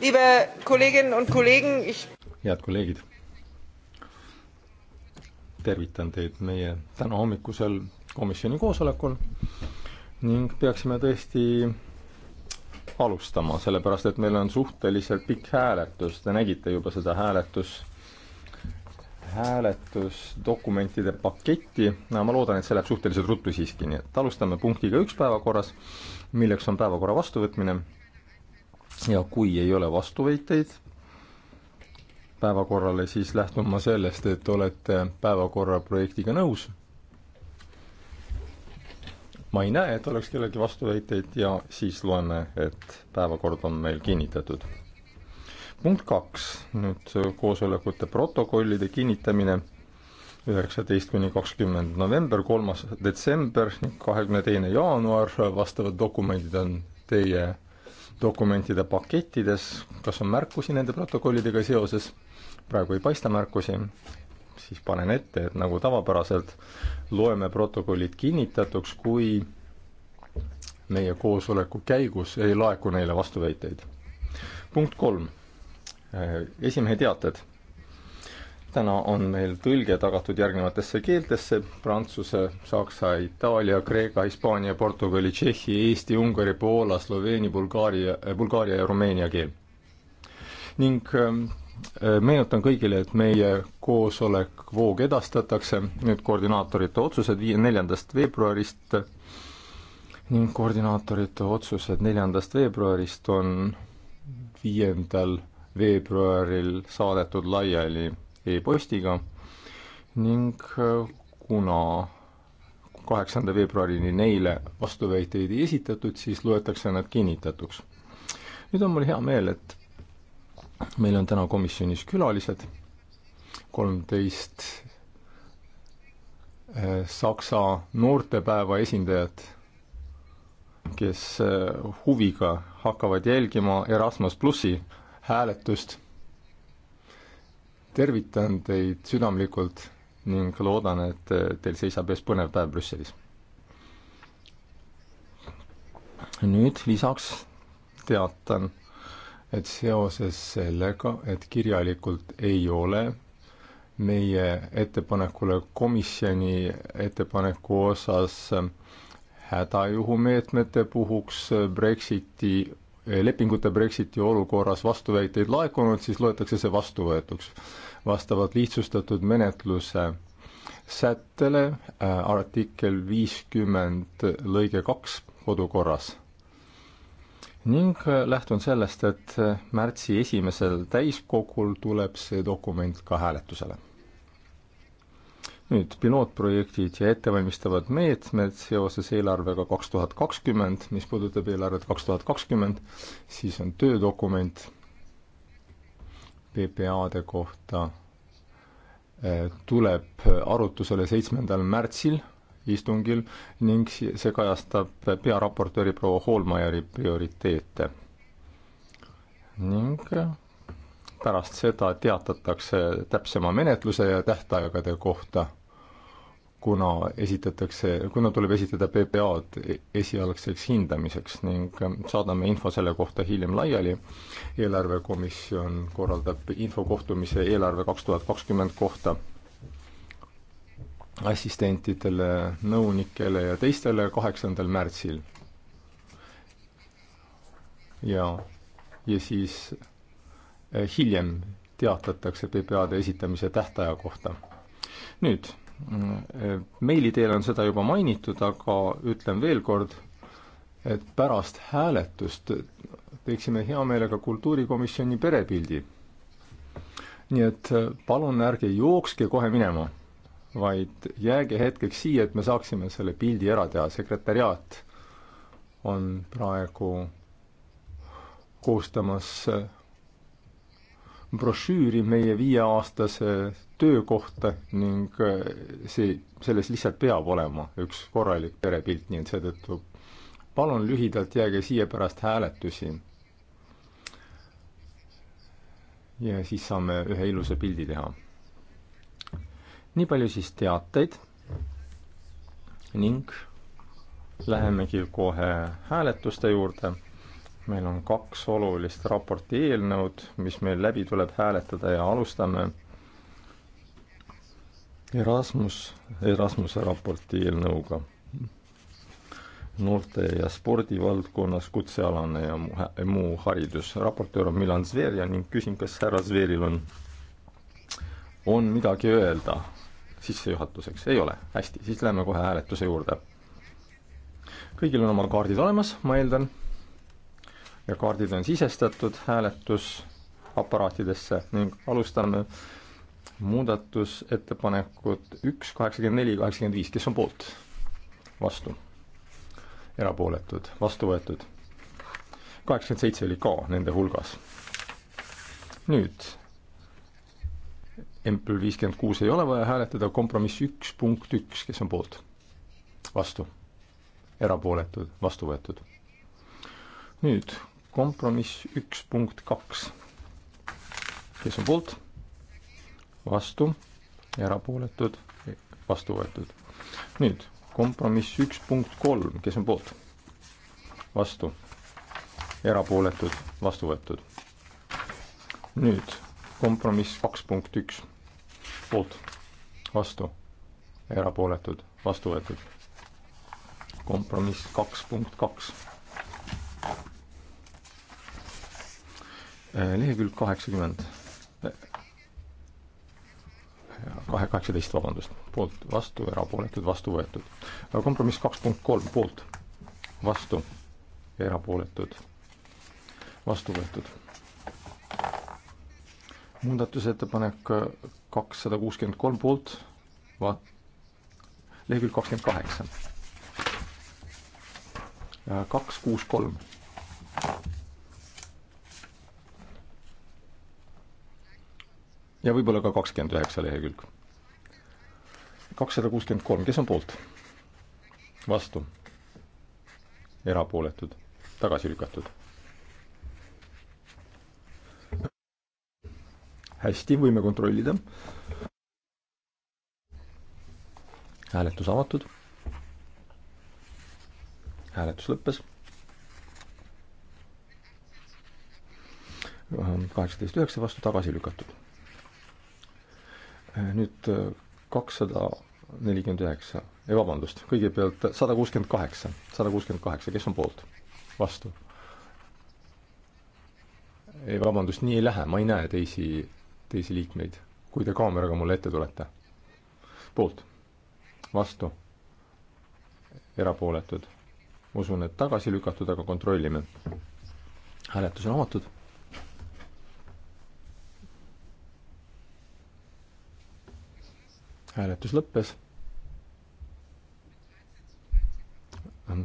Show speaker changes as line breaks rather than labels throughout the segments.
Liebe Kolleginnen und Kollegen, ich
head kolleegid, tervitan teid meie täna hommikusel komisjoni koosolekul ning peaksime tõesti alustama, sellepärast et meil on suhteliselt pikk hääletus, te nägite juba seda hääletus, hääletusdokumentide paketti, no ma loodan, et see läheb suhteliselt ruttu siiski, nii et alustame punktiga üks päevakorras, milleks on päevakorra vastuvõtmine ja kui ei ole vastuväiteid päevakorrale, siis lähtun ma sellest, et olete päevakorra projektiga nõus. ma ei näe, et oleks kellelgi vastuväiteid ja siis loeme, et päevakord on meil kinnitatud. punkt kaks, nüüd koosolekute protokollide kinnitamine üheksateist kuni kakskümmend november, kolmas detsember, kahekümne teine jaanuar, vastavad dokumendid on teie dokumentide pakettides, kas on märkusi nende protokollidega seoses, praegu ei paista märkusi, siis panen ette, et nagu tavapäraselt loeme protokollid kinnitatuks, kui meie koosoleku käigus ei laeku neile vastuväiteid. punkt kolm, esimehe teated täna on meil tõlge tagatud järgnevatesse keeltesse prantsuse, saksa, itaalia, kreeka, hispaania, portugali, tšehhi, eesti, ungari, poola, sloveeni, bulgaaria, äh, bulgaaria ja rumeenia keel. ning ähm, äh, meenutan kõigile, et meie koosolek voog edastatakse, nüüd koordinaatorite otsused viie, neljandast veebruarist ning koordinaatorite otsused neljandast veebruarist on viiendal veebruaril saadetud laiali e-postiga ning äh, kuna kaheksanda veebruarini neile vastuväiteid ei esitatud, siis loetakse nad kinnitatuks. nüüd on mul hea meel, et meil on täna komisjonis külalised, kolmteist äh, Saksa noortepäeva esindajat, kes äh, huviga hakkavad jälgima Erasmus plussi hääletust tervitan teid südamlikult ning loodan, et teil seisab ees põnev päev Brüsselis. nüüd lisaks teatan, et seoses sellega, et kirjalikult ei ole meie ettepanekule komisjoni ettepaneku osas hädajuhumeetmete puhuks Brexiti Eh, lepingute Brexiti olukorras vastuväiteid laekunud, siis loetakse see vastuvõetuks. vastavalt lihtsustatud menetluse sättele eh, artikkel viiskümmend lõige kaks kodukorras ning eh, lähtun sellest, et märtsi esimesel täiskogul tuleb see dokument ka hääletusele nüüd pilootprojektid ja ettevalmistavad meetmed seoses eelarvega kaks tuhat kakskümmend, mis puudutab eelarvet kaks tuhat kakskümmend, siis on töödokument PPA-de kohta, eh, tuleb arutusele seitsmendal märtsil istungil ning see kajastab pearaportööri proua Hoolmajeri prioriteete. ning eh, pärast seda teatatakse täpsema menetluse ja tähtaegade kohta kuna esitatakse, kuna tuleb esitada PPA-d e-, esialgseks hindamiseks ning ähm, saadame info selle kohta hiljem laiali. eelarvekomisjon korraldab infokohtumise eelarve kaks tuhat kakskümmend kohta assistentidele, nõunikele ja teistele kaheksandal märtsil. ja, ja siis äh, hiljem teatatakse PPA-de esitamise tähtaja kohta. nüüd Mm. meili teel on seda juba mainitud, aga ütlen veel kord, et pärast hääletust teeksime hea meelega kultuurikomisjoni perepildi. nii et äh, palun ärge jookske kohe minema, vaid jääge hetkeks siia, et me saaksime selle pildi ära teha, sekretäriaat on praegu koostamas äh, brošüüri meie viieaastase töö kohta ning äh, see, selles lihtsalt peab olema üks korralik perepilt, nii et seetõttu palun lühidalt jääge siia pärast hääletusi. ja siis saame ühe ilusa pildi teha. nii palju siis teateid ning lähemegi kohe hääletuste juurde meil on kaks olulist raporti eelnõud, mis meil läbi tuleb hääletada ja alustame Erasmus, Erasmuse raporti eelnõuga. noorte ja spordivaldkonnas kutsealane ja muu haridus. raportöör on Milan Zverja ning küsin, kas härra Zveril on, on midagi öelda sissejuhatuseks? ei ole? hästi, siis lähme kohe hääletuse juurde. kõigil on oma kaardid olemas, ma eeldan ja kaardid on sisestatud hääletusaparaatidesse ning alustame muudatusettepanekut üks, kaheksakümmend neli, kaheksakümmend viis, kes on poolt? vastu? erapooletud, vastu võetud. kaheksakümmend seitse oli ka nende hulgas. nüüd Empel viiskümmend kuus ei ole vaja hääletada, kompromiss üks punkt üks, kes on poolt? vastu. erapooletud, vastu võetud. nüüd kompromiss üks punkt kaks. kes on poolt? vastu, erapooletud, vastu võetud. nüüd kompromiss üks punkt kolm, kes on poolt? vastu, erapooletud, vastu võetud. nüüd kompromiss kaks punkt üks, poolt, vastu, erapooletud, vastu võetud. kompromiss kaks punkt kaks Äh, lehekülg kaheksakümmend. kahe, kaheksateist, vabandust. poolt, vastu, erapooletud, vastu võetud. Äh, kompromiss kaks punkt kolm, poolt, vastu, erapooletud, vastu võetud. muudatusettepanek äh, kakssada kuuskümmend kolm poolt, va-, lehekülg kakskümmend kaheksa. kaks, kuus, kolm ja võib-olla ka kakskümmend üheksa lehekülg. kakssada kuuskümmend kolm, kes on poolt? vastu? erapooletud? tagasi lükatud? hästi, võime kontrollida. hääletus avatud. hääletus lõppes. kaheksateist üheksa vastu tagasi lükatud. Eh, nüüd eh, kakssada nelikümmend üheksa, ei eh, vabandust, kõigepealt sada kuuskümmend kaheksa, sada kuuskümmend kaheksa, kes on poolt? vastu? ei, vabandust, nii ei lähe, ma ei näe teisi, teisi liikmeid, kui te kaameraga mulle ette tulete. poolt, vastu, erapooletud. usun, et tagasi lükatud, aga kontrollime. hääletus on avatud hääletus lõppes.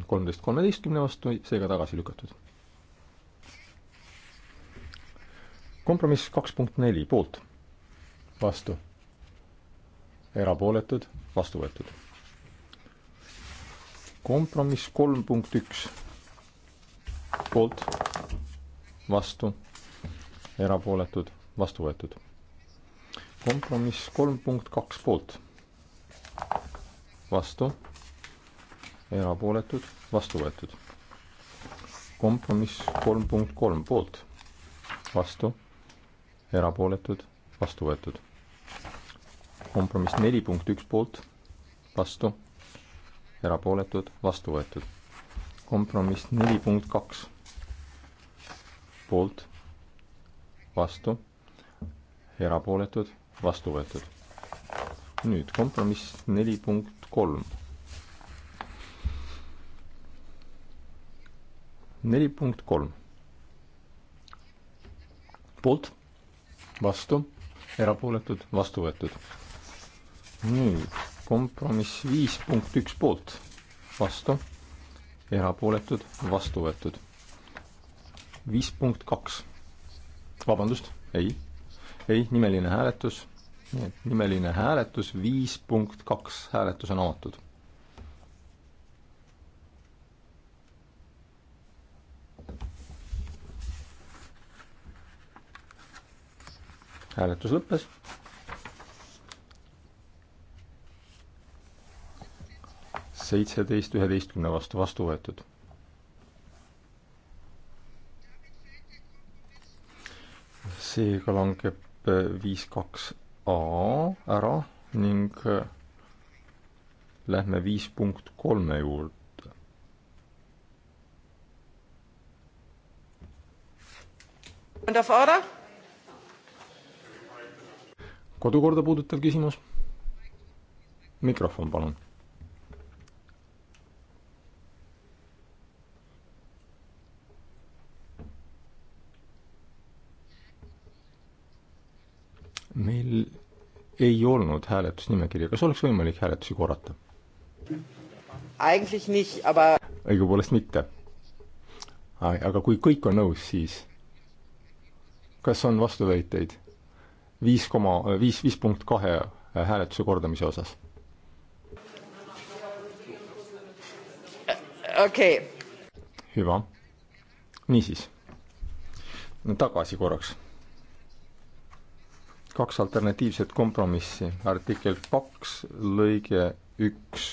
kolmteist kolmeteistkümne vastu, seega tagasi lükatud. kompromiss kaks punkt neli poolt, vastu, erapooletud, vastu võetud. kompromiss kolm punkt üks poolt, vastu, erapooletud, vastu võetud kompromiss kolm punkt kaks poolt. vastu, erapooletud, vastu võetud. kompromiss kolm punkt kolm poolt, vastu, erapooletud, vastu võetud. kompromiss neli punkt üks poolt, vastu, erapooletud, vastu võetud. kompromiss neli punkt kaks poolt, vastu, erapooletud vastu võetud. nüüd kompromiss neli punkt kolm. neli punkt kolm. poolt, vastu, erapooletud, vastu võetud. nüüd kompromiss viis punkt üks poolt, vastu, erapooletud, vastu võetud. viis punkt kaks. vabandust, ei ei, nimeline hääletus, nii et nimeline hääletus viis punkt kaks, hääletus on avatud. hääletus lõppes. seitseteist üheteistkümne vastu vastu võetud seega langeb viis kaks A ära ning äh, lähme viis punkt kolme juurde. kodukorda puudutav küsimus. mikrofon, palun meil ei olnud hääletusnimekirja, kas oleks võimalik hääletusi korrata?
Aga...
õigupoolest mitte. aga kui kõik on nõus, siis kas on vastuväiteid viis koma, viis, viis punkt kahe hääletuse kordamise osas? okei okay.. hüva. niisiis, tagasi korraks kaks alternatiivset kompromissi, artikkel kaks lõige üks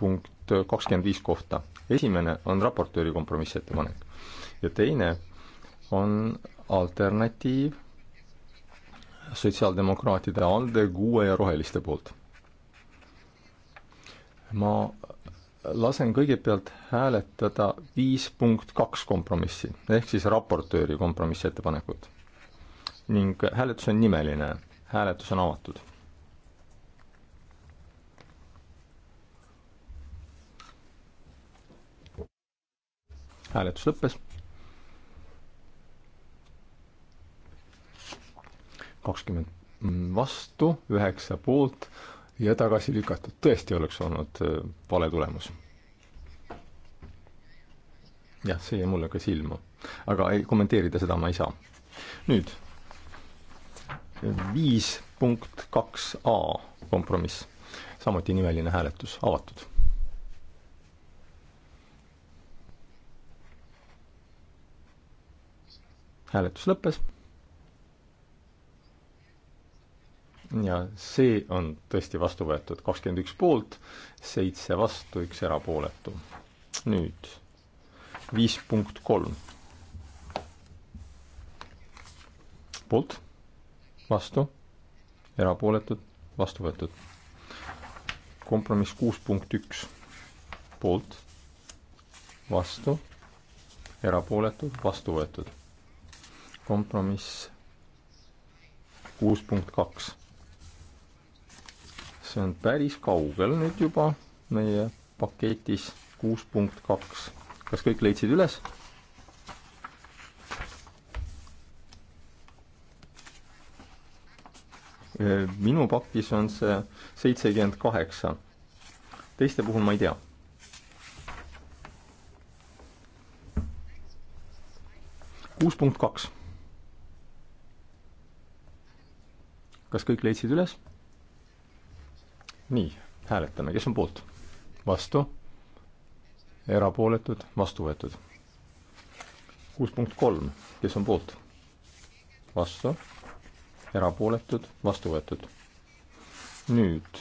punkt kakskümmend viis kohta. esimene on raportööri kompromissettepanek ja teine on alternatiiv sotsiaaldemokraatide ALDE, GUE ja Roheliste poolt. ma lasen kõigepealt hääletada viis punkt kaks kompromissi, ehk siis raportööri kompromissettepanekut ning hääletus on nimeline, hääletus on avatud. hääletus lõppes. kakskümmend vastu, üheksa poolt ja tagasi lükatud, tõesti oleks olnud äh, vale tulemus. jah, see jäi mulle ka silma, aga ei kommenteerida seda ma ei saa. nüüd viis punkt kaks A kompromiss, samuti nimeline hääletus avatud. hääletus lõppes. ja see on tõesti vastu võetud, kakskümmend üks poolt, seitse vastu, üks erapooletu. nüüd viis punkt kolm. poolt vastu, erapooletud, vastu võetud. kompromiss kuus punkt üks, poolt, vastu, erapooletud, vastu võetud. kompromiss kuus punkt kaks. see on päris kaugel nüüd juba meie paketis kuus punkt kaks. kas kõik leidsid üles? minu pakis on see seitsekümmend kaheksa. teiste puhul ma ei tea. kuus punkt kaks. kas kõik leidsid üles? nii, hääletame, kes on poolt? vastu? erapooletud, vastu võetud. kuus punkt kolm, kes on poolt? vastu erapooletud, vastu võetud. nüüd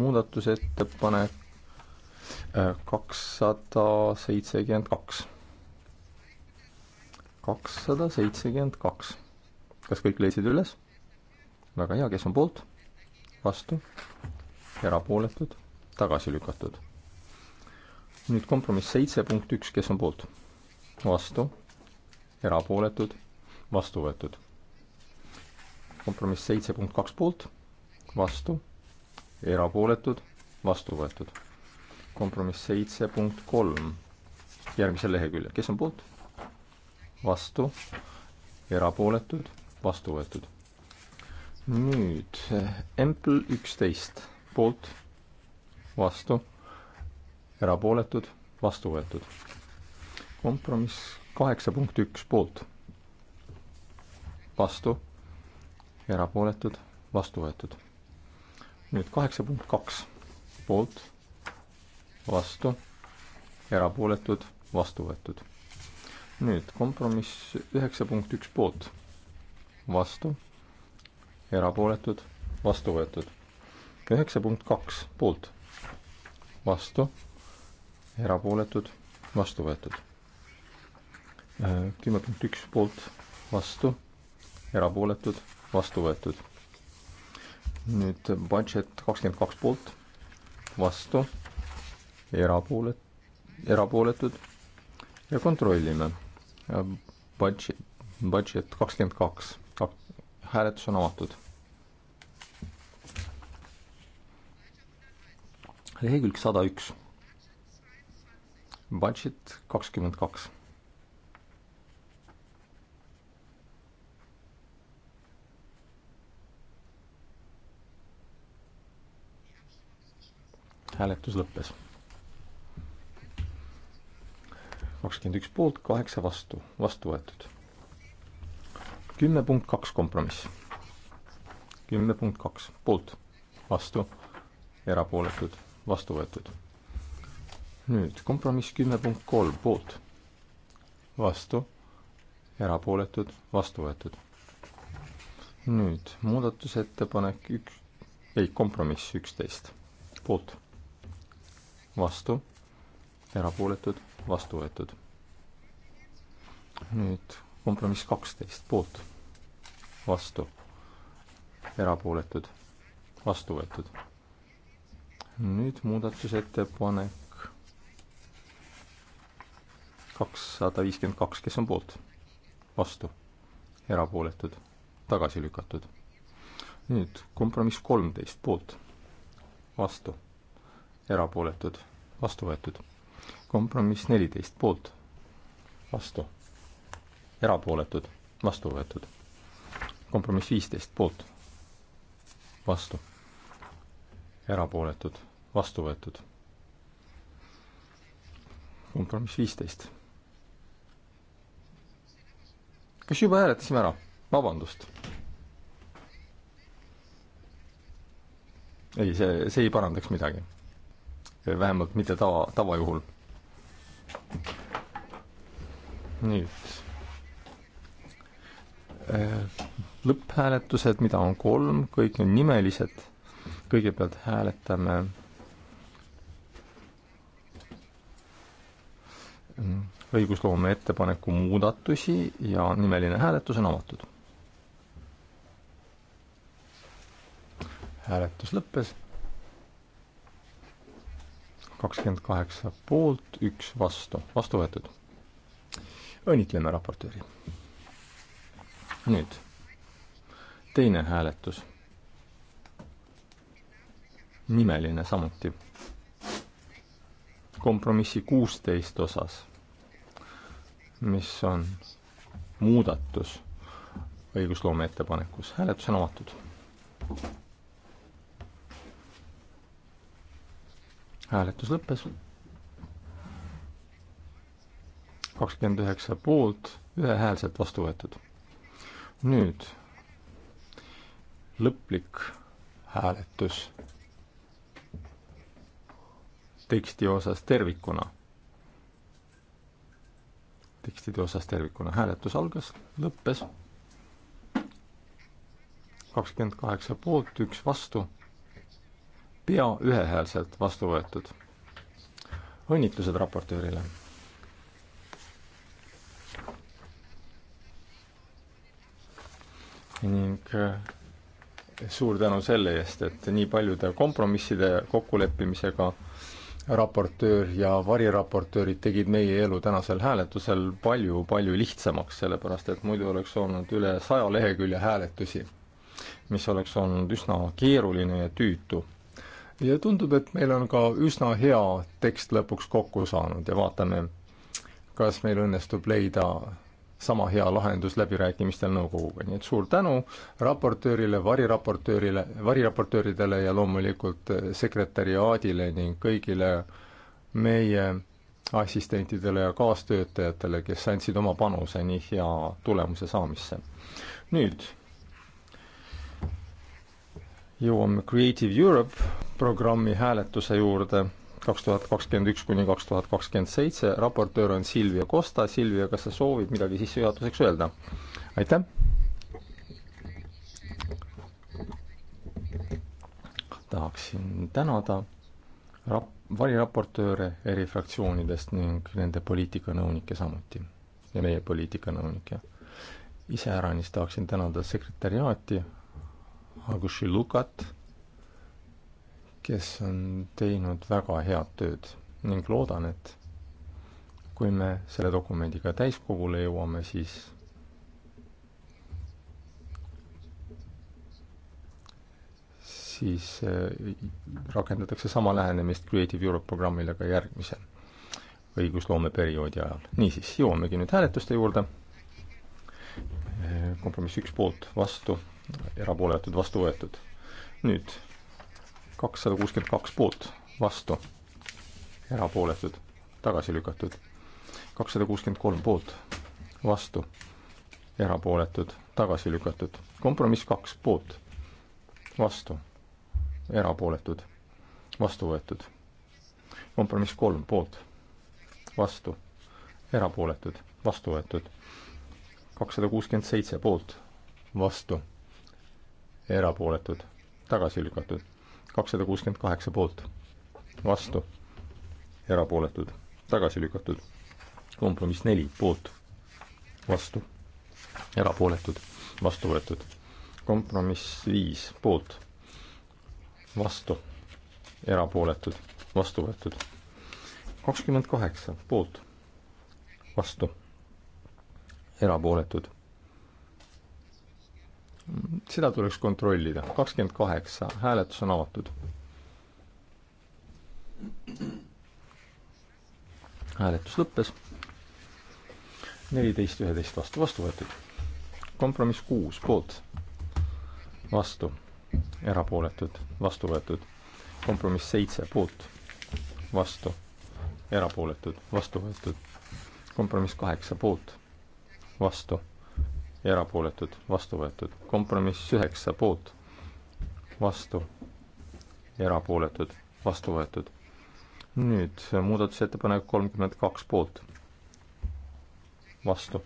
muudatusettepanek äh, kakssada seitsekümmend kaks. kakssada seitsekümmend kaks. kas kõik leidsid üles? väga hea, kes on poolt? vastu? erapooletud? tagasi lükatud? nüüd kompromiss seitse punkt üks, kes on poolt? vastu? erapooletud? vastu võetud kompromiss seitse punkt kaks poolt, vastu, erapooletud, vastu võetud. kompromiss seitse punkt kolm järgmisel leheküljel, kes on poolt? vastu, erapooletud, vastu võetud. nüüd Empl üksteist, poolt, vastu, erapooletud, vastu võetud. kompromiss kaheksa punkt üks, poolt, vastu erapooletud, vastu võetud. nüüd kaheksa punkt kaks, poolt, vastu, erapooletud, vastu võetud. nüüd kompromiss üheksa punkt üks poolt, vastu, erapooletud, vastu võetud. üheksa punkt kaks poolt, vastu, erapooletud, vastu võetud. kümme punkt üks poolt, vastu, erapooletud vastu võetud. nüüd budget kakskümmend kaks poolt, vastu, erapoolet-, erapooletud ja kontrollime. Budget, budget kakskümmend kaks, hääletus on avatud. lehekülg sada üks, budget kakskümmend kaks hääletus lõppes. kakskümmend üks poolt, kaheksa vastu, vastu võetud. kümme punkt kaks kompromiss. kümme punkt kaks poolt, vastu, erapooletud, vastu võetud. nüüd kompromiss kümme punkt kolm poolt, vastu, erapooletud, vastu võetud. nüüd muudatusettepanek üks, ei kompromiss üksteist poolt vastu, erapooletud, vastu võetud. nüüd kompromiss kaksteist poolt, vastu, erapooletud, vastu võetud. nüüd muudatusettepanek kakssada viiskümmend kaks, kes on poolt, vastu, erapooletud, tagasi lükatud. nüüd kompromiss kolmteist poolt, vastu erapooletud, vastu võetud. kompromiss neliteist poolt, vastu, erapooletud, vastu võetud. kompromiss viisteist poolt, vastu, erapooletud, vastu võetud. kompromiss viisteist. kas juba hääletasime ära? vabandust ei, see, see ei parandaks midagi vähemalt mitte tava, tavajuhul. nüüd. Äh, lõpphääletused, mida on kolm, kõik on nimelised. kõigepealt hääletame õigusloome ettepaneku muudatusi ja nimeline hääletus on avatud. hääletus lõppes kakskümmend kaheksa poolt, üks vastu, vastu võetud. õnnitleme raportööri. nüüd teine hääletus. nimeline samuti. kompromissi kuusteist osas, mis on muudatus õigusloome ettepanekus, hääletus on avatud. hääletus lõppes. kakskümmend üheksa poolt, ühehäälselt vastu võetud. nüüd lõplik hääletus teksti osas tervikuna. tekstide osas tervikuna hääletus algas, lõppes. kakskümmend kaheksa poolt, üks vastu pea ühehäälselt vastu võetud. õnnitlused raportöörile. ning eh, suur tänu selle eest, et nii paljude kompromisside kokkuleppimisega raportöör ja variraportöörid tegid meie elu tänasel hääletusel palju-palju lihtsamaks, sellepärast et muidu oleks olnud üle saja lehekülje hääletusi, mis oleks olnud üsna keeruline ja tüütu ja tundub, et meil on ka üsna hea tekst lõpuks kokku saanud ja vaatame, kas meil õnnestub leida sama hea lahendus läbirääkimistel nõukoguga, nii et suur tänu raportöörile, variraportöörile, variraportööridele ja loomulikult sekretäriaadile ning kõigile meie assistentidele ja kaastöötajatele, kes andsid oma panuse nii hea tulemuse saamisse. nüüd jõuame Creative Europe programmi hääletuse juurde kaks tuhat kakskümmend üks kuni kaks tuhat kakskümmend seitse, raportöör on Silvia Kosta, Silvia, kas sa soovid midagi sissejuhatuseks öelda? aitäh! tahaksin tänada rap-, variraportööre eri fraktsioonidest ning nende poliitikanõunikke samuti ja meie poliitikanõunikke. iseäranis tahaksin tänada sekretäriaati, Agushi Lukat, kes on teinud väga head tööd ning loodan, et kui me selle dokumendiga täiskogule jõuame, siis siis äh, rakendatakse sama lähenemist Creative Europe programmile ka järgmise õigusloomeperioodi ajal. niisiis, jõuamegi nüüd hääletuste juurde. Äh, kompromiss üks poolt, vastu, erapooletud, vastu võetud. nüüd kakssada kuuskümmend kaks poolt, vastu, erapooletud, tagasi lükatud. kakssada kuuskümmend kolm poolt, vastu, erapooletud, tagasi lükatud. kompromiss kaks poolt, vastu, erapooletud, vastu võetud. kompromiss kolm poolt, vastu, erapooletud, vastu võetud. kakssada kuuskümmend seitse poolt, vastu erapooletud, tagasi lükatud. kakssada kuuskümmend kaheksa poolt, vastu, erapooletud, tagasi lükatud. kompromiss neli poolt, vastu, erapooletud, vastu võetud. kompromiss viis poolt, vastu, erapooletud, vastu võetud. kakskümmend kaheksa poolt, vastu, erapooletud seda tuleks kontrollida. kakskümmend kaheksa, hääletus on avatud. hääletus lõppes. neliteist, üheteist vastu, vastu võetud. kompromiss kuus, poolt, vastu, erapooletud, vastu võetud. kompromiss seitse, poolt, vastu, erapooletud, vastu võetud. kompromiss kaheksa, poolt, vastu erapooletud, vastu võetud. kompromiss üheksa poolt, vastu, erapooletud, vastu võetud. nüüd muudatusettepanek kolmkümmend kaks poolt, vastu,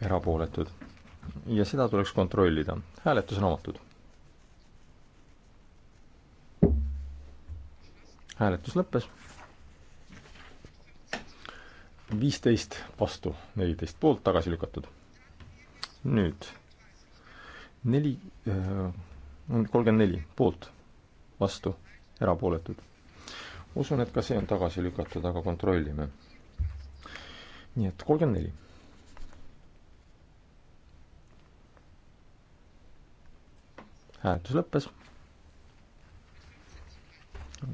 erapooletud. ja seda tuleks kontrollida. hääletus on avatud. hääletus lõppes viisteist vastu, neliteist poolt tagasi lükatud. nüüd neli äh,, kolmkümmend neli poolt, vastu, erapooletud. usun, et ka see on tagasi lükatud, aga kontrollime. nii et kolmkümmend neli. hääletus lõppes.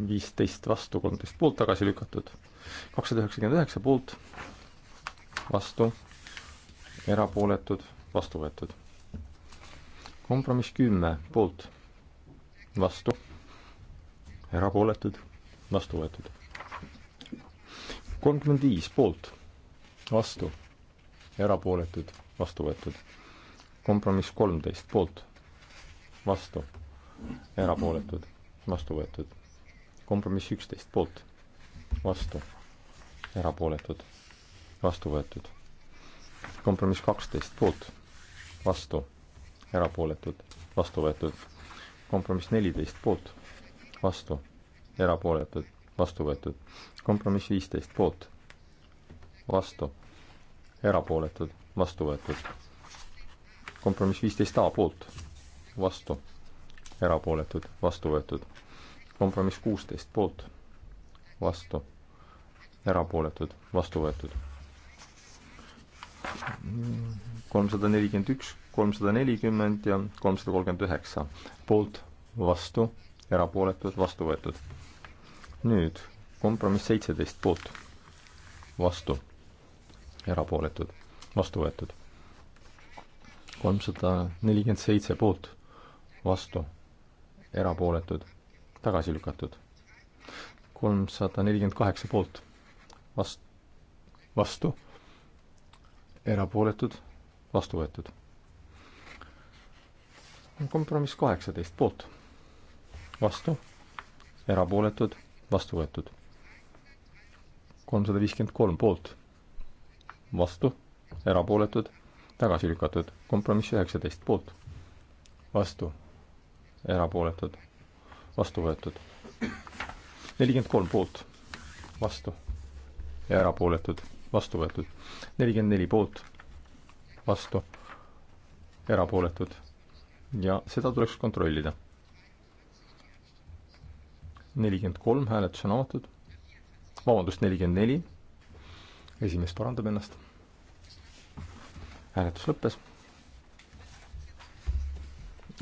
viisteist vastu, kolmteist poolt tagasi lükatud kakssada üheksakümmend üheksa poolt, vastu, erapooletud, vastu võetud. kompromiss kümme poolt, vastu, erapooletud, vastu võetud. kolmkümmend viis poolt, vastu, erapooletud, vastu võetud. kompromiss kolmteist poolt, vastu, erapooletud, vastu võetud. kompromiss üksteist poolt vastu, erapooletud, vastu võetud. kompromiss kaksteist poolt, vastu, erapooletud, vastu võetud. kompromiss neliteist poolt, vastu, erapooletud, vastu võetud. kompromiss viisteist poolt, vastu, erapooletud, vastu võetud. kompromiss viisteist A poolt, vastu, erapooletud, vastu võetud. kompromiss kuusteist poolt vastu, erapooletud, vastu võetud. kolmsada nelikümmend üks, kolmsada nelikümmend ja kolmsada kolmkümmend üheksa poolt, vastu, erapooletud, vastu võetud. nüüd kompromiss seitseteist poolt, vastu, erapooletud, vastu võetud. kolmsada nelikümmend seitse poolt, vastu, erapooletud, tagasi lükatud kolmsada nelikümmend kaheksa poolt, vast-, vastu, erapooletud, vastu võetud. kompromiss kaheksateist poolt, vastu, erapooletud, vastu võetud. kolmsada viiskümmend kolm poolt, vastu, erapooletud, tagasi lükatud. kompromiss üheksateist poolt, vastu, erapooletud, vastu võetud nelikümmend kolm poolt, vastu ja erapooletud, vastu võetud. nelikümmend neli poolt, vastu, erapooletud ja seda tuleks kontrollida. nelikümmend kolm hääletus on avatud, vabandust, nelikümmend neli, esimees parandab ennast. hääletus lõppes.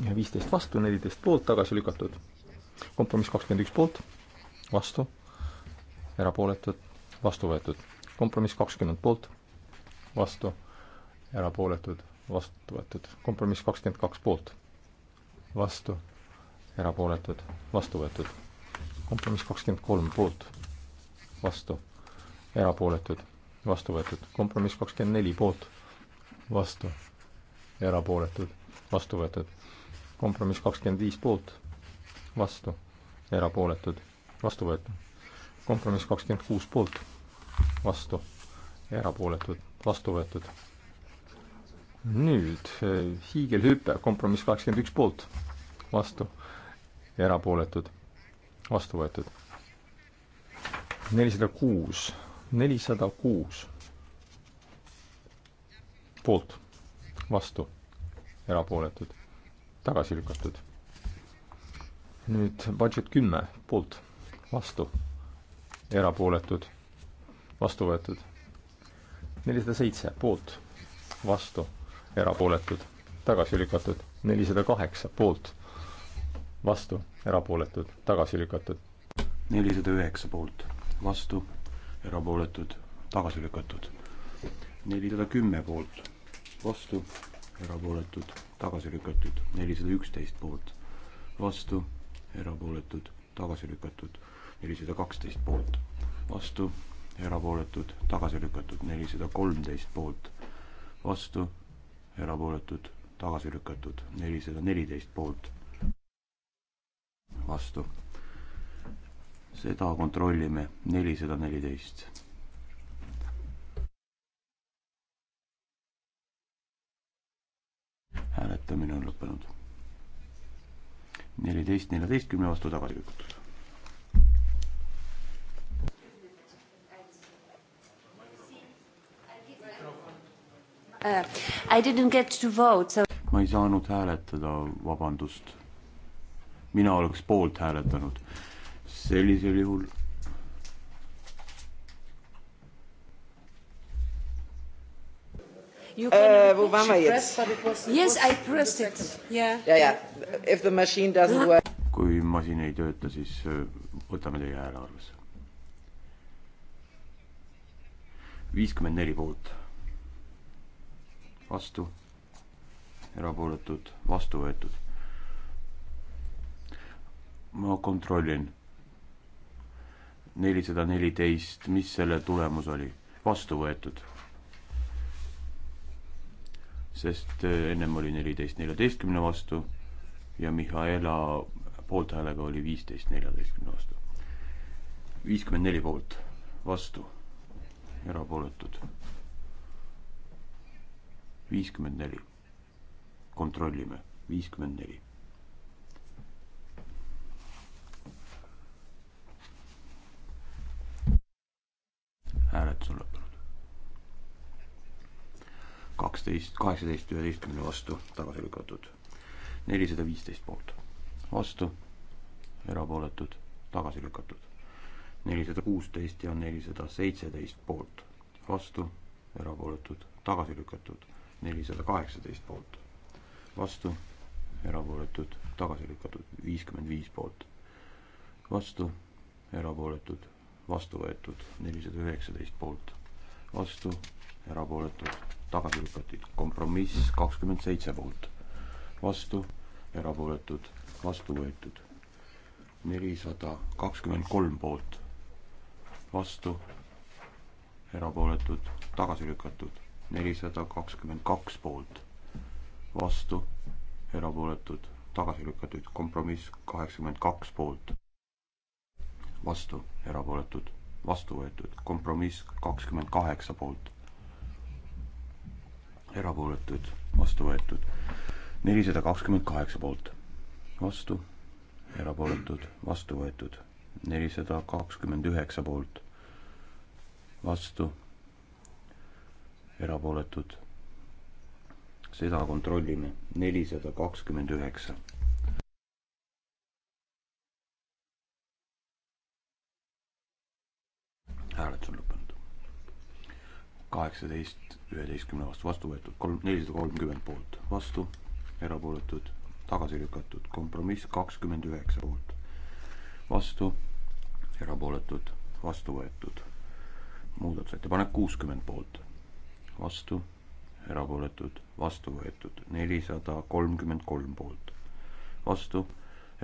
ja viisteist vastu, neliteist poolt tagasi lükatud. kompromiss kakskümmend üks poolt vastu, erapooletud, vastu võetud. kompromiss kakskümmend poolt, vastu, erapooletud, vastu võetud. kompromiss kakskümmend kaks poolt, vastu, erapooletud, vastu võetud. kompromiss kakskümmend kolm poolt, vastu, erapooletud, vastu võetud. kompromiss kakskümmend neli poolt, vastu, erapooletud, vastu võetud. kompromiss kakskümmend viis poolt, vastu, erapooletud vastu võetud. kompromiss kakskümmend kuus poolt, vastu ja erapooletud, vastu võetud. nüüd eh, hiigelhüpe, kompromiss kakskümmend üks poolt, vastu ja erapooletud, vastu võetud. nelisada kuus, nelisada kuus poolt, vastu, erapooletud, tagasi lükatud. nüüd budget kümme poolt vastu, erapooletud, vastu võetud. nelisada seitse poolt, vastu, erapooletud, tagasi lükatud. nelisada kaheksa poolt, vastu, erapooletud, tagasi lükatud. nelisada üheksa
poolt, vastu, erapooletud, tagasi lükatud. nelisada kümme poolt, vastu, erapooletud, tagasi lükatud. nelisada üksteist poolt, vastu, erapooletud, tagasi lükatud nelisada kaksteist poolt, vastu, erapooletud, tagasi lükatud, nelisada kolmteist poolt, vastu, erapooletud, tagasi lükatud, nelisada neliteist poolt, vastu. seda kontrollime, nelisada neliteist. hääletamine on lõppenud. neliteist neljateistkümne vastu tagasi lükatud.
Uh, so...
ma ei saanud hääletada, vabandust. mina oleks poolt hääletanud. sellisel juhul
Wo waren wir jetzt? Yes, I pressed it. Yeah. Ja, ja. If the machine doesn't work.
kui masin ei tööta, siis äh, võtame teie hääle arvesse. viiskümmend neli poolt vastu, erapooletud, vastu võetud. ma kontrollin. nelisada neliteist, mis selle tulemus oli? vastu võetud. sest äh, ennem oli neliteist neljateistkümne vastu ja Mihhaela poolthäälega oli viisteist neljateistkümne vastu. viiskümmend neli poolt, vastu, erapooletud viiskümmend neli. kontrollime, viiskümmend neli. hääletus on lõppenud. kaksteist, kaheksateist, üheteistkümne vastu tagasi lükatud. nelisada viisteist poolt, vastu, erapooletud, tagasi lükatud. nelisada kuusteist ja nelisada seitseteist poolt, vastu, erapooletud, tagasi lükatud nelisada kaheksateist poolt, vastu, erapooletud, tagasi lükatud, viiskümmend viis poolt, vastu, erapooletud, vastu võetud, nelisada üheksateist poolt, vastu, erapooletud, tagasi lükatud, kompromiss kakskümmend seitse poolt, vastu, erapooletud, vastu võetud, nelisada kakskümmend kolm poolt, vastu, erapooletud, tagasi lükatud nelisada kakskümmend kaks poolt, vastu, erapooletud, tagasi lükatud, kompromiss kaheksakümmend kaks poolt, vastu, erapooletud, vastu võetud, kompromiss kakskümmend kaheksa poolt, erapooletud, vastu võetud, nelisada kakskümmend kaheksa poolt, vastu, erapooletud, vastu võetud, nelisada kakskümmend üheksa poolt, vastu erapooletud. seda kontrollime, nelisada kakskümmend üheksa. hääletus on lõppenud. kaheksateist üheteistkümne vastu vastu võetud, kolm, nelisada kolmkümmend poolt vastu, erapooletud, tagasi lükatud, kompromiss kakskümmend üheksa poolt vastu, erapooletud, vastu võetud. muudatusettepanek kuuskümmend poolt vastu, erapooletud, vastu võetud, nelisada kolmkümmend kolm poolt, vastu,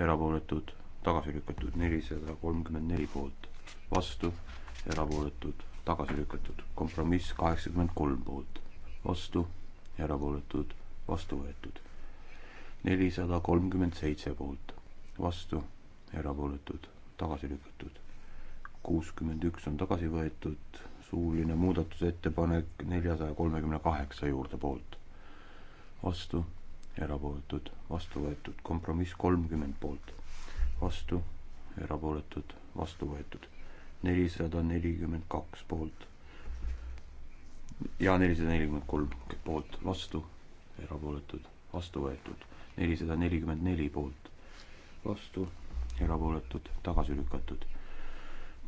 erapooletud, tagasi lükatud, nelisada kolmkümmend neli poolt, vastu, erapooletud, tagasi lükatud, kompromiss kaheksakümmend kolm poolt, vastu, erapooletud, vastu võetud, nelisada kolmkümmend seitse poolt, vastu, erapooletud, tagasi lükatud, kuuskümmend üks on tagasi võetud suuline muudatusettepanek neljasaja kolmekümne kaheksa juurde poolt. vastu, erapooletud, vastu võetud, kompromiss kolmkümmend poolt. vastu, erapooletud, vastu võetud, nelisada nelikümmend kaks poolt. ja nelisada nelikümmend kolm poolt, vastu, erapooletud, vastu võetud, nelisada nelikümmend neli poolt, vastu, erapooletud, tagasi lükatud,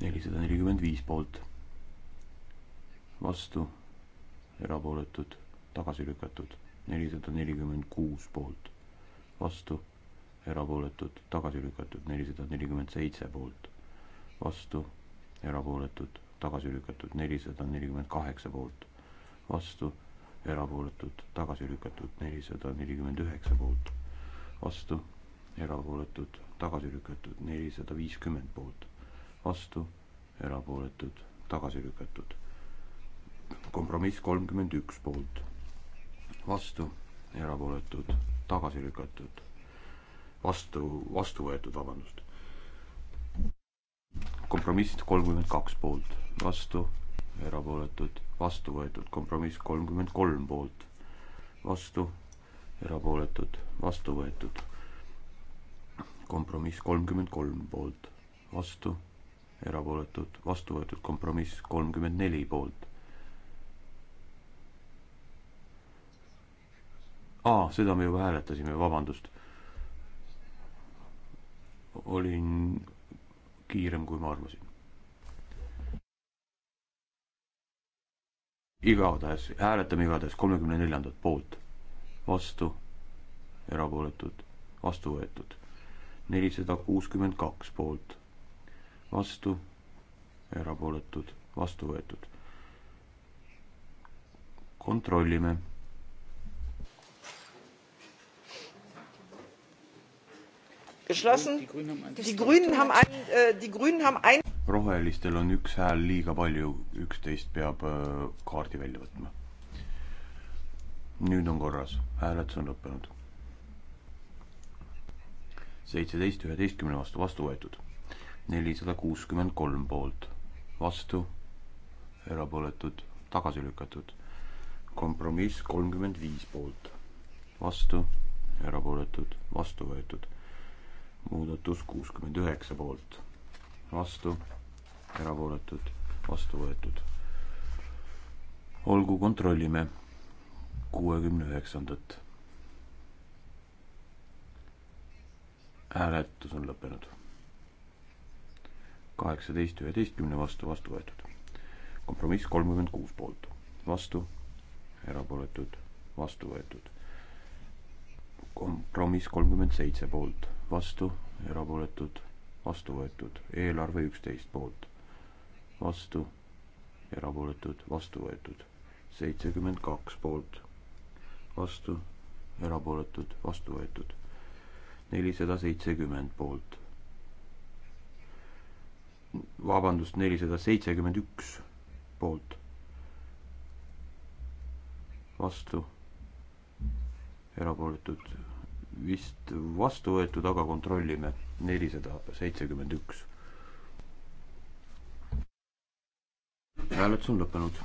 nelisada nelikümmend viis poolt vastu, erapooletud, tagasi lükatud, nelisada nelikümmend kuus poolt, vastu, erapooletud, tagasi lükatud, nelisada nelikümmend seitse poolt, vastu, erapooletud, tagasi lükatud, nelisada nelikümmend kaheksa poolt, vastu, erapooletud, tagasi lükatud, nelisada nelikümmend üheksa poolt, vastu, erapooletud, tagasi lükatud, nelisada viiskümmend poolt, vastu, erapooletud, tagasi lükatud kompromiss kolmkümmend üks poolt, vastu, erapooletud, tagasi lükatud, vastu, vastu võetud, vabandust. kompromiss kolmkümmend kaks poolt, vastu, erapooletud, vastu võetud, kompromiss kolmkümmend kolm poolt, vastu, erapooletud, vastu võetud, kompromiss kolmkümmend kolm poolt, vastu, erapooletud, vastu võetud, kompromiss kolmkümmend neli poolt, aa, seda me juba hääletasime, vabandust. olin kiirem, kui ma arvasin. igatahes, hääletame igatahes kolmekümne neljandat poolt, vastu, erapooletud, vastu võetud. nelisada kuuskümmend kaks poolt, vastu, erapooletud, vastu võetud. kontrollime
Geschlossen. Die Grünen haben ein, äh, die Grünen haben ein.
rohelistel on üks hääl liiga palju, üksteist peab äh, kaardi välja võtma. nüüd on korras, hääletus on lõppenud. seitseteist üheteistkümne vastu vastu võetud, nelisada kuuskümmend kolm poolt, vastu, erapooletud, tagasi lükatud. kompromiss kolmkümmend viis poolt, vastu, erapooletud, vastu võetud muudatus kuuskümmend üheksa poolt, vastu, erapooletud, vastu võetud. olgu, kontrollime kuuekümne üheksandat. hääletus on lõppenud. kaheksateist üheteistkümne vastu vastu võetud. kompromiss kolmkümmend kuus poolt, vastu, erapooletud, vastu võetud. kompromiss kolmkümmend seitse poolt vastu, erapooletud, vastu võetud. eelarve üksteist poolt, vastu, erapooletud, vastu võetud. seitsekümmend kaks poolt, vastu, erapooletud, vastu võetud. nelisada seitsekümmend poolt. vabandust, nelisada seitsekümmend üks poolt. vastu, erapooletud vist vastu võetud, aga kontrollime. nelisada seitsekümmend üks. hääletus on lõppenud.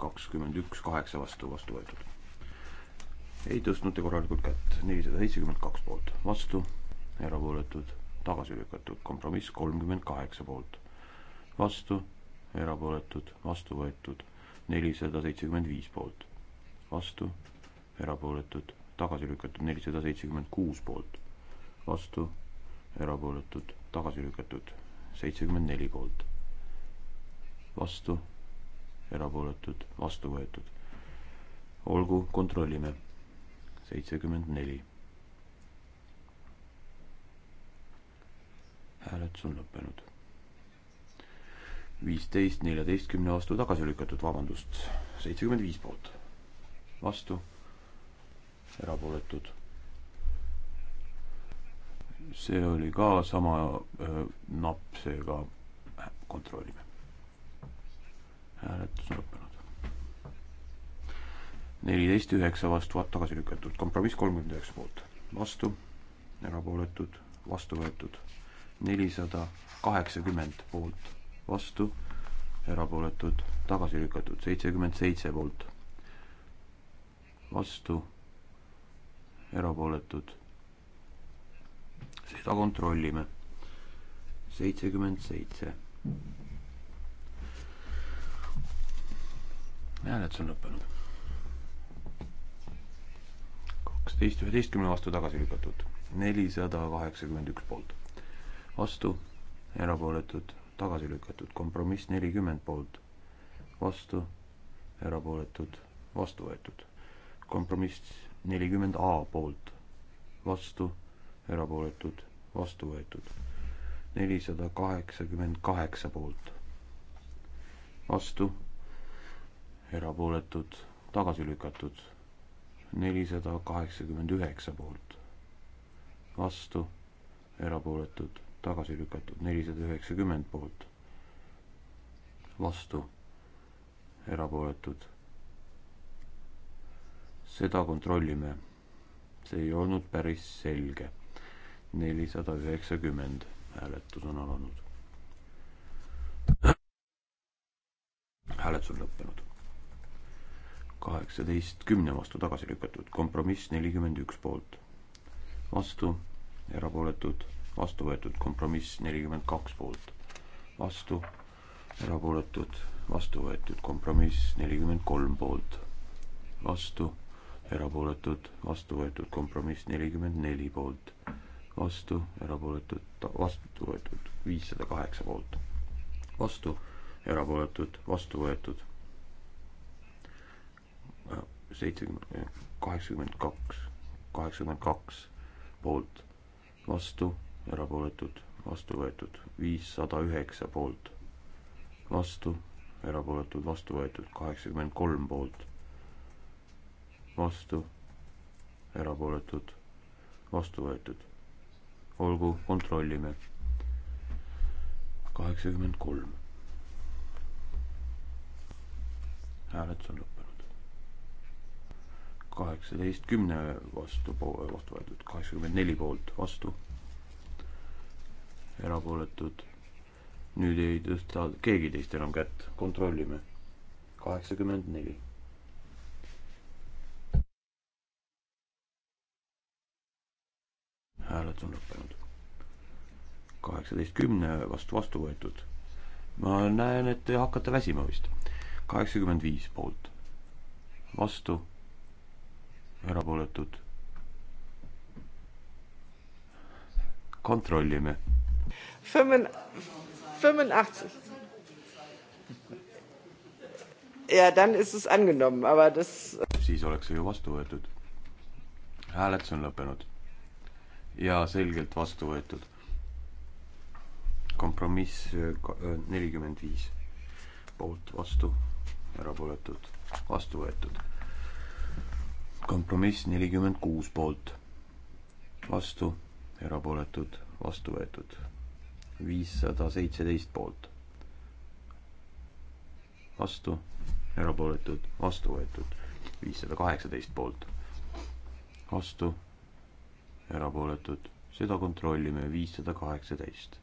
kakskümmend üks, kaheksa vastu, vastu võetud. ei tõstnud te korralikult kätt. nelisada seitsekümmend kaks poolt, vastu, erapooletud, tagasi lükatud. kompromiss kolmkümmend kaheksa poolt, vastu, erapooletud, vastu võetud. nelisada seitsekümmend viis poolt, vastu, erapooletud tagasi lükatud, nelisada seitsekümmend kuus poolt, vastu, erapooletud, tagasi lükatud, seitsekümmend neli poolt, vastu, erapooletud, vastu võetud. olgu, kontrollime. seitsekümmend neli. hääletus on lõppenud. viisteist neljateistkümne vastu tagasi lükatud, vabandust, seitsekümmend viis poolt, vastu erapooletud. see oli ka sama äh, napp, seega kontrollime. hääletus on lõppenud. neliteist üheksa vastu, tagasi lükatud, kompromiss kolmkümmend üheksa poolt, vastu, erapooletud, vastu võetud, nelisada kaheksakümmend poolt, vastu, erapooletud, tagasi lükatud, seitsekümmend seitse poolt, vastu erapooletud. seda kontrollime. seitsekümmend seitse. hääletus on lõppenud. kaksteist üheteistkümne vastu tagasi lükatud, nelisada kaheksakümmend üks poolt. vastu, erapooletud, tagasi lükatud, kompromiss nelikümmend poolt. vastu, erapooletud, vastu võetud. kompromiss nelikümmend A poolt, vastu, erapooletud, vastu võetud. nelisada kaheksakümmend kaheksa poolt, vastu, erapooletud, tagasi lükatud. nelisada kaheksakümmend üheksa poolt, vastu, erapooletud, tagasi lükatud. nelisada üheksakümmend poolt, vastu, erapooletud seda kontrollime. see ei olnud päris selge. nelisada üheksakümmend hääletus on alanud. hääletus on lõppenud. kaheksateist kümne vastu tagasi lükatud, kompromiss nelikümmend üks poolt. vastu, erapooletud, vastu võetud, kompromiss nelikümmend kaks poolt. vastu, erapooletud, vastu võetud, kompromiss nelikümmend kolm poolt. vastu erapooletud, vastu võetud kompromiss nelikümmend neli poolt, vastu, erapooletud, vastu võetud viissada kaheksa poolt, vastu, erapooletud, vastu võetud seitsekümmend, eh, kaheksakümmend kaks, kaheksakümmend kaks poolt, vastu, erapooletud, vastu võetud viissada üheksa poolt, vastu, erapooletud, vastu võetud kaheksakümmend kolm poolt vastu, erapooletud, vastu võetud. olgu, kontrollime. kaheksakümmend kolm. hääletus on lõppenud. kaheksateist kümne vastu, vastu võetud, kaheksakümmend neli poolt, vastu, erapooletud. nüüd ei tõsta keegi teist enam kätt, kontrollime. kaheksakümmend neli hääled on lõppenud. kaheksateist kümne vastu vastu võetud. ma näen, et te hakkate väsima vist. kaheksakümmend viis poolt, vastu, erapooletud. kontrollime.
Ja, dann ist es angenommen, aber das...
siis oleks see ju vastu võetud. hääletus on lõppenud ja selgelt vastu võetud. kompromiss äh, nelikümmend viis poolt, vastu, erapooletud, vastu võetud. kompromiss nelikümmend kuus poolt, vastu, erapooletud, vastu võetud. viissada seitseteist poolt, vastu, erapooletud, vastu võetud. viissada kaheksateist poolt, vastu erapooletud, seda kontrollime, viissada kaheksateist.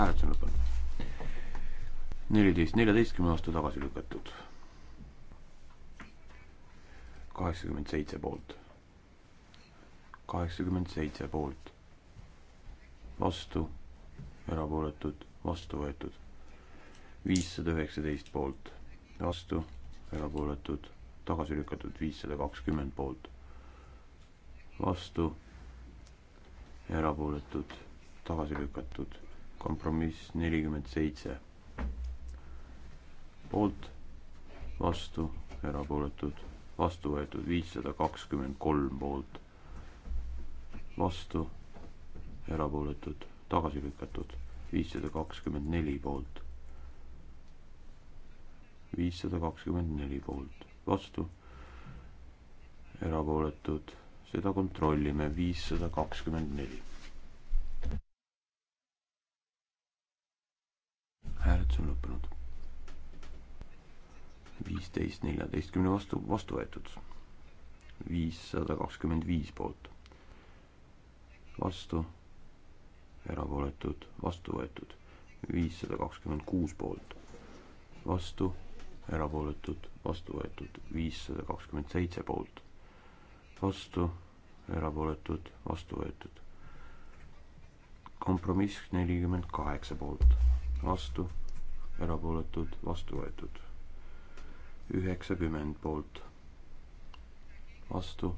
hääletus on lõppenud. neliteist, neljateistkümne aasta tagasi lükatud. kaheksakümmend seitse poolt kaheksakümmend seitse poolt, vastu, erapooletud, vastu võetud. viissada üheksateist poolt, vastu, erapooletud, tagasi lükatud, viissada kakskümmend poolt, vastu, erapooletud, tagasi lükatud, kompromiss nelikümmend seitse poolt, vastu, erapooletud, vastu võetud viissada kakskümmend kolm poolt vastu, erapooletud, tagasi lükatud, viissada kakskümmend neli poolt, viissada kakskümmend neli poolt, vastu, erapooletud, seda kontrollime, viissada kakskümmend neli. hääletus on lõppenud. viisteist neljateistkümne vastu, vastu võetud. viissada kakskümmend viis poolt vastu, erapooletud, vastu võetud. viissada kakskümmend kuus poolt, vastu, erapooletud, vastu võetud. viissada kakskümmend seitse poolt, vastu, erapooletud, vastu võetud. kompromiss nelikümmend kaheksa poolt, vastu, erapooletud, vastu võetud. üheksakümmend poolt, vastu,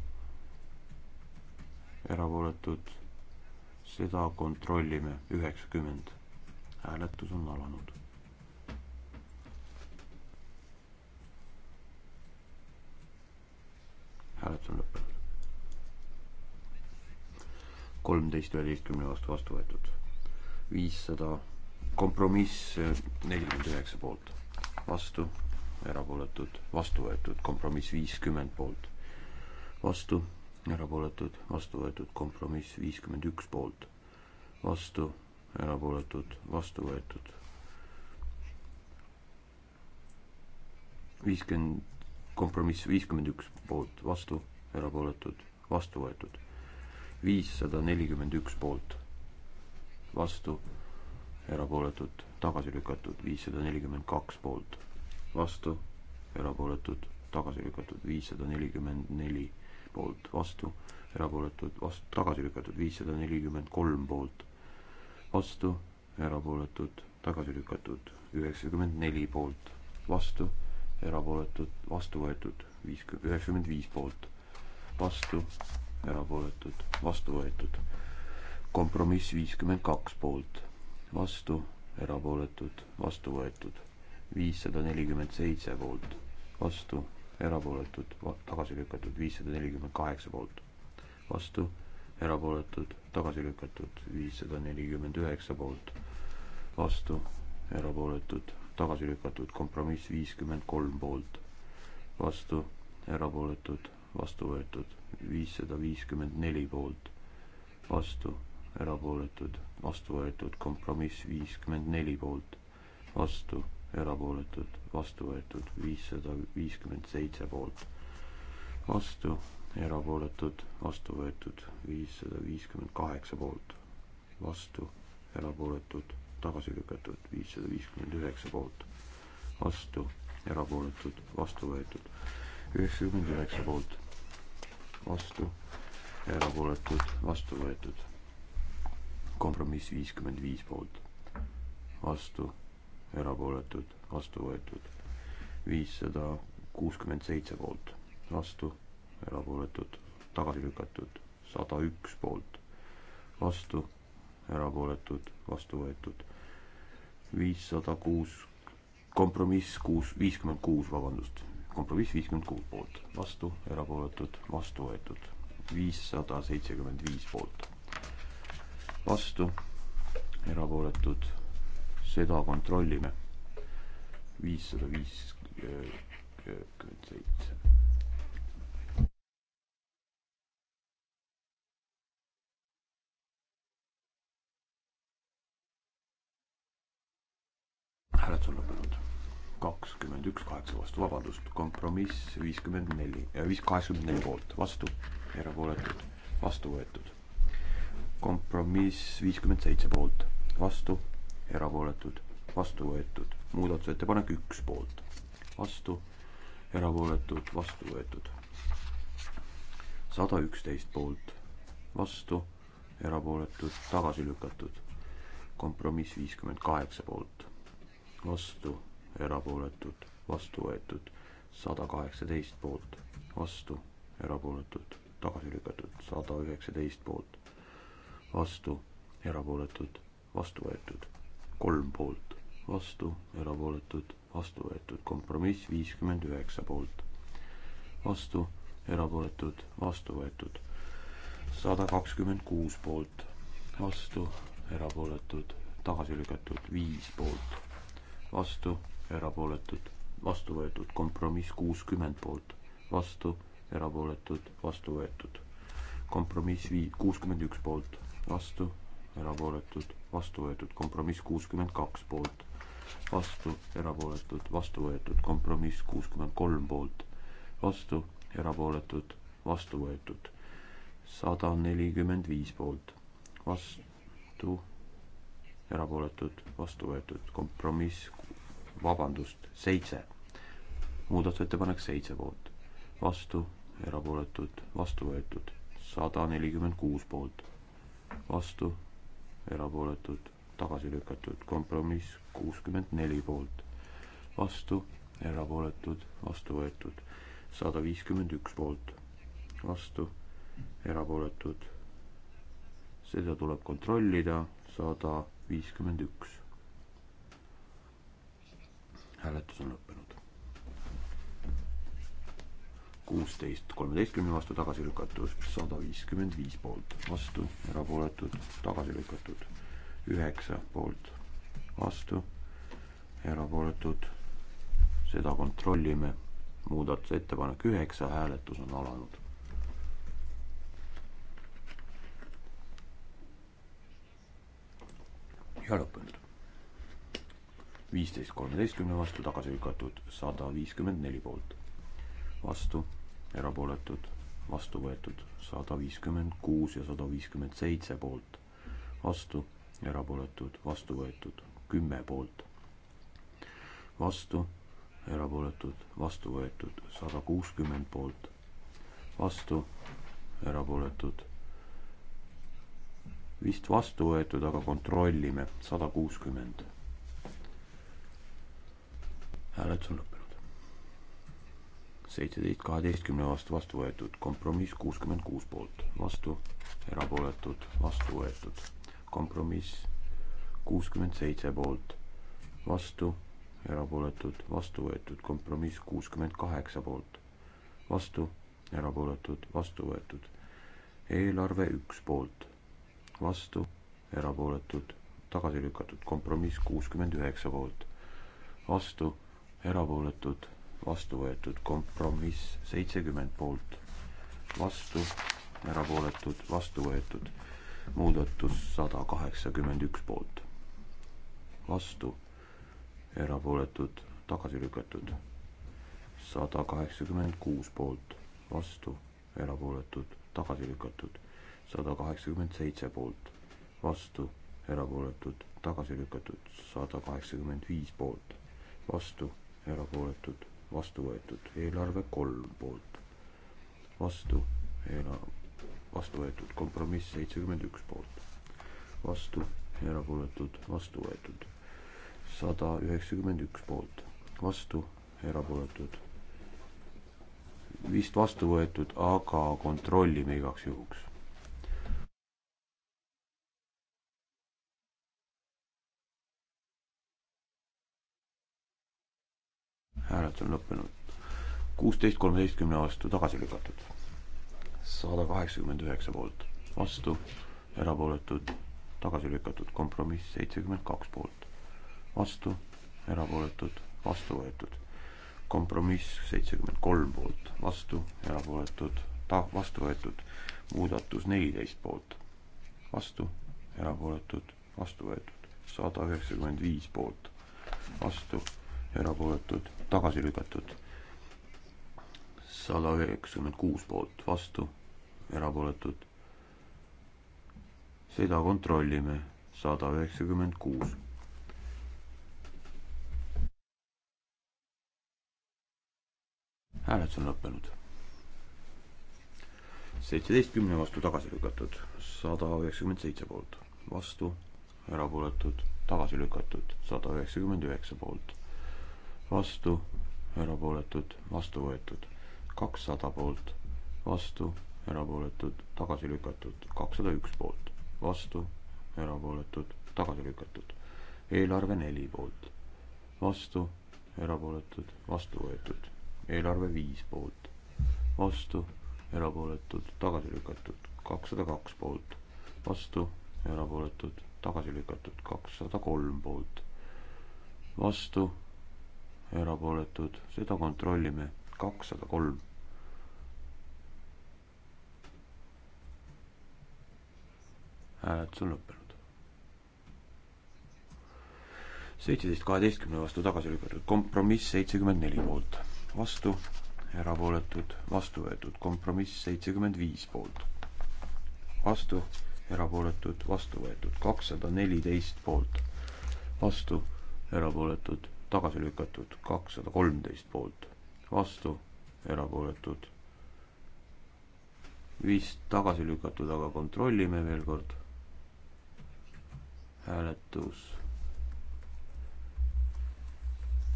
erapooletud seda kontrollime, üheksakümmend. hääletus on alanud. hääletus on lõppenud. kolmteist üheteistkümne vastu vastu võetud. viissada kompromiss eh, nelikümmend üheksa poolt, vastu, erapooletud, vastu võetud, kompromiss viiskümmend poolt, vastu erapooletud, vastu võetud, kompromiss viiskümmend üks poolt, vastu, erapooletud, vastu võetud. viiskümmend, kompromiss viiskümmend üks poolt, vastu, erapooletud, vastu võetud. viissada nelikümmend üks poolt, vastu, erapooletud, tagasi lükatud, viissada nelikümmend kaks poolt, vastu, erapooletud, tagasi lükatud, viissada nelikümmend neli poolt, vastu, erapooletud, vastu, tagasi lükatud, viissada nelikümmend kolm poolt, vastu, erapooletud, tagasi lükatud, üheksakümmend neli poolt, vastu, erapooletud, vastu võetud, viis, üheksakümmend viis poolt, vastu, erapooletud, vastu võetud. kompromiss viiskümmend kaks poolt, vastu, erapooletud, vastu võetud, viissada nelikümmend seitse poolt, vastu erapooletud, tagasi lükatud viissada nelikümmend kaheksa poolt, vastu erapooletud, tagasi lükatud viissada nelikümmend üheksa poolt, vastu erapooletud, tagasi lükatud kompromiss viiskümmend kolm poolt, vastu erapooletud, vastu võetud viissada viiskümmend neli poolt, vastu erapooletud, vastu võetud kompromiss viiskümmend neli poolt, vastu erapooletud, vastu võetud viissada viiskümmend seitse poolt, vastu, erapooletud, vastu võetud viissada viiskümmend kaheksa poolt, vastu, erapooletud, tagasi lükatud viissada viiskümmend üheksa poolt, vastu, erapooletud, vastu võetud üheksakümmend üheksa poolt, vastu, erapooletud, vastu võetud, kompromiss viiskümmend viis poolt, vastu erapooletud, vastu võetud. viissada kuuskümmend seitse poolt, vastu, erapooletud, tagasi lükatud, sada üks poolt, vastu, erapooletud, vastu võetud. viissada kuus, kompromiss kuus, viiskümmend kuus, vabandust, kompromiss viiskümmend kuus poolt, vastu, erapooletud, vastu võetud. viissada seitsekümmend viis poolt, vastu, erapooletud seda kontrollime. viissada viiskümmend seitse. hääletus on lõppenud. kakskümmend üks, kaheksa vastu, vabandust, kompromiss viiskümmend neli, äh, viis, kaheksakümmend neli poolt, vastu, erapooletud, vastu võetud. kompromiss viiskümmend seitse poolt, vastu erapooletud, vastu võetud. muudatusettepanek üks poolt, vastu, erapooletud, vastu võetud. sada üksteist poolt, vastu, erapooletud, tagasi lükatud. kompromiss viiskümmend kaheksa poolt, vastu, erapooletud, vastu võetud. sada kaheksateist poolt, vastu, erapooletud, tagasi lükatud. sada üheksateist poolt, vastu, erapooletud, vastu võetud kolm poolt, vastu, erapooletud, vastu võetud. kompromiss viiskümmend üheksa poolt, vastu, erapooletud, vastu võetud. sada kakskümmend kuus poolt, vastu, erapooletud, tagasi lükatud, viis poolt, vastu, erapooletud, vastu võetud, kompromiss kuuskümmend poolt, vastu, erapooletud, vastu võetud. kompromiss vii-, kuuskümmend üks poolt, vastu, erapooletud vastu võetud kompromiss kuuskümmend kaks poolt, vastu erapooletud, vastu võetud kompromiss kuuskümmend kolm poolt, vastu erapooletud, vastu võetud sada nelikümmend viis poolt,
vastu
erapooletud, vastu võetud kompromiss, vabandust, seitse, muudatusettepanek seitse poolt, vastu erapooletud, vastu võetud sada nelikümmend kuus poolt, vastu erapooletud, tagasi lükatud, kompromiss kuuskümmend neli poolt, vastu, erapooletud, vastu võetud, sada viiskümmend üks poolt, vastu, erapooletud, seda tuleb kontrollida, sada viiskümmend üks. hääletus on lõppenud. kuusteist kolmeteistkümne vastu tagasi lükatud, sada viiskümmend viis poolt vastu, erapooletud, tagasi lükatud, üheksa poolt vastu, erapooletud, seda kontrollime, muudatusettepanek üheksa, hääletus on alanud. ja lõppenud. viisteist kolmeteistkümne vastu tagasi lükatud, sada viiskümmend neli poolt vastu erapooletud, vastu võetud sada viiskümmend kuus ja sada viiskümmend seitse poolt, vastu, erapooletud, vastu võetud kümme poolt, vastu, erapooletud, vastu võetud sada kuuskümmend poolt, vastu, erapooletud, vist vastu võetud, aga kontrollime, sada kuuskümmend. hääletus on lõppenud seitseteist kaheteistkümne vastu vastu võetud, kompromiss kuuskümmend kuus poolt vastu, erapooletud vastu võetud, kompromiss kuuskümmend seitse poolt vastu, erapooletud vastu võetud, kompromiss kuuskümmend kaheksa poolt vastu, erapooletud vastu võetud, eelarve üks poolt vastu, erapooletud tagasi lükatud, kompromiss kuuskümmend üheksa poolt vastu, erapooletud vastu võetud kompromiss seitsekümmend poolt, vastu, erapooletud, vastu võetud, muudatus sada kaheksakümmend üks poolt, vastu, erapooletud, tagasi lükatud, sada kaheksakümmend kuus poolt, vastu, erapooletud, tagasi lükatud, sada kaheksakümmend seitse poolt, vastu, erapooletud, tagasi lükatud, sada kaheksakümmend viis poolt, vastu, erapooletud vastu võetud, eelarve kolm poolt, vastu, vastu võetud, kompromiss seitsekümmend üks poolt, vastu, erapooletud, vastu võetud, sada üheksakümmend üks poolt, vastu, erapooletud, vist vastu võetud, aga kontrollime igaks juhuks hääletus on lõppenud. kuusteist kolmeteistkümne vastu tagasi lükatud. sada kaheksakümmend üheksa poolt vastu, erapooletud tagasi lükatud, kompromiss seitsekümmend kaks poolt vastu, erapooletud vastu võetud. kompromiss seitsekümmend kolm poolt vastu, erapooletud ta-, vastu võetud. muudatus neliteist poolt vastu, erapooletud vastu võetud. sada üheksakümmend viis poolt vastu erapooletud, tagasi lükatud. sada üheksakümmend kuus poolt, vastu, erapooletud. seda kontrollime, sada üheksakümmend kuus. hääletus on lõppenud. seitseteist kümne vastu tagasi lükatud, sada üheksakümmend seitse poolt, vastu, erapooletud, tagasi lükatud, sada üheksakümmend üheksa poolt vastu, erapooletud, vastu võetud. kakssada poolt, vastu, erapooletud, tagasi lükatud. kakssada üks poolt, vastu, erapooletud, tagasi lükatud. eelarve neli poolt, vastu, erapooletud, vastu võetud. eelarve viis poolt, vastu, erapooletud, tagasi lükatud. kakssada kaks poolt, vastu, erapooletud, tagasi lükatud. kakssada kolm poolt, vastu erapooletud, seda kontrollime, kakssada kolm. hääletus on lõppenud. seitseteist kaheteistkümne vastu tagasi lükatud kompromiss seitsekümmend neli poolt, vastu erapooletud, vastu võetud kompromiss seitsekümmend viis poolt, vastu erapooletud, vastu võetud kakssada neliteist poolt, vastu erapooletud tagasi lükatud, kakssada kolmteist poolt, vastu, erapooletud, viis tagasi lükatud, aga kontrollime veel kord. hääletus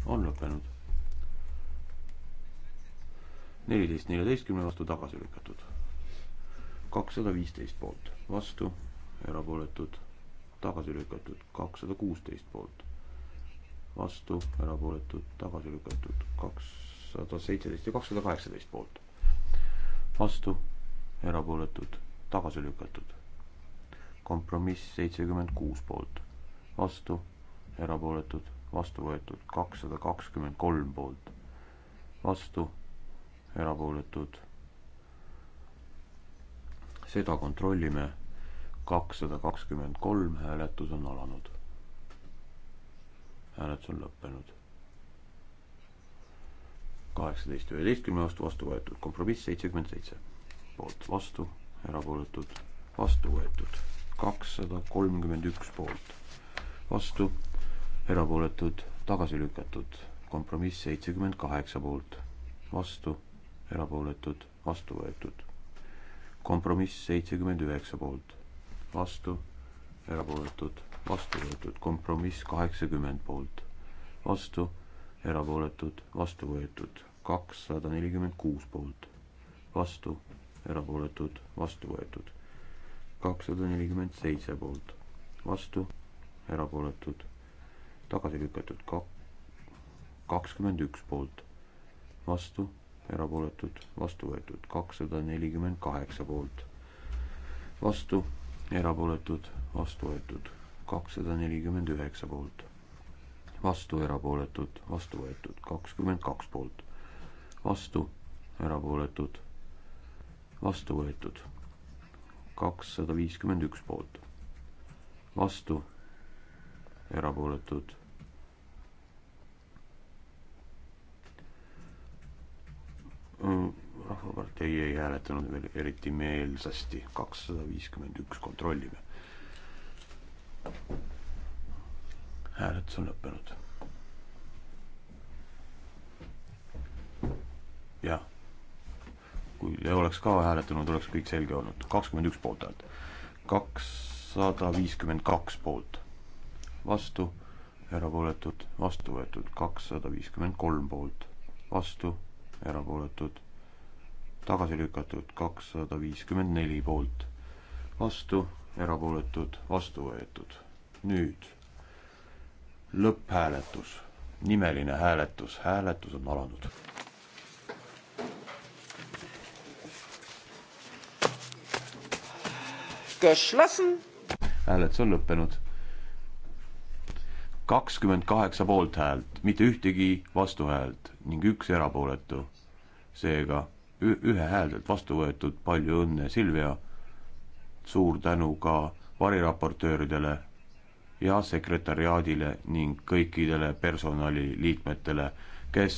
on lõppenud. neliteist neljateistkümne vastu tagasi lükatud. kakssada viisteist poolt, vastu, erapooletud, tagasi lükatud, kakssada kuusteist poolt vastu, erapooletud, tagasi lükatud kakssada seitseteist ja kakssada kaheksateist poolt. vastu, erapooletud, tagasi lükatud. kompromiss seitsekümmend kuus poolt, vastu, erapooletud, vastu võetud kakssada kakskümmend kolm poolt, vastu, erapooletud. seda kontrollime, kakssada kakskümmend kolm hääletus on alanud hääletus on lõppenud. kaheksateist üheteistkümne vastu vastu võetud, kompromiss seitsekümmend seitse. poolt vastu, erapooletud, vastu võetud. kakssada kolmkümmend üks poolt vastu, erapooletud, tagasi lükatud. kompromiss seitsekümmend kaheksa poolt vastu, erapooletud, vastu võetud. kompromiss seitsekümmend üheksa poolt vastu erapooletud, vastu võetud, kompromiss kaheksakümmend poolt, vastu, erapooletud, vastu võetud, kakssada nelikümmend kuus poolt, vastu, erapooletud, vastu võetud, kakssada nelikümmend seitse poolt, vastu, erapooletud, tagasi lükatud, kakskümmend üks poolt, vastu, erapooletud, vastu võetud, kakssada nelikümmend kaheksa poolt, vastu erapooletud, vastu võetud kakssada nelikümmend üheksa poolt, vastu erapooletud, vastu võetud kakskümmend kaks poolt, vastu erapooletud, vastu võetud kakssada viiskümmend üks poolt, vastu erapooletud mm rahvapartei ei hääletanud veel eriti meelsasti, kakssada viiskümmend üks kontrollime. hääletus on lõppenud. jah, kui te oleks ka hääletanud, oleks kõik selge olnud, kakskümmend üks poolthäält, kakssada viiskümmend kaks poolt, vastu, erapooletud, vastu võetud, kakssada viiskümmend kolm poolt, vastu, erapooletud tagasi lükatud kakssada viiskümmend neli poolt, vastu, erapooletud, vastu võetud. nüüd lõpphääletus, nimeline hääletus, hääletus on alanud. hääletus on lõppenud. kakskümmend kaheksa poolthäält, mitte ühtegi vastuhäält ning üks erapooletu. seega ühehäälselt vastu võetud, palju õnne, Silvia! suur tänu ka variraportööridele ja sekretariaadile ning kõikidele personaliliikmetele, kes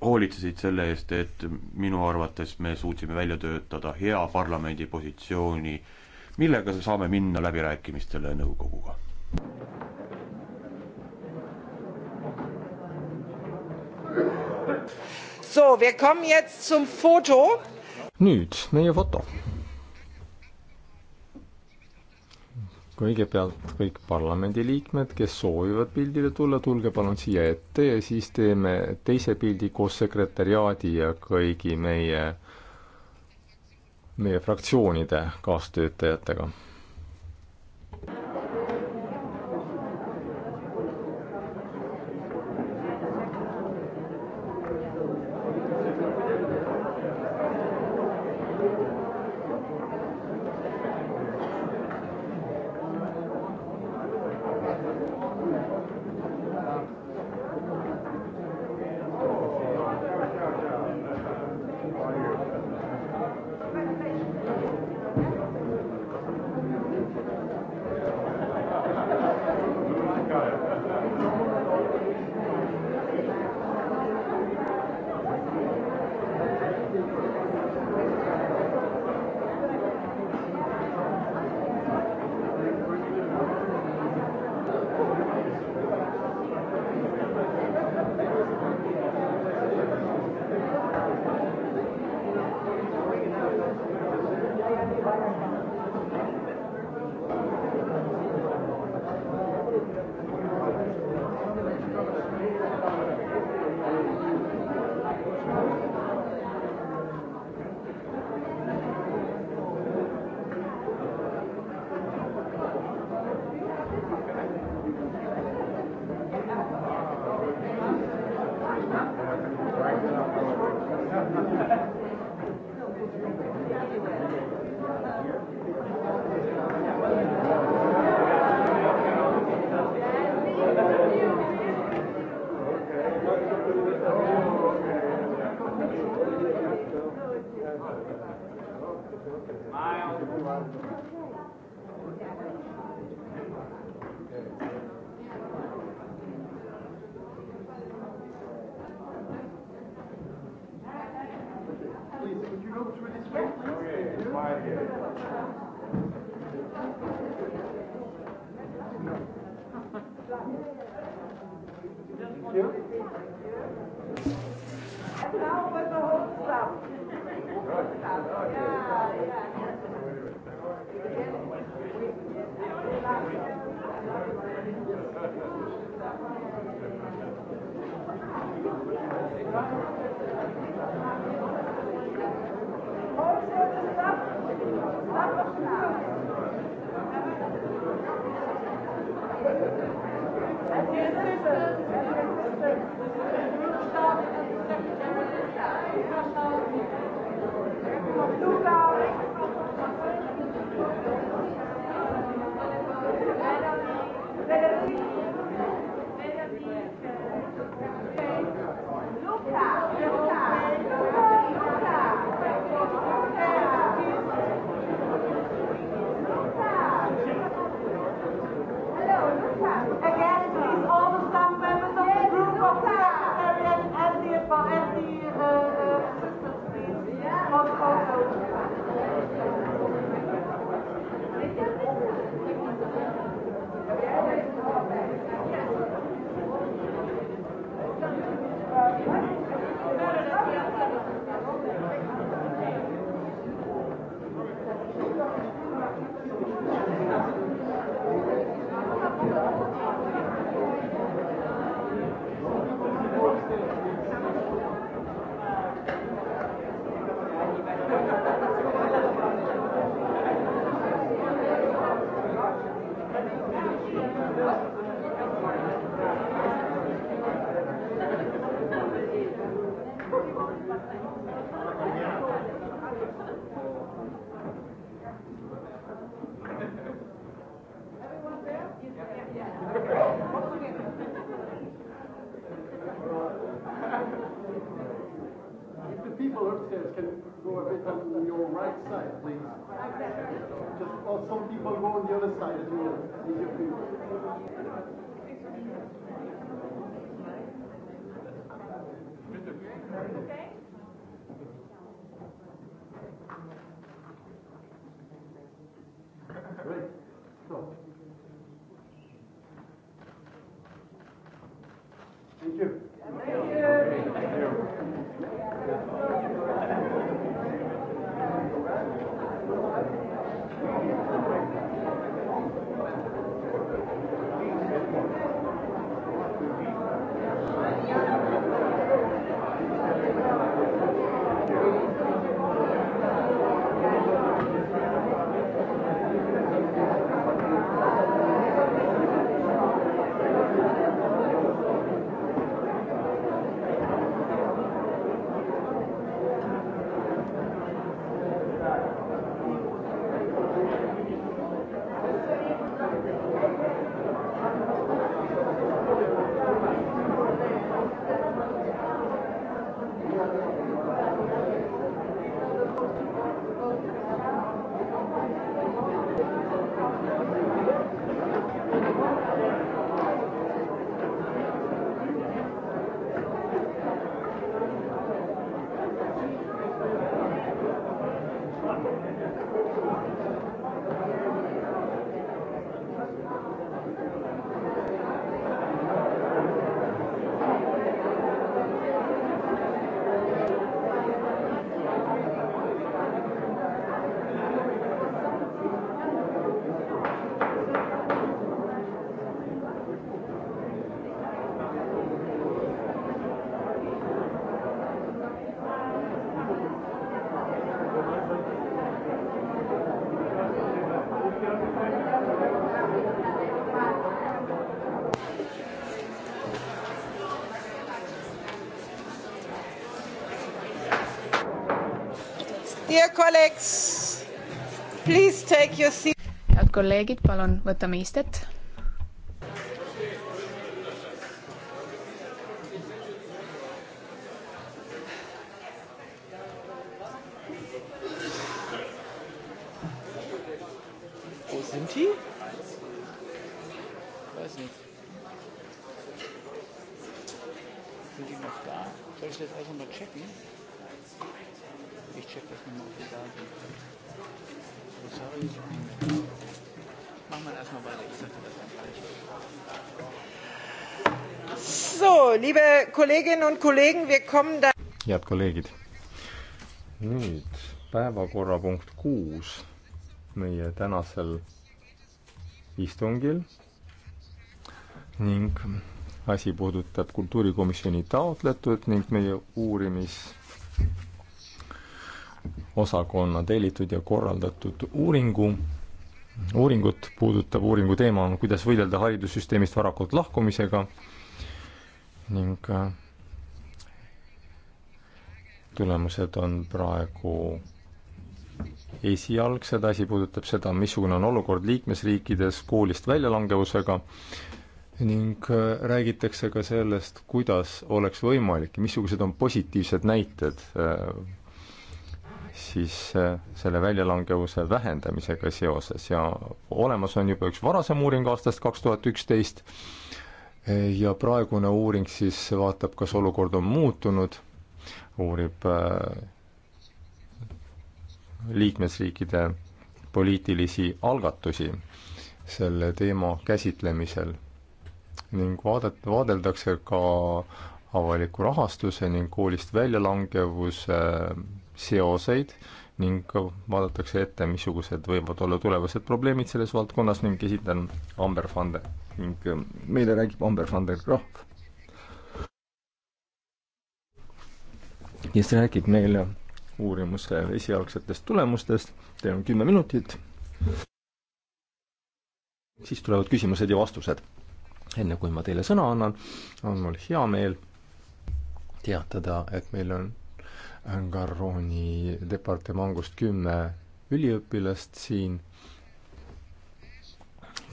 hoolitsesid selle eest, et minu arvates me suutsime välja töötada hea parlamendi positsiooni, millega saame minna läbirääkimistele nõukoguga.
So, wir kommen jetzt zum
Foto. nüüd meie foto. kõigepealt kõik parlamendiliikmed, kes soovivad pildile tulla, tulge palun siia ette ja siis teeme teise pildi koos sekretäriaadi ja kõigi meie, meie fraktsioonide kaastöötajatega
right side, please. Just, oh, some people
head kolleegid, palun võtame istet
head
kolleegid, nüüd päevakorrapunkt kuus meie tänasel istungil ning asi puudutab kultuurikomisjoni taotletud ning meie uurimis osakonna tellitud ja korraldatud uuringu, uuringut puudutav uuringu teema on, kuidas võidelda haridussüsteemist varakult lahkumisega ning äh, tulemused on praegu esialgsed, asi puudutab seda, missugune on olukord liikmesriikides koolist väljalangevusega ning äh, räägitakse ka sellest, kuidas oleks võimalik, missugused on positiivsed näited äh, siis selle väljalangevuse vähendamisega seoses ja olemas on juba üks varasem uuring aastast kaks tuhat üksteist, ja praegune uuring siis vaatab, kas olukord on muutunud, uurib äh, liikmesriikide poliitilisi algatusi selle teema käsitlemisel ning vaadet-, vaadeldakse ka avaliku rahastuse ning koolist väljalangevuse seoseid ning vaadatakse ette, missugused võivad olla tulevased probleemid selles valdkonnas ning esitan Amber Fande ning äh, meile räägib Amber van der Krahv, kes räägib meile uurimuse esialgsetest tulemustest, teil on kümme minutit, siis tulevad küsimused ja vastused. enne kui ma teile sõna annan, on mul hea meel teatada, et meil on Garroni departamangust kümme üliõpilast siin,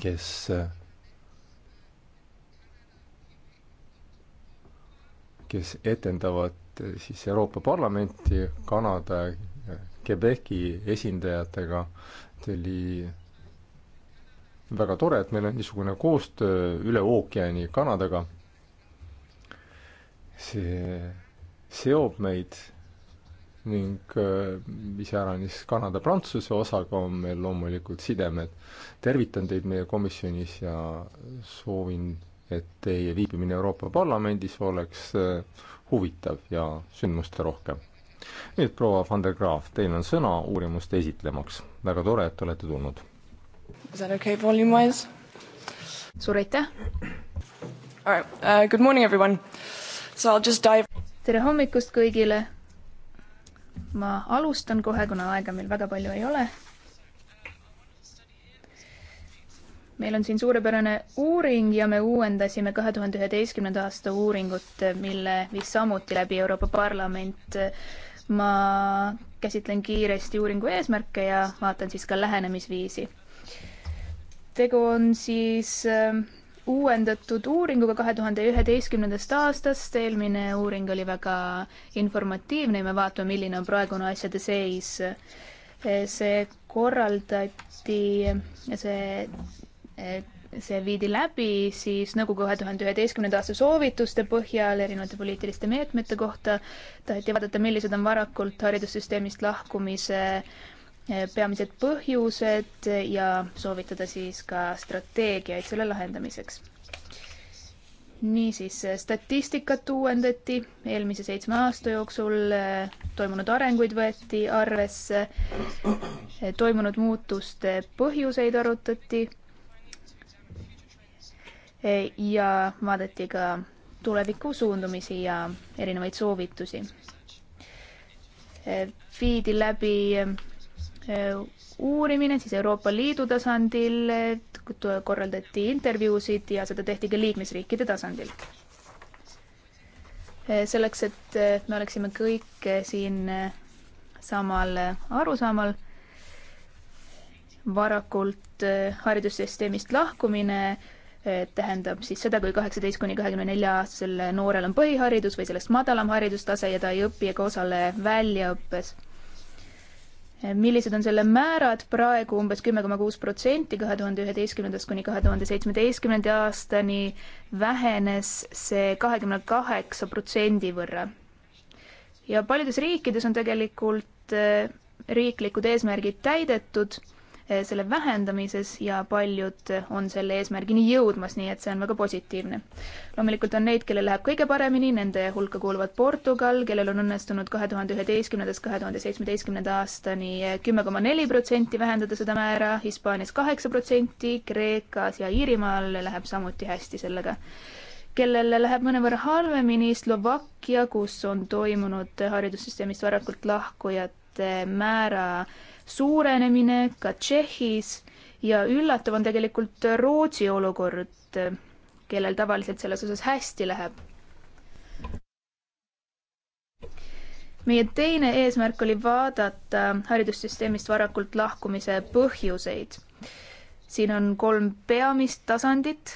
kes kes etendavad eh, siis Euroopa Parlamenti Kanada, Quebeci esindajatega. see oli väga tore, et meil on niisugune koostöö üle ookeani Kanadaga. see seob meid ning eh, iseäranis Kanada-Prantsuse osaga on meil loomulikult sidemed. tervitan teid meie komisjonis ja soovin et teie viibimine Euroopa Parlamendis oleks äh, huvitav ja sündmusterohke. nüüd proua van der Graaf, teil on sõna uurimust esitlemaks. väga tore, et olete tulnud.
Is that okay volume wise? suur aitäh! Alright uh,, good morning everyone. So I'll just dive. tere hommikust kõigile! ma alustan kohe, kuna aega meil väga palju ei ole meil on siin suurepärane uuring ja me uuendasime kahe tuhande üheteistkümnenda aasta uuringut, mille viis samuti läbi Euroopa Parlament. ma käsitlen kiiresti uuringu eesmärke ja vaatan siis ka lähenemisviisi. tegu on siis ähm, uuendatud uuringuga kahe tuhande üheteistkümnendast aastast, eelmine uuring oli väga informatiivne ja me vaatame, milline on praegune asjade seis. see korraldati, see see viidi läbi siis nagu kahe tuhande üheteistkümnenda aasta soovituste põhjal erinevate poliitiliste meetmete kohta. taheti vaadata, millised on varakult haridussüsteemist lahkumise eh, peamised põhjused ja soovitada siis ka strateegiaid selle lahendamiseks. niisiis, statistikat uuendati eelmise seitsme aasta jooksul, eh, toimunud arenguid võeti arvesse, eh, toimunud muutuste põhjuseid arutati ja vaadati ka tuleviku suundumisi ja erinevaid soovitusi. viidi läbi e, uurimine siis Euroopa Liidu tasandil, korraldati intervjuusid ja seda tehti ka liikmesriikide tasandil. E, selleks, et e, me oleksime kõik siin samal arusaamal, varakult haridussüsteemist lahkumine Eh, tähendab siis seda, kui kaheksateist kuni kahekümne nelja aastasel noorel on põhiharidus või sellest madalam haridustase ja ta ei õpi ega osale väljaõppes eh, millised on selle määrad praegu umbes kümme koma kuus protsenti kahe tuhande üheteistkümnendast kuni kahe tuhande seitsmeteistkümnenda aastani vähenes see kahekümne kaheksa protsendi võrra. ja paljudes riikides on tegelikult eh, riiklikud eesmärgid täidetud Eh, selle vähendamises ja paljud on selle eesmärgini jõudmas, nii et see on väga positiivne. loomulikult on neid, kellel läheb kõige paremini, nende hulka kuuluvad Portugal, kellel on õnnestunud kahe tuhande üheteistkümnendast kahe tuhande seitsmeteistkümnenda aastani kümme koma neli protsenti vähendada seda määra, Hispaanias kaheksa protsenti, Kreekas ja Iirimaal läheb samuti hästi sellega kellel läheb mõnevõrra halvemini Slovakkia, kus on toimunud haridussüsteemist varakult lahkujate määra suurenemine ka Tšehhis ja üllatav on tegelikult Rootsi olukord, kellel tavaliselt selles osas hästi läheb. meie teine eesmärk oli vaadata haridussüsteemist varakult lahkumise põhjuseid. siin on kolm peamist tasandit.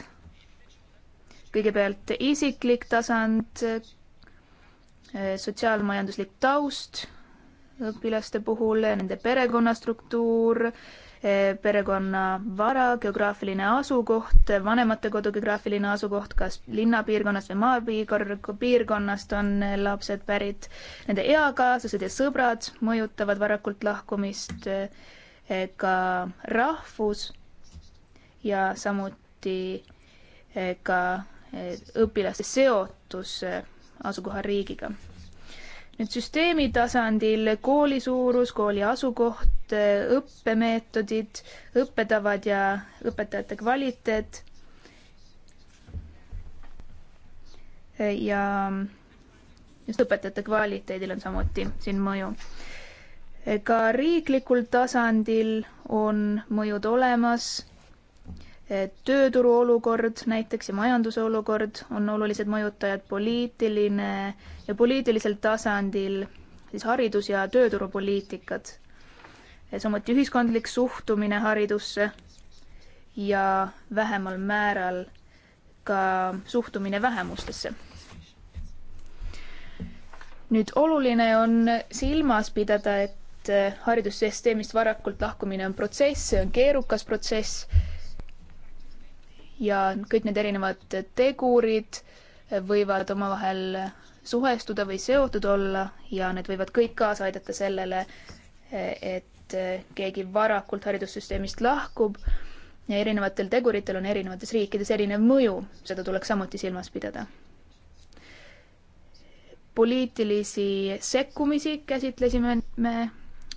kõigepealt isiklik tasand, sotsiaalmajanduslik taust õpilaste puhul, nende perekonnastruktuur, eh, perekonna vara, geograafiline asukoht, vanemate kodu geograafiline asukoht, kas linnapiirkonnast või maapiirkonnast on lapsed pärit, nende eakaaslased ja sõbrad mõjutavad varakult lahkumist, eh, ka rahvus ja samuti eh, ka õpilaste seotus asukohariigiga nüüd süsteemi tasandil kooli suurus, kooli asukoht, õppemeetodid, õppetavad ja õpetajate kvaliteet. ja just õpetajate kvaliteedil on samuti siin mõju. ka riiklikul tasandil on mõjud olemas tööturu olukord näiteks ja majanduse olukord on olulised mõjutajad, poliitiline ja poliitilisel tasandil siis haridus- ja tööturupoliitikad, samuti ühiskondlik suhtumine haridusse ja vähemal määral ka suhtumine vähemustesse. nüüd oluline on silmas pidada, et haridussüsteemist varakult lahkumine on protsess, see on keerukas protsess ja kõik need erinevad tegurid võivad omavahel suhestuda või seotud olla ja need võivad kõik kaasa aidata sellele, et keegi varakult haridussüsteemist lahkub ja erinevatel teguritel on erinevates riikides erinev mõju, seda tuleks samuti silmas pidada. poliitilisi sekkumisi käsitlesime me,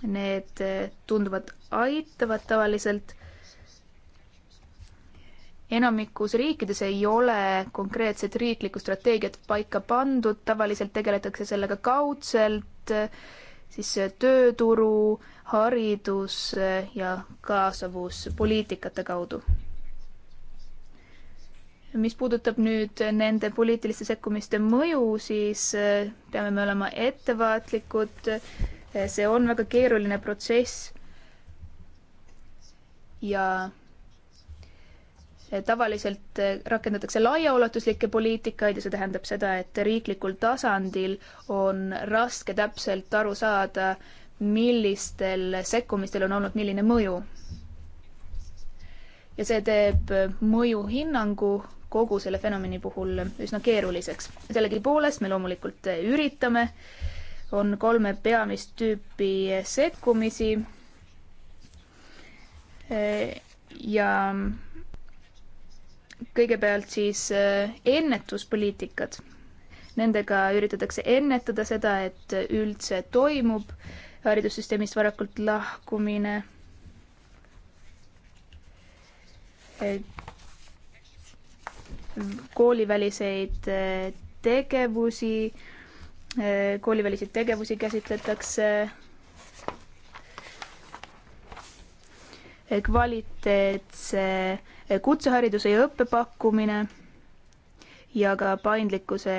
need tunduvad aitavat tavaliselt enamikus riikides ei ole konkreetset riiklikku strateegiat paika pandud, tavaliselt tegeletakse sellega kaudselt, siis tööturu, haridus ja kaasavuspoliitikate kaudu. mis puudutab nüüd nende poliitiliste sekkumiste mõju, siis peame me olema ettevaatlikud. see on väga keeruline protsess ja tavaliselt eh, rakendatakse laiaulatuslikke poliitikaid ja see tähendab seda, et riiklikul tasandil on raske täpselt aru saada, millistel sekkumistel on olnud milline mõju. ja see teeb eh, mõjuhinnangu kogu selle fenomeni puhul üsna keeruliseks. sellegipoolest me loomulikult eh, üritame, on kolme peamist tüüpi sekkumisi ja kõigepealt siis äh, ennetuspoliitikad. Nendega üritatakse ennetada seda, et üldse toimub haridussüsteemist varakult lahkumine. kooliväliseid äh, tegevusi, äh, kooliväliseid tegevusi käsitletakse. kvaliteetse kutsehariduse ja õppe pakkumine ja ka paindlikkuse,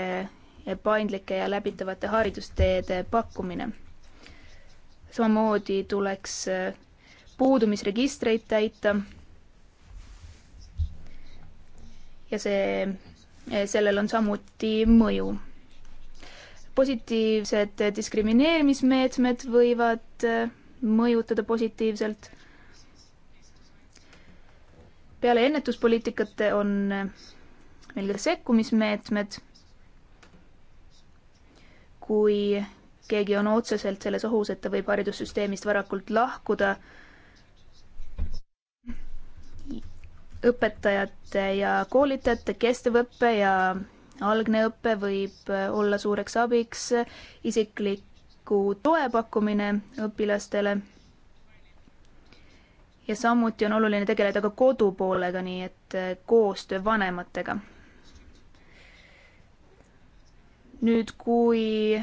paindlike ja läbitavate haridusteede pakkumine. samamoodi tuleks äh, puudumisregistreid täita. ja see, äh, sellel on samuti mõju. positiivsed diskrimineerimismeetmed võivad äh, mõjutada positiivselt peale ennetuspoliitikate on meil ka sekkumismeetmed. kui keegi on otseselt selles ohus, et ta võib haridussüsteemist varakult lahkuda, õpetajate ja koolitajate kestev õpe ja algne õpe võib olla suureks abiks, isikliku toe pakkumine õpilastele ja samuti on oluline tegeleda ka kodupoolega, nii et äh, koostöö vanematega. nüüd, kui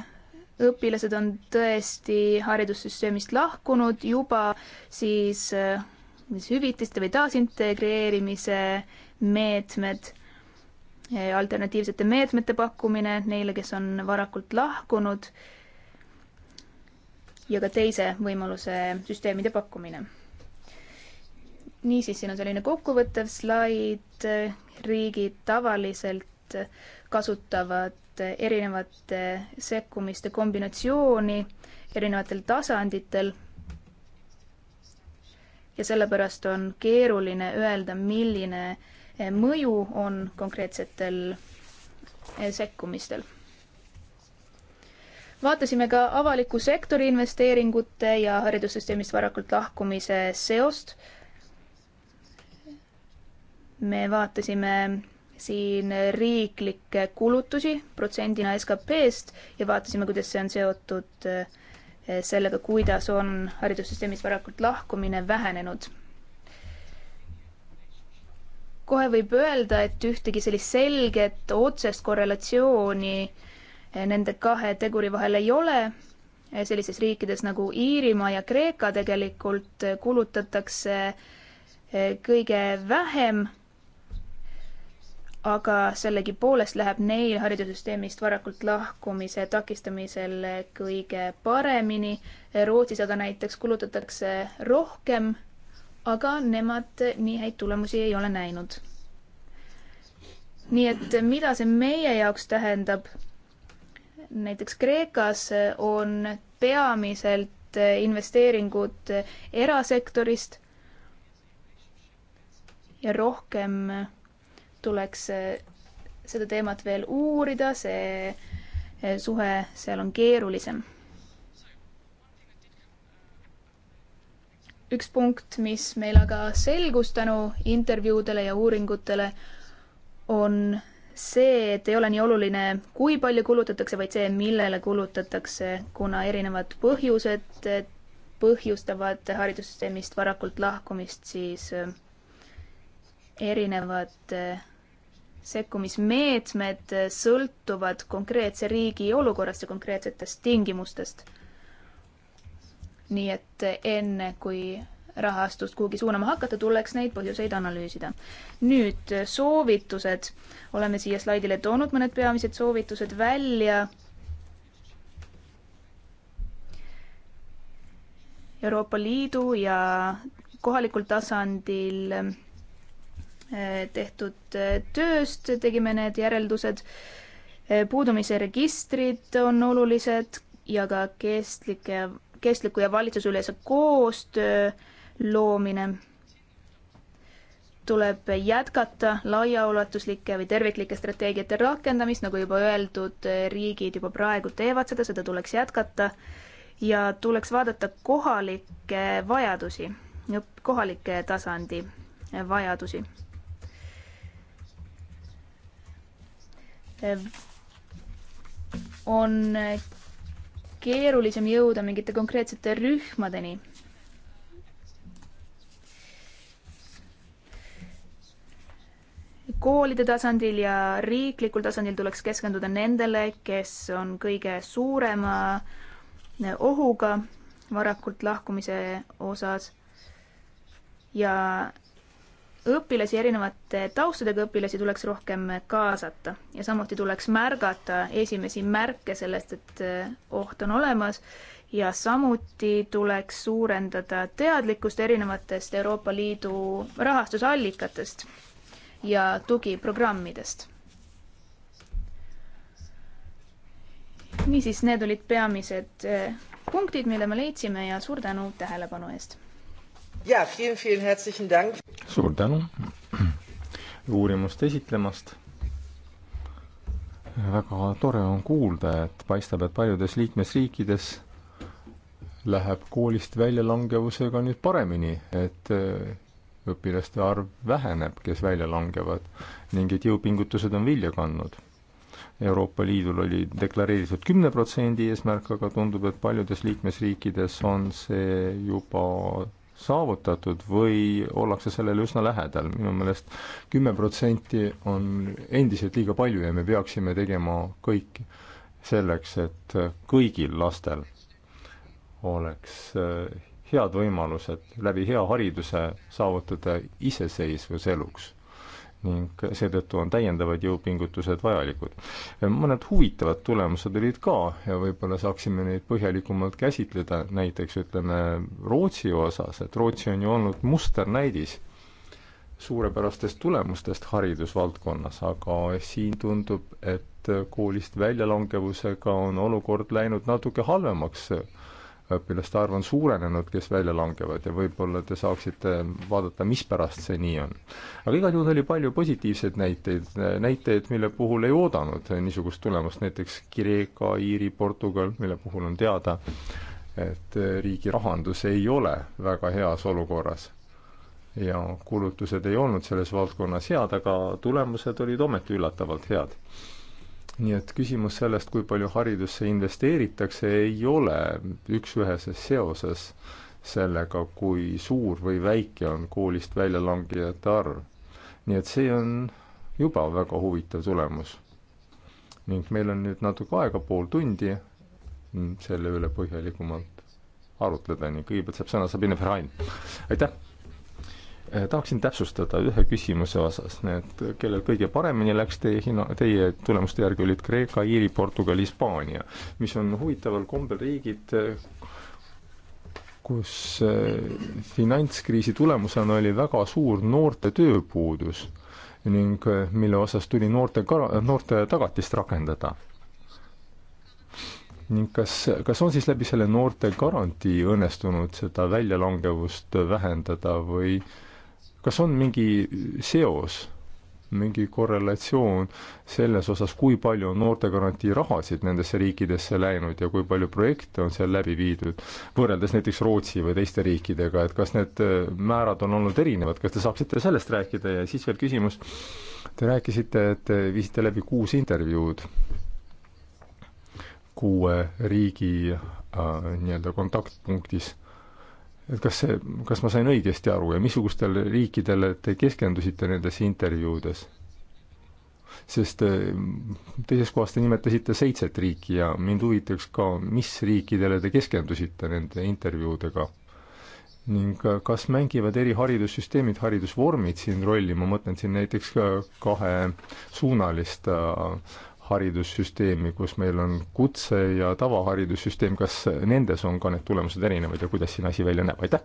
õpilased on tõesti haridussüsteemist lahkunud juba, siis mis äh, hüvitiste või taasintegreerimise meetmed, äh, alternatiivsete meetmete pakkumine neile, kes on varakult lahkunud ja ka teise võimaluse süsteemide pakkumine niisiis, siin on selline kokkuvõttev slaid, riigid tavaliselt kasutavad erinevate sekkumiste kombinatsiooni erinevatel tasanditel ja sellepärast on keeruline öelda, milline mõju on konkreetsetel sekkumistel. vaatasime ka avaliku sektori investeeringute ja haridussüsteemist varakult lahkumise seost me vaatasime siin riiklikke kulutusi protsendina SKP-st ja vaatasime, kuidas see on seotud eh, sellega, kuidas on haridussüsteemist varakult lahkumine vähenenud. kohe võib öelda, et ühtegi sellist selget otsest korrelatsiooni eh, nende kahe teguri vahel ei ole. Eh, sellises riikides nagu Iirimaa ja Kreeka tegelikult kulutatakse kõige vähem aga sellegipoolest läheb neil haridussüsteemist varakult lahkumise takistamisel kõige paremini. Rootsis aga näiteks kulutatakse rohkem, aga nemad nii häid tulemusi ei ole näinud. nii et mida see meie jaoks tähendab? näiteks Kreekas on peamiselt investeeringud erasektorist ja rohkem tuleks eh, seda teemat veel uurida, see eh, suhe seal on keerulisem. üks punkt, mis meil aga selgus tänu intervjuudele ja uuringutele, on see, et ei ole nii oluline, kui palju kulutatakse, vaid see, millele kulutatakse, kuna erinevad põhjused eh, põhjustavad haridussüsteemist varakult lahkumist, siis erinevad eh, sekkumismeetmed eh, sõltuvad konkreetse riigi olukorrast ja konkreetsetest tingimustest. nii et eh, enne, kui rahastust kuhugi suunama hakata, tuleks neid põhjuseid analüüsida. nüüd soovitused. oleme siia slaidile toonud mõned peamised soovitused välja. Euroopa Liidu ja kohalikul tasandil Eh, tehtud eh, tööst, tegime need järeldused. Eh, puudumise registrid on olulised ja ka kestlike, kestliku ja valitsusülese koostöö loomine tuleb jätkata laiaulatuslike või terviklike strateegiate rakendamist, nagu juba öeldud, riigid juba praegu teevad seda, seda tuleks jätkata ja tuleks vaadata kohalikke vajadusi, kohalike tasandi vajadusi. Ehm, on keerulisem jõuda mingite konkreetsete rühmadeni. koolide tasandil ja riiklikul tasandil tuleks keskenduda nendele, kes on kõige suurema eh, ohuga varakult lahkumise osas ja õpilasi, erinevate taustadega õpilasi tuleks rohkem kaasata ja samuti tuleks märgata esimesi märke sellest, et eh, oht on olemas ja samuti tuleks suurendada teadlikkust erinevatest Euroopa Liidu rahastusallikatest ja tugiprogrammidest. niisiis, need olid peamised eh, punktid, mille me leidsime ja suur tänu tähelepanu eest ja, vielen, vielen herzlichen Dank.
suur tänu uurimust esitlemast. väga tore on kuulda, et paistab, et paljudes liikmesriikides läheb koolist väljalangevusega nüüd paremini, et äh, õpilaste arv väheneb, kes välja langevad ning et jõupingutused on vilja kandnud. Euroopa Liidul oli deklareeritud kümne protsendi eesmärk, aga tundub, et paljudes liikmesriikides on see juba saavutatud või ollakse sellele üsna lähedal, minu meelest kümme protsenti on endiselt liiga palju ja me peaksime tegema kõik selleks, et kõigil lastel oleks eh, head võimalused läbi hea hariduse saavutada iseseisvus eluks ning seetõttu on täiendavad jõupingutused vajalikud. mõned huvitavad tulemused olid ka ja võib-olla saaksime neid põhjalikumalt käsitleda, näiteks ütleme Rootsi osas, et Rootsi on ju olnud musternäidis suurepärastest tulemustest haridusvaldkonnas, aga siin tundub, et koolist väljalangevusega on olukord läinud natuke halvemaks õpilaste arv on suurenenud, kes välja langevad ja võib-olla te saaksite vaadata, mispärast see nii on. aga igal juhul oli palju positiivseid näiteid, näiteid, mille puhul ei oodanud niisugust tulemust, näiteks Kreeka, Iiri, Portugal, mille puhul on teada, et riigi rahandus ei ole väga heas olukorras ja kulutused ei olnud selles valdkonnas head, aga tulemused olid ometi üllatavalt head nii et küsimus sellest, kui palju haridusse investeeritakse, ei ole üks-üheses seoses sellega, kui suur või väike on koolist väljalangejate arv. nii et see on juba väga huvitav tulemus. ning meil on nüüd natuke aega, pool tundi, mm, selle üle põhjalikumalt arutleda, nii kõigepealt saab sõna Sabine Verhain. aitäh! Eh, tahaksin täpsustada ühe küsimuse osas, need, kellel kõige paremini läks teie hinna, teie tulemuste järgi olid Kreeka, Iiri, Portugal, Hispaania, mis on huvitaval kombel riigid, kus eh, finantskriisi tulemusena oli väga suur noorte tööpuudus ning eh, mille osas tuli noorte kara-, noorte tagatist rakendada ning kas, kas on siis läbi selle noorte garantii õnnestunud seda väljalangevust vähendada või äh, kas on mingi seos, mingi korrelatsioon selles osas, kui palju on noortegarantii rahasid nendesse riikidesse läinud ja kui palju projekte on seal läbi viidud, võrreldes näiteks Rootsi või teiste riikidega, et kas need äh, määrad on olnud erinevad, kas te saaksite sellest rääkida ja siis veel küsimus, te rääkisite, et äh, viisite läbi kuus intervjuud kuue riigi äh, nii-öelda kontaktpunktis et kas see, kas ma sain õigesti aru ja missugustele riikidele te keskendusite nendes intervjuudes? sest eh, teises kohas te nimetasite seitset riiki ja mind huvitaks ka, mis riikidele te keskendusite nende intervjuudega? ning kas mängivad eri haridussüsteemid, haridusvormid siin rolli, ma mõtlen siin näiteks kahesuunalist äh, haridussüsteemi, kus meil on kutse- ja tavaharidussüsteem, kas nendes on ka need tulemused erinevad ja kuidas siin asi välja näeb, aitäh!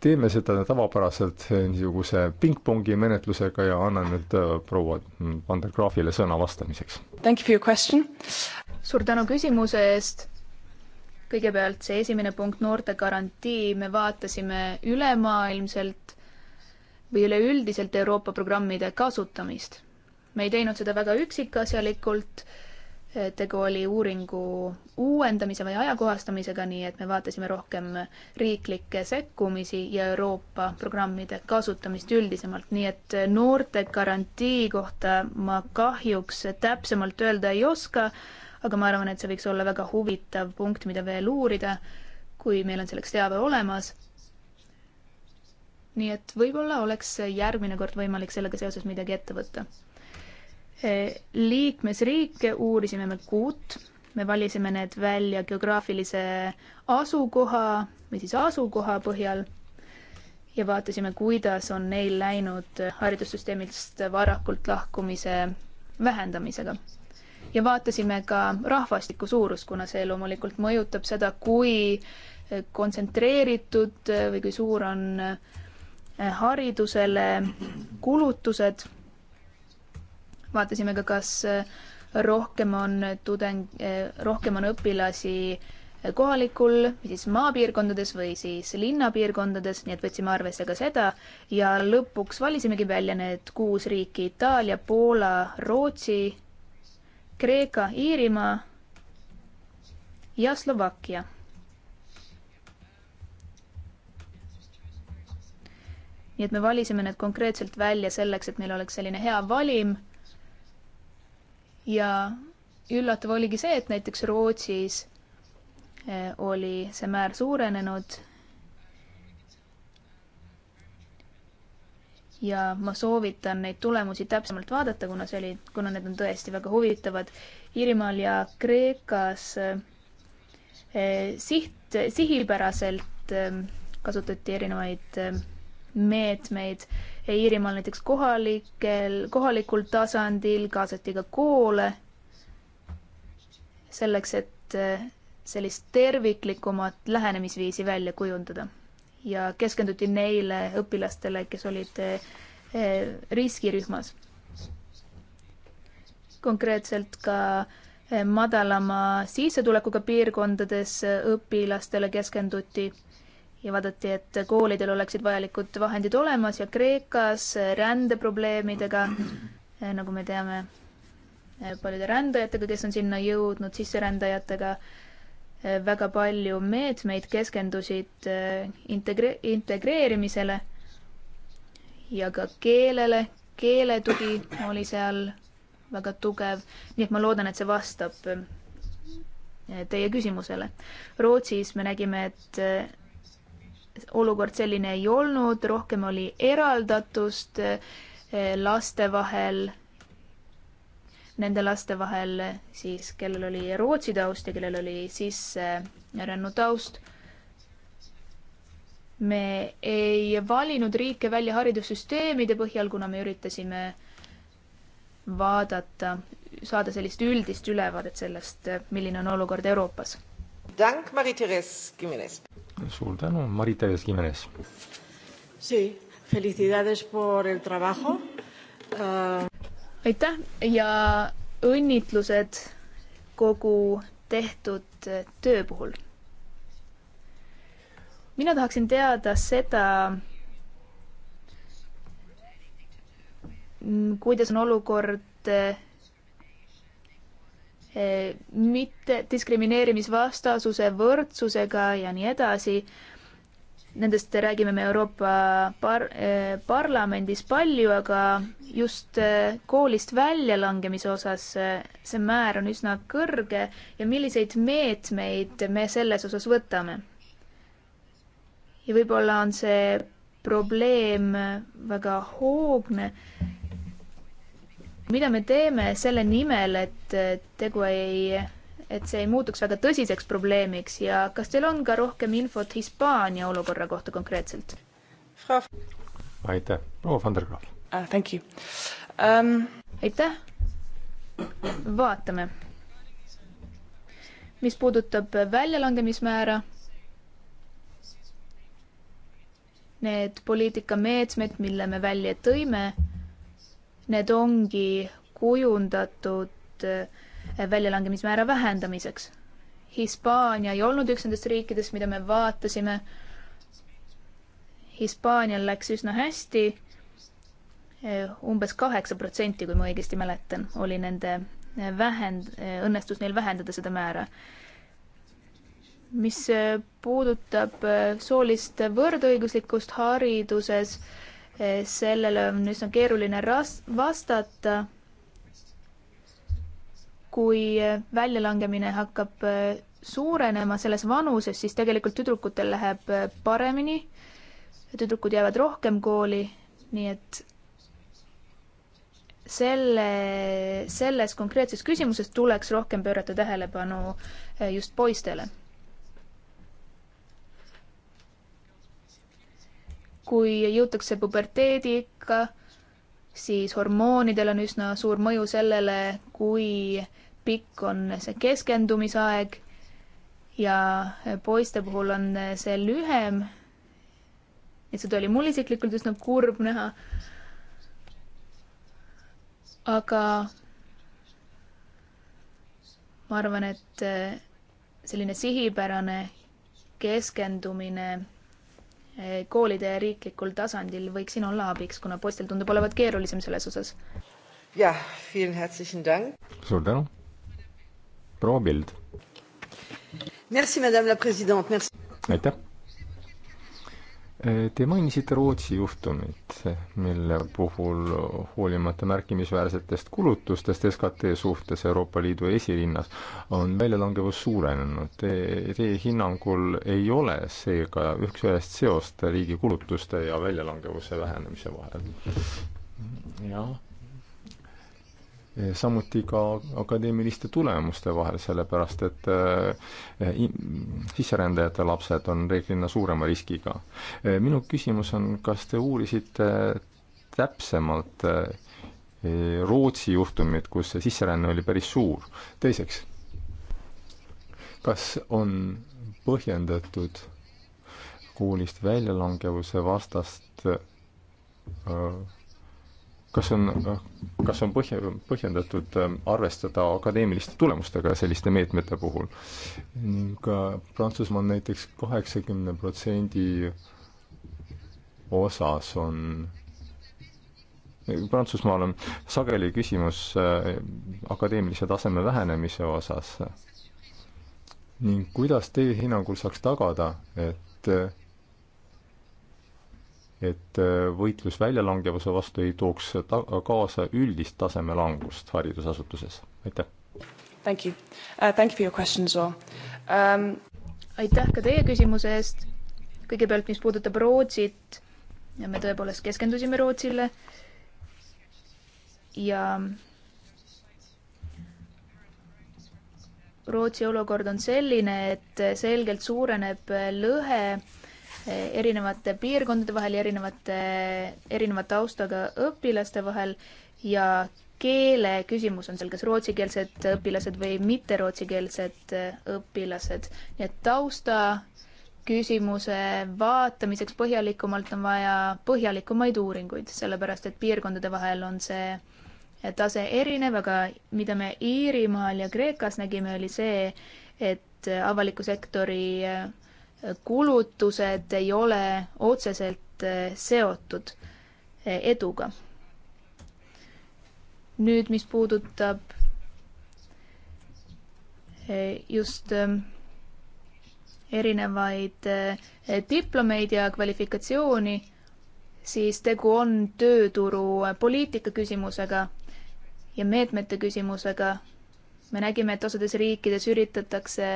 teeme seda tavapäraselt niisuguse pingpongi menetlusega ja annan nüüd äh, proua Vandergraafile sõna vastamiseks.
suur tänu küsimuse eest. kõigepealt see esimene punkt, noortegarantii, me vaatasime ülemaailmselt või üleüldiselt Euroopa programmide kasutamist me ei teinud seda väga üksikasjalikult, tegu oli uuringu uuendamise või ajakohastamisega, nii et me vaatasime rohkem riiklikke sekkumisi ja Euroopa programmide kasutamist üldisemalt, nii et noorte garantii kohta ma kahjuks täpsemalt öelda ei oska, aga ma arvan, et see võiks olla väga huvitav punkt, mida veel uurida, kui meil on selleks teave olemas nii et võib-olla oleks järgmine kord võimalik sellega seoses midagi ette võtta. Eh, liikmesriike uurisime me kuut, me valisime need välja geograafilise asukoha või siis asukoha põhjal ja vaatasime, kuidas on neil läinud haridussüsteemist varakult lahkumise vähendamisega. ja vaatasime ka rahvastiku suurust, kuna see loomulikult mõjutab seda, kui kontsentreeritud või kui suur on eh, haridusele kulutused vaatasime ka, kas äh, rohkem on tudeng, äh, rohkem on õpilasi äh, kohalikul, siis maapiirkondades või siis linnapiirkondades, nii et võtsime arvesse ka seda ja lõpuks valisimegi välja need kuus riiki Itaalia, Poola, Rootsi, Kreeka, Iirimaa ja Slovakkia. nii et me valisime need konkreetselt välja selleks, et meil oleks selline hea valim ja üllatav oligi see, et näiteks Rootsis eh, oli see määr suurenenud. ja ma soovitan neid tulemusi täpsemalt vaadata, kuna see oli, kuna need on tõesti väga huvitavad. Iirimaal ja Kreekas eh, siht, sihipäraselt eh, kasutati erinevaid meetmeid meet Iirimaal näiteks kohalikel, kohalikul tasandil kaasati ka koole selleks, et eh, sellist terviklikumat lähenemisviisi välja kujundada ja keskenduti neile õpilastele, kes olid eh, riskirühmas. konkreetselt ka eh, madalama sissetulekuga piirkondades õpilastele keskenduti ja vaadati, et koolidel oleksid vajalikud vahendid olemas ja Kreekas rändeprobleemidega, eh, nagu me teame, eh, paljude rändajatega, kes on sinna jõudnud, sisserändajatega, eh, väga palju meetmeid keskendusid integre-, integreerimisele ja ka keelele, keeletugi oli seal väga tugev, nii et ma loodan, et see vastab teie küsimusele. Rootsis me nägime, et olukord selline ei olnud, rohkem oli eraldatust eh, laste vahel, nende laste vahel siis, kellel oli Rootsi taust ja kellel oli sisserännu taust. me ei valinud riike välja haridussüsteemide põhjal, kuna me üritasime vaadata, saada sellist üldist ülevaadet sellest, milline on olukord Euroopas. Dank, Marie-Therese Jimenez
suur tänu, Marita Jões-Kimenes.
Sí, felicidades por el trabajo uh.... aitäh ja õnnitlused kogu tehtud töö puhul. mina tahaksin teada seda, mm, kuidas on olukord mitte diskrimineerimisvastasuse, võrdsusega ja nii edasi. Nendest räägime me Euroopa par-, eh, parlamendis palju, aga just eh, koolist väljalangemise osas eh, see määr on üsna kõrge ja milliseid meetmeid me selles osas võtame? ja võib-olla on see probleem väga hoogne mida me teeme selle nimel, et tegu ei, et see ei muutuks väga tõsiseks probleemiks ja kas teil on ka rohkem infot Hispaania olukorra kohta konkreetselt?
aitäh, proua van der
Graaf uh,. Thank you um.... aitäh. vaatame. mis puudutab väljalangemismäära need poliitikameetmed, mille me välja tõime, need ongi kujundatud eh, väljalangemismäära vähendamiseks. Hispaania ei olnud üks nendest riikidest, mida me vaatasime. Hispaanial läks üsna hästi umbes. Eh, umbes kaheksa protsenti, kui ma õigesti mäletan, oli nende eh, vähend-, õnnestus neil vähendada seda määra. mis puudutab soolist võrdõiguslikkust hariduses, sellele on üsna keeruline ras-, vastata, kui väljalangemine hakkab äh, suurenema selles vanuses, siis tegelikult tüdrukutel läheb äh, paremini, tüdrukud jäävad rohkem kooli, nii et selle, selles konkreetses küsimuses tuleks rohkem pöörata tähelepanu äh, just poistele kui jõutakse puberteedi ikka, siis hormoonidel on üsna suur mõju sellele, kui pikk on see keskendumisaeg ja poiste puhul on see lühem. et seda oli mul isiklikult üsna kurb näha. aga ma arvan, et eh, selline sihipärane keskendumine Eh, koolide ja riiklikul tasandil võiks siin olla abiks, kuna poistel tundub olevat keerulisem selles osas. jah, vielen herzlichen Dank.
suur tänu. proua Pild.
Merci, madame la president, merci.
aitäh Eh, te mainisite Rootsi juhtumit, mille puhul hoolimata märkimisväärsetest kulutustest SKT suhtes Euroopa Liidu esirinnas on väljalangevus suurenenud. Teie hinnangul ei ole seega üks-ühest seost riigi kulutuste ja väljalangevuse vähenemise vahel? jah Eh, samuti ka akadeemiliste tulemuste vahel, sellepärast et eh, sisserändajate lapsed on reeglina suurema riskiga. Eh, minu küsimus on, kas te uurisite täpsemalt Rootsi juhtumit, kus see sisseränne oli päris suur. teiseks, kas on põhjendatud koolist väljalangevuse vastast kas on, kas on põhja, põhjendatud ähm, arvestada akadeemiliste tulemustega selliste meetmete puhul? ning Prantsusmaal näiteks kaheksakümne protsendi osas on Prantsusmaal on sageli küsimus äh, akadeemilise taseme vähenemise osas ning kuidas teie hinnangul saaks tagada, et äh, et äh, võitlus väljalangevuse vastu ei tooks ta-, kaasa üldist taseme langust haridusasutuses, aitäh!
Thank you uh,, thank you for your question as well um.... aitäh ka teie küsimuse eest, kõigepealt mis puudutab Rootsit, ja me tõepoolest keskendusime Rootsile ja Rootsi olukord on selline, et selgelt suureneb lõhe erinevate piirkondade vahel ja erinevate, erineva taustaga õpilaste vahel ja keele küsimus on seal, kas rootsikeelsed õpilased või mitterootsikeelsed õpilased. nii et tausta küsimuse vaatamiseks põhjalikumalt on vaja põhjalikumaid uuringuid, sellepärast et piirkondade vahel on see tase erinev, aga mida me Iirimaal ja Kreekas nägime, oli see, et avaliku sektori kulutused ei ole otseselt eh, seotud eh, eduga. nüüd, mis puudutab eh, just erinevaid diplomeid ja kvalifikatsiooni, siis tegu on tööturupoliitika küsimusega ja meetmete küsimusega. me nägime, et osades riikides üritatakse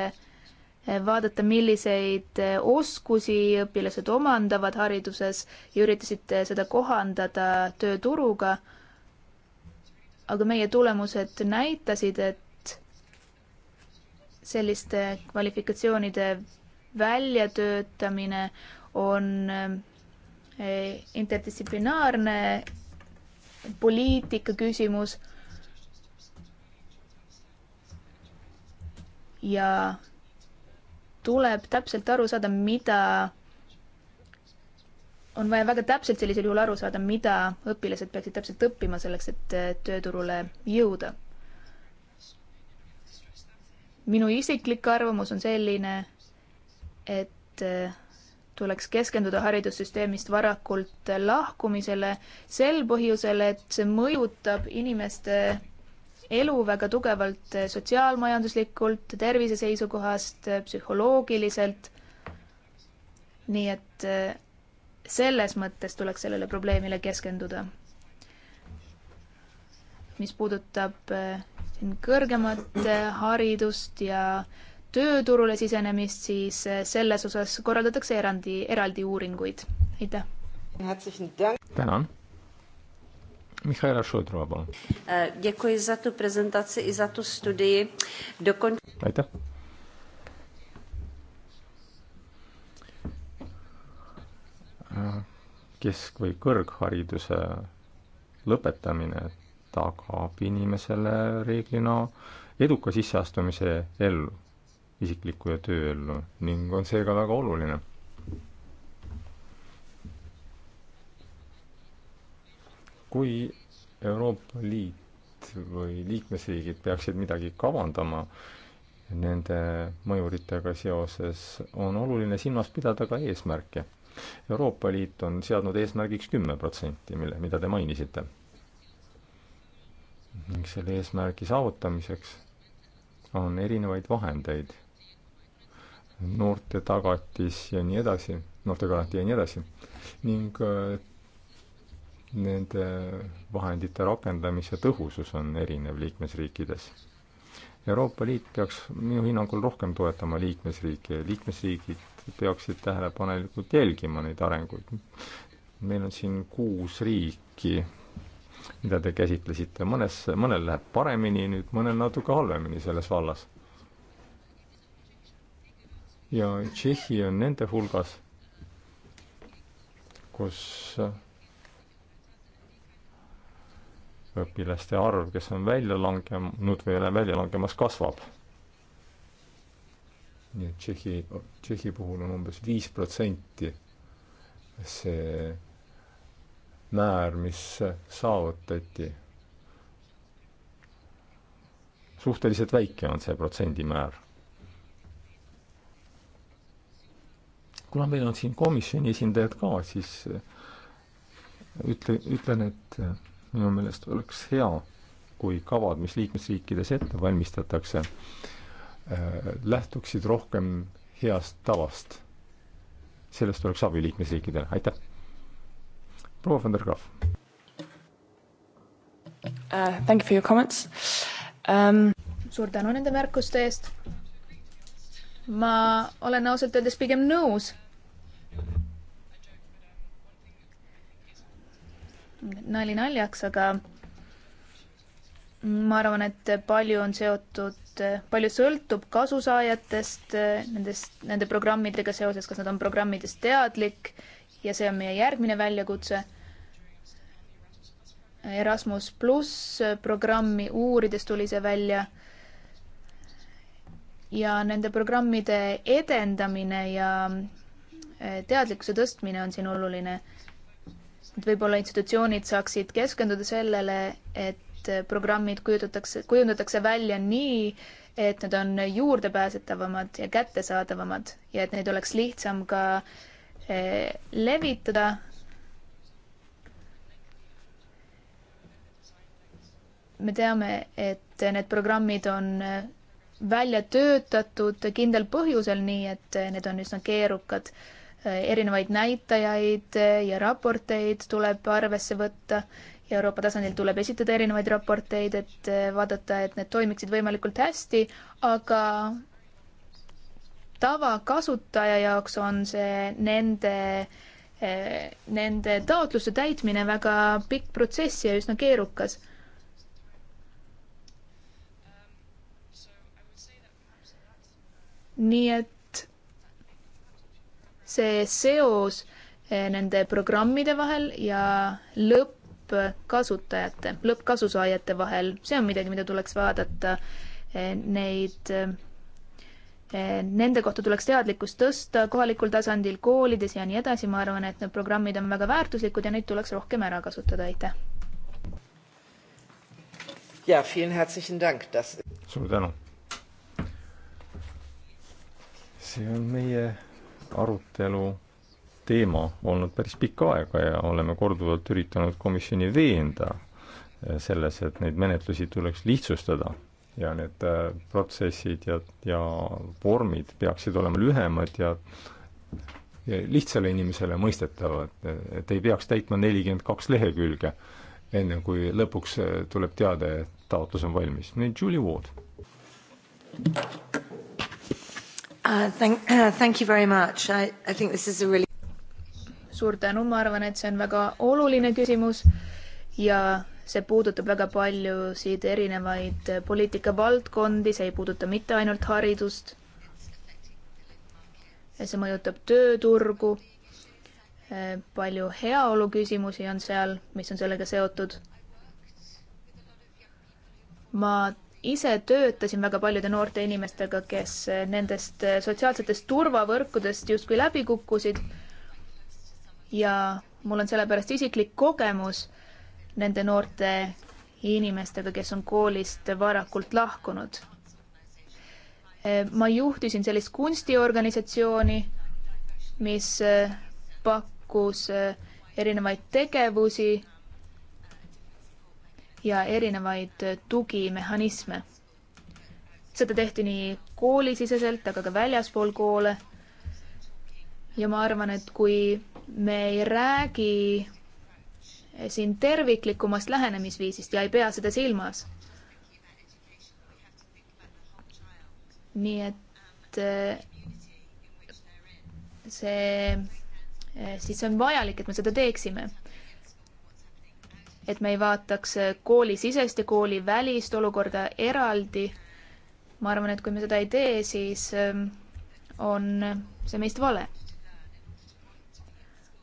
vaadata, milliseid eh, oskusi õpilased omandavad hariduses ja üritasite eh, seda kohandada tööturuga. aga meie tulemused näitasid, et selliste kvalifikatsioonide väljatöötamine on eh, interdistsiplinaarne poliitika küsimus ja tuleb täpselt aru saada, mida, on vaja väga täpselt sellisel juhul aru saada, mida õpilased peaksid täpselt õppima selleks, et tööturule jõuda. minu isiklik arvamus on selline, et eh, tuleks keskenduda haridussüsteemist varakult lahkumisele sel põhjusel, et see mõjutab inimeste elu väga tugevalt eh, sotsiaalmajanduslikult, tervise seisukohast, eh, psühholoogiliselt. nii et eh, selles mõttes tuleks sellele probleemile keskenduda. mis puudutab siin kõrgemat haridust ja tööturule sisenemist, siis selles osas korraldatakse erandi, eraldi uuringuid. aitäh!
tänan! Michaela Šoidrova, palun.
Eh, děkuji za tu prezentaci i za tu studii.
Dokon... aitäh.
kesk- või kõrghariduse lõpetamine tagab inimesele reeglina eduka sisseastumise ellu, isiklikku ja tööellu ning on seega väga oluline kui Euroopa Liit või liikmesriigid peaksid midagi kavandama nende mõjuritega seoses, on oluline silmas pidada ka eesmärke. Euroopa Liit on seadnud eesmärgiks kümme protsenti, mille, mida te mainisite. ning selle eesmärgi saavutamiseks on erinevaid vahendeid, noorte tagatis ja nii edasi, noortegarantii ja nii edasi, ning äh, nende vahendite rakendamise tõhusus on erinev liikmesriikides. Euroopa Liit peaks minu hinnangul rohkem toetama liikmesriike ja liikmesriigid peaksid tähelepanelikult jälgima neid arenguid. meil on siin kuus riiki, mida te käsitlesite, mõnes, mõnel läheb paremini, nüüd mõnel natuke halvemini selles vallas. ja Tšehhi on nende hulgas, kus õpilaste arv, kes on välja langenud või ei ole välja langemas, kasvab. nii et Tšehhi, Tšehhi puhul on umbes viis protsenti see määr, mis saavutati. suhteliselt väike on see protsendimäär. kuna meil on siin komisjoni esindajad ka, siis ütle, ütlen, et minu meelest oleks hea, kui kavad, mis liikmesriikides ette valmistatakse, äh, lähtuksid rohkem heast tavast. sellest oleks abi liikmesriikidele, aitäh. proua von der Graaf
uh,. Thank you for your comments um.... suur tänu nende märkuste eest. ma olen ausalt öeldes pigem nõus nali naljaks, aga ma arvan, et palju on seotud, palju sõltub kasusaajatest, nendest, nende programmidega seoses, kas nad on programmidest teadlik ja see on meie järgmine väljakutse. Erasmus pluss programmi uurides tuli see välja. ja nende programmide edendamine ja eh, teadlikkuse tõstmine on siin oluline et võib-olla institutsioonid saaksid keskenduda sellele, et programmid kujutatakse, kujundatakse välja nii, et nad on juurdepääsetavamad ja kättesaadavamad ja et neid oleks lihtsam ka eh, levitada. me teame, et need programmid on eh, välja töötatud kindlal põhjusel, nii et need on üsna keerukad Äh, erinevaid näitajaid ja raporteid tuleb arvesse võtta. Euroopa tasandil tuleb esitada erinevaid raporteid, et äh, vaadata, et need toimiksid võimalikult hästi, aga tavakasutaja jaoks on see nende, äh, nende taotluste täitmine väga pikk protsess ja üsna keerukas nii et see seos eh, nende programmide vahel ja lõppkasutajate, lõppkasusaajate vahel, see on midagi, mida tuleks vaadata. Eh, neid, eh, nende kohta tuleks teadlikkust tõsta kohalikul tasandil, koolides ja nii edasi, ma arvan, et need programmid on väga väärtuslikud ja neid tuleks rohkem ära kasutada, aitäh.
ja,
suur tänu. see on meie arutelu teema olnud päris pikka aega ja oleme korduvalt üritanud komisjoni veenda eh, selles, et neid menetlusi tuleks lihtsustada ja need eh, protsessid ja, ja vormid peaksid olema lühemad ja, ja lihtsale inimesele mõistetavad, eh, et ei peaks täitma nelikümmend kaks lehekülge, enne kui lõpuks tuleb teada, et taotlus on valmis. nüüd Julie Wood
uh,. Thank, uh, thank you very much, I, I think this is a really. suur tänu, ma arvan, et see on väga oluline küsimus ja see puudutab väga paljusid erinevaid poliitikavaldkondi, see ei puuduta mitte ainult haridust. see mõjutab tööturgu. palju heaolu küsimusi on seal, mis on sellega seotud. ma ise töötasin väga paljude noorte inimestega, kes nendest eh, sotsiaalsetest turvavõrkudest justkui läbi kukkusid. ja mul on sellepärast isiklik kogemus nende noorte inimestega, kes on koolist varakult lahkunud. Eh, ma juhtisin sellist kunstiorganisatsiooni, mis eh, pakkus erinevaid tegevusi ja erinevaid tugimehhanisme. seda tehti nii koolisiseselt, aga ka väljaspool koole. ja ma arvan, et kui me ei räägi siin terviklikumast lähenemisviisist ja ei pea seda silmas, nii et eh, see, eh, siis see on vajalik, et me seda teeksime et me ei vaataks koolisisest ja koolivälist olukorda eraldi. ma arvan, et kui me seda ei tee, siis ähm, on see meist vale.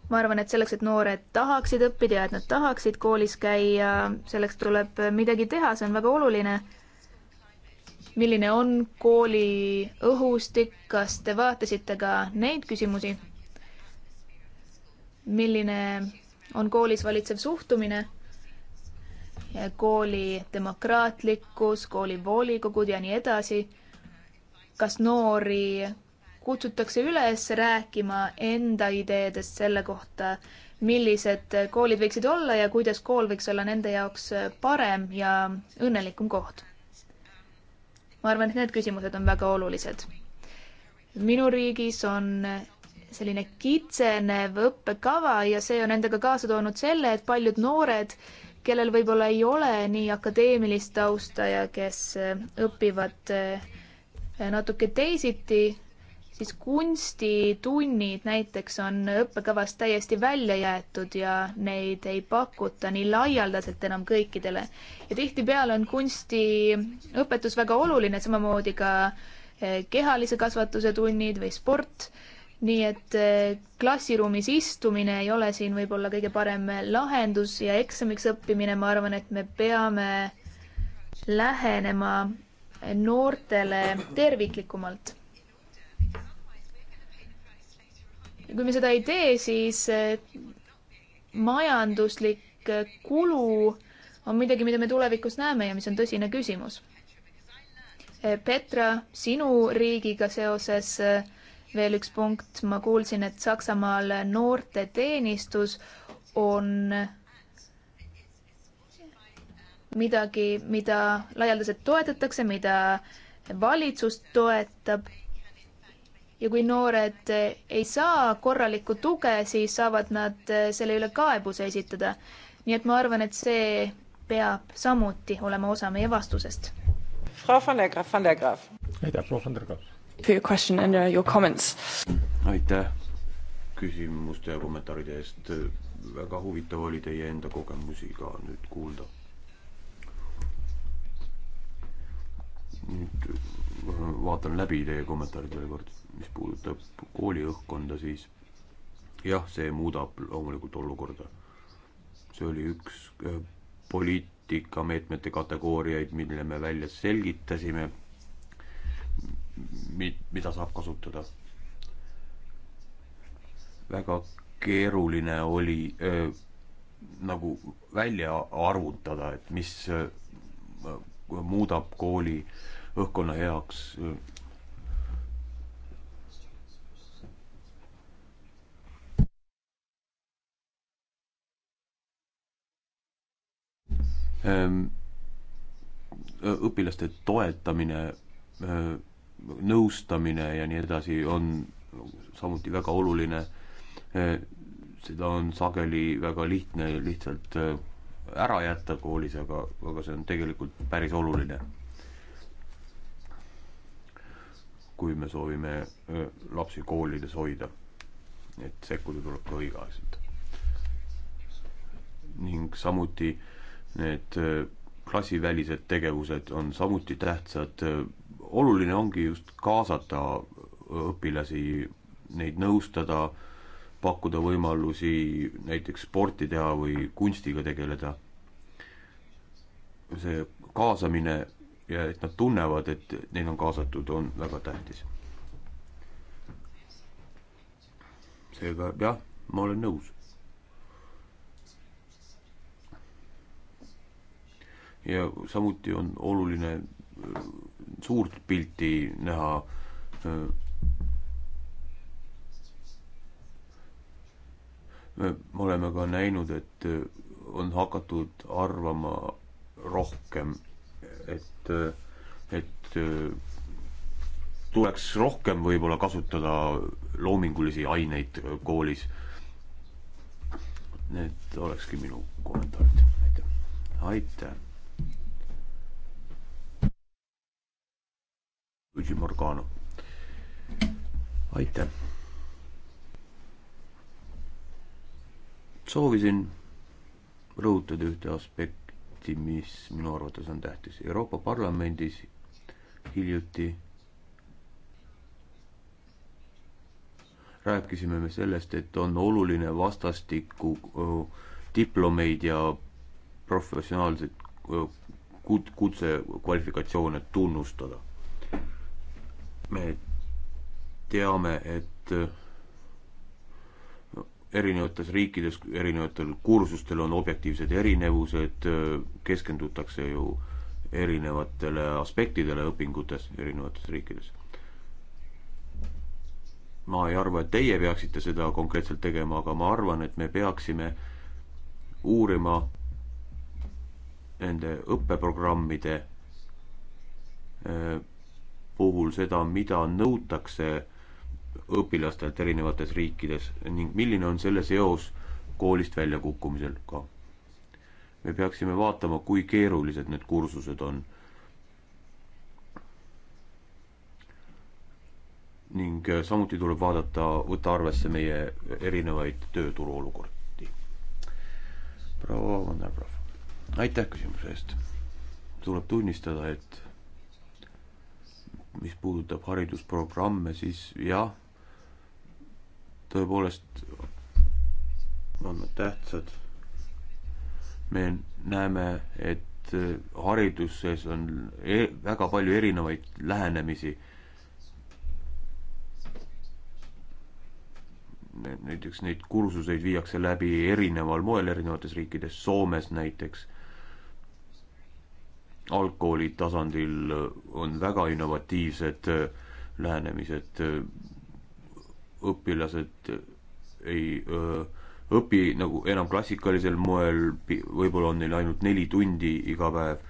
ma arvan, et selleks, et noored tahaksid õppida ja et nad tahaksid koolis käia, selleks tuleb midagi teha, see on väga oluline. milline on kooli õhustik, kas te vaatasite ka neid küsimusi? milline on koolis valitsev suhtumine? kooli demokraatlikkus, kooli volikogud ja nii edasi. kas noori kutsutakse üles rääkima enda ideedest selle kohta, millised koolid võiksid olla ja kuidas kool võiks olla nende jaoks parem ja õnnelikum koht? ma arvan, et need küsimused on väga olulised. minu riigis on selline kitsenev õppekava ja see on endaga kaasa toonud selle, et paljud noored kellel võib-olla ei ole nii akadeemilist tausta ja kes eh, õpivad eh, natuke teisiti, siis kunstitunnid näiteks on õppekavast täiesti välja jäetud ja neid ei pakuta nii laialdaselt enam kõikidele. ja tihtipeale on kunstiõpetus väga oluline, samamoodi ka eh, kehalise kasvatuse tunnid või sport nii et eh, klassiruumis istumine ei ole siin võib-olla kõige parem eh, lahendus ja eksamiks õppimine, ma arvan, et me peame lähenema eh, noortele terviklikumalt. kui me seda ei tee, siis majanduslik kulu on midagi, mida me tulevikus näeme ja mis on tõsine küsimus. Petra, sinu riigiga seoses äh, veel üks punkt, ma kuulsin, et Saksamaal noorteteenistus on midagi, mida laialdaselt toetatakse, mida valitsus toetab. ja kui noored ei saa korralikku tuge, siis saavad nad selle üle kaebuse esitada. nii et ma arvan, et see peab samuti olema osa meie vastusest.
aitäh,
proua van der Graaf.
For your question and uh, your comments. aitäh
küsimuste ja kommentaaride eest. väga huvitav oli teie enda kogemusi ka nüüd kuulda. nüüd äh, vaatan läbi teie kommentaarid veel kord, mis puudutab kooliõhkkonda, siis jah, see muudab loomulikult olukorda. see oli üks äh, poliitikameetmete kategooriaid, mille me välja selgitasime mi-, mida saab kasutada. väga keeruline oli öö, nagu välja arvutada, et mis öö, muudab kooli õhkkonna heaks öö, õpilaste toetamine nõustamine ja nii edasi on samuti väga oluline. seda on sageli väga lihtne lihtsalt ära jätta koolis, aga, aga see on tegelikult päris oluline. kui me soovime lapsi koolides hoida, et sekkuda tuleb ka õigeaegselt. ning samuti need klassivälised tegevused on samuti tähtsad oluline ongi just kaasata õpilasi, neid nõustada, pakkuda võimalusi näiteks sporti teha või kunstiga tegeleda. see kaasamine ja et nad tunnevad, et neid on kaasatud, on väga tähtis. seega jah, ma olen nõus. ja samuti on oluline suurt pilti näha. me oleme ka näinud, et on hakatud arvama rohkem, et, et tuleks rohkem võib-olla kasutada loomingulisi aineid koolis. Need olekski minu kommentaarid. aitäh. aitäh. Luigi Morgano. aitäh. soovisin rõhutada ühte aspekti, mis minu arvates on tähtis. Euroopa Parlamendis hiljuti rääkisime me sellest, et on oluline vastastikku diplomeid ja professionaalseid kutsekvalifikatsioone tunnustada me teame, et erinevates riikides erinevatel kursustel on objektiivsed erinevused, keskendutakse ju erinevatele aspektidele õpingutes erinevates riikides. ma ei arva, et teie peaksite seda konkreetselt tegema, aga ma arvan, et me peaksime uurima nende õppeprogrammide äh, puhul seda, mida nõutakse õpilastelt erinevates riikides ning milline on selle seos koolist väljakukkumisel ka. me peaksime vaatama, kui keerulised need kursused on. ning samuti tuleb vaadata, võtta arvesse meie erinevaid tööturu olukordi. proua Vanderprahv, aitäh küsimuse eest. tuleb tunnistada, et mis puudutab haridusprogramme, siis jah, tõepoolest on nad tähtsad. me näeme, et äh, hariduses on e väga palju erinevaid lähenemisi. näiteks neid kursuseid viiakse läbi erineval moel erinevates riikides, Soomes näiteks algkooli tasandil on väga innovatiivsed äh, lähenemised, äh, õpilased ei öö, äh, õpi nagu enam klassikalisel moel, võib-olla on neil ainult neli tundi iga päev.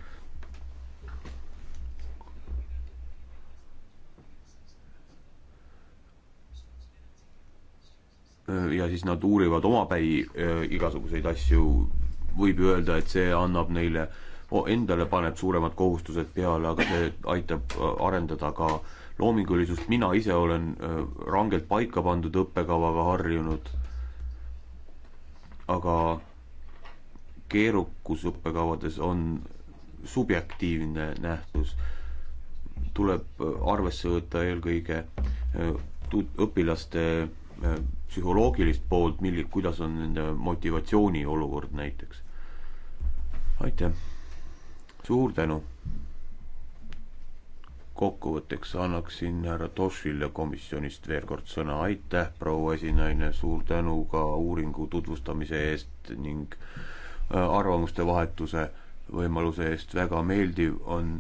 ja siis nad uurivad omapäi igasuguseid asju, võib ju öelda, et see annab neile äh, endale paneb suuremad kohustused peale, aga see aitab äh, arendada ka loomingulisust, mina ise olen äh, rangelt paika pandud õppekavaga harjunud, aga keerukus õppekavades on subjektiivne nähtus, tuleb äh, arvesse võtta eelkõige õpilaste psühholoogilist poolt, milli-, kuidas on nende motivatsiooni olukord näiteks. aitäh! suur tänu. kokkuvõtteks annaksin härra Tošile komisjonist veel kord sõna. aitäh, proua esinaine, suur tänu ka uuringu tutvustamise eest ning äh, arvamuste vahetuse võimaluse eest. väga meeldiv on,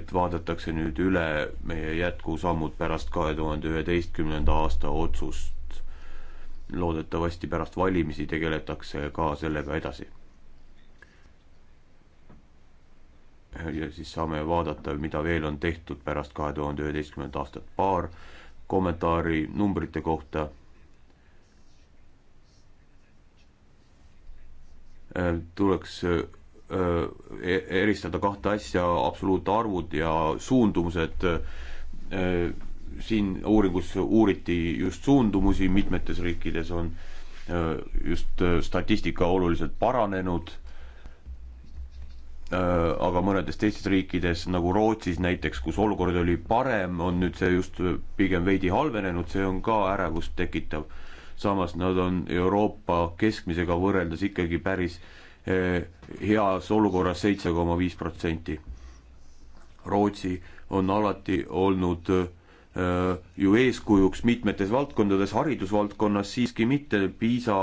et vaadatakse nüüd üle meie jätkusammud pärast kahe tuhande üheteistkümnenda aasta otsust. loodetavasti pärast valimisi tegeletakse ka sellega edasi ja siis saame vaadata, mida veel on tehtud pärast kahe tuhande üheteistkümnendat aastat. paar kommentaari numbrite kohta. Äh, tuleks äh, e-, eristada kahte asja, absoluutarvud ja suundumused. Äh, siin uuringus uuriti just suundumusi, mitmetes riikides on just statistika oluliselt paranenud Äh, aga mõnedes teistes riikides, nagu Rootsis näiteks, kus olukord oli parem, on nüüd see just pigem veidi halvenenud, see on ka ärevust tekitav. samas nad on Euroopa keskmisega võrreldes ikkagi päris äh, heas olukorras, seitse koma viis protsenti. Rootsi on alati olnud äh, ju eeskujuks mitmetes valdkondades, haridusvaldkonnas siiski mitte, PISA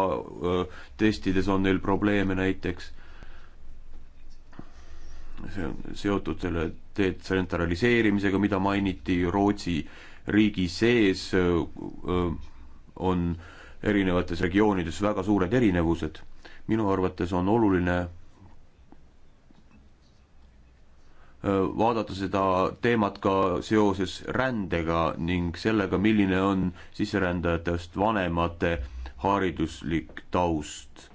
testides on neil probleeme näiteks see on seotud selle detsentraliseerimisega, mida mainiti Rootsi riigi sees, on erinevates regioonides väga suured erinevused. minu arvates on oluline vaadata seda teemat ka seoses rändega ning sellega, milline on sisserändajatest vanemate hariduslik taust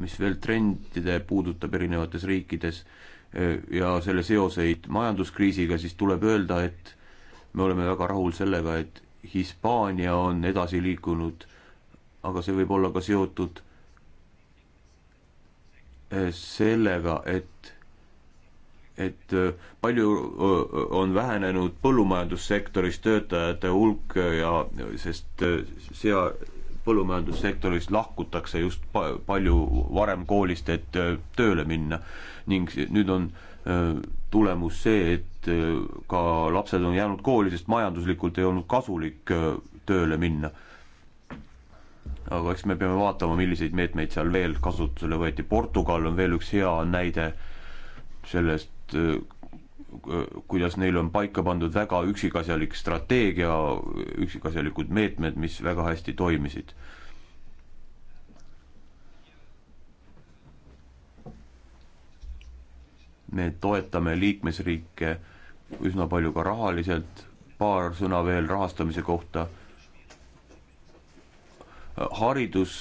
mis veel trendide puudutab erinevates riikides ja selle seoseid majanduskriisiga, siis tuleb öelda, et me oleme väga rahul sellega, et Hispaania on edasi liikunud, aga see võib olla ka seotud sellega, et, et palju on vähenenud põllumajandussektoris töötajate hulk ja sest sea, põllumajandussektorist lahkutakse just pa-, palju varem koolist, et äh, tööle minna. ning nüüd on äh, tulemus see, et äh, ka lapsed on jäänud kooli, sest majanduslikult ei olnud kasulik tööle minna. aga eks me peame vaatama, milliseid meetmeid seal veel kasutusele võeti, Portugal on veel üks hea näide sellest, kuidas neil on paika pandud väga üksikasjalik strateegia, üksikasjalikud meetmed, mis väga hästi toimisid. me toetame liikmesriike üsna palju ka rahaliselt, paar sõna veel rahastamise kohta. haridus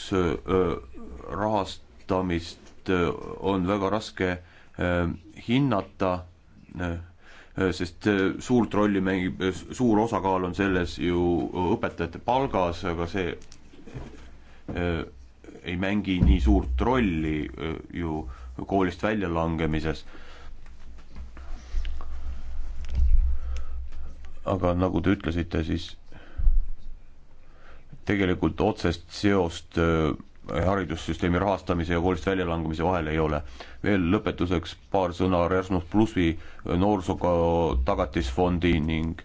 rahastamist on väga raske hinnata Äh, äh, sest äh, suurt rolli mängib, suur osakaal on selles ju õpetajate palgas, aga see ei mängi nii suurt rolli ju koolist väljalangemises. aga nagu te ütlesite, siis tegelikult otsest seost haridussüsteemi rahastamise ja koolist väljalangemise vahel ei ole. veel lõpetuseks paar sõna Erasmus plussi äh, noorsooga tagatisfondi ning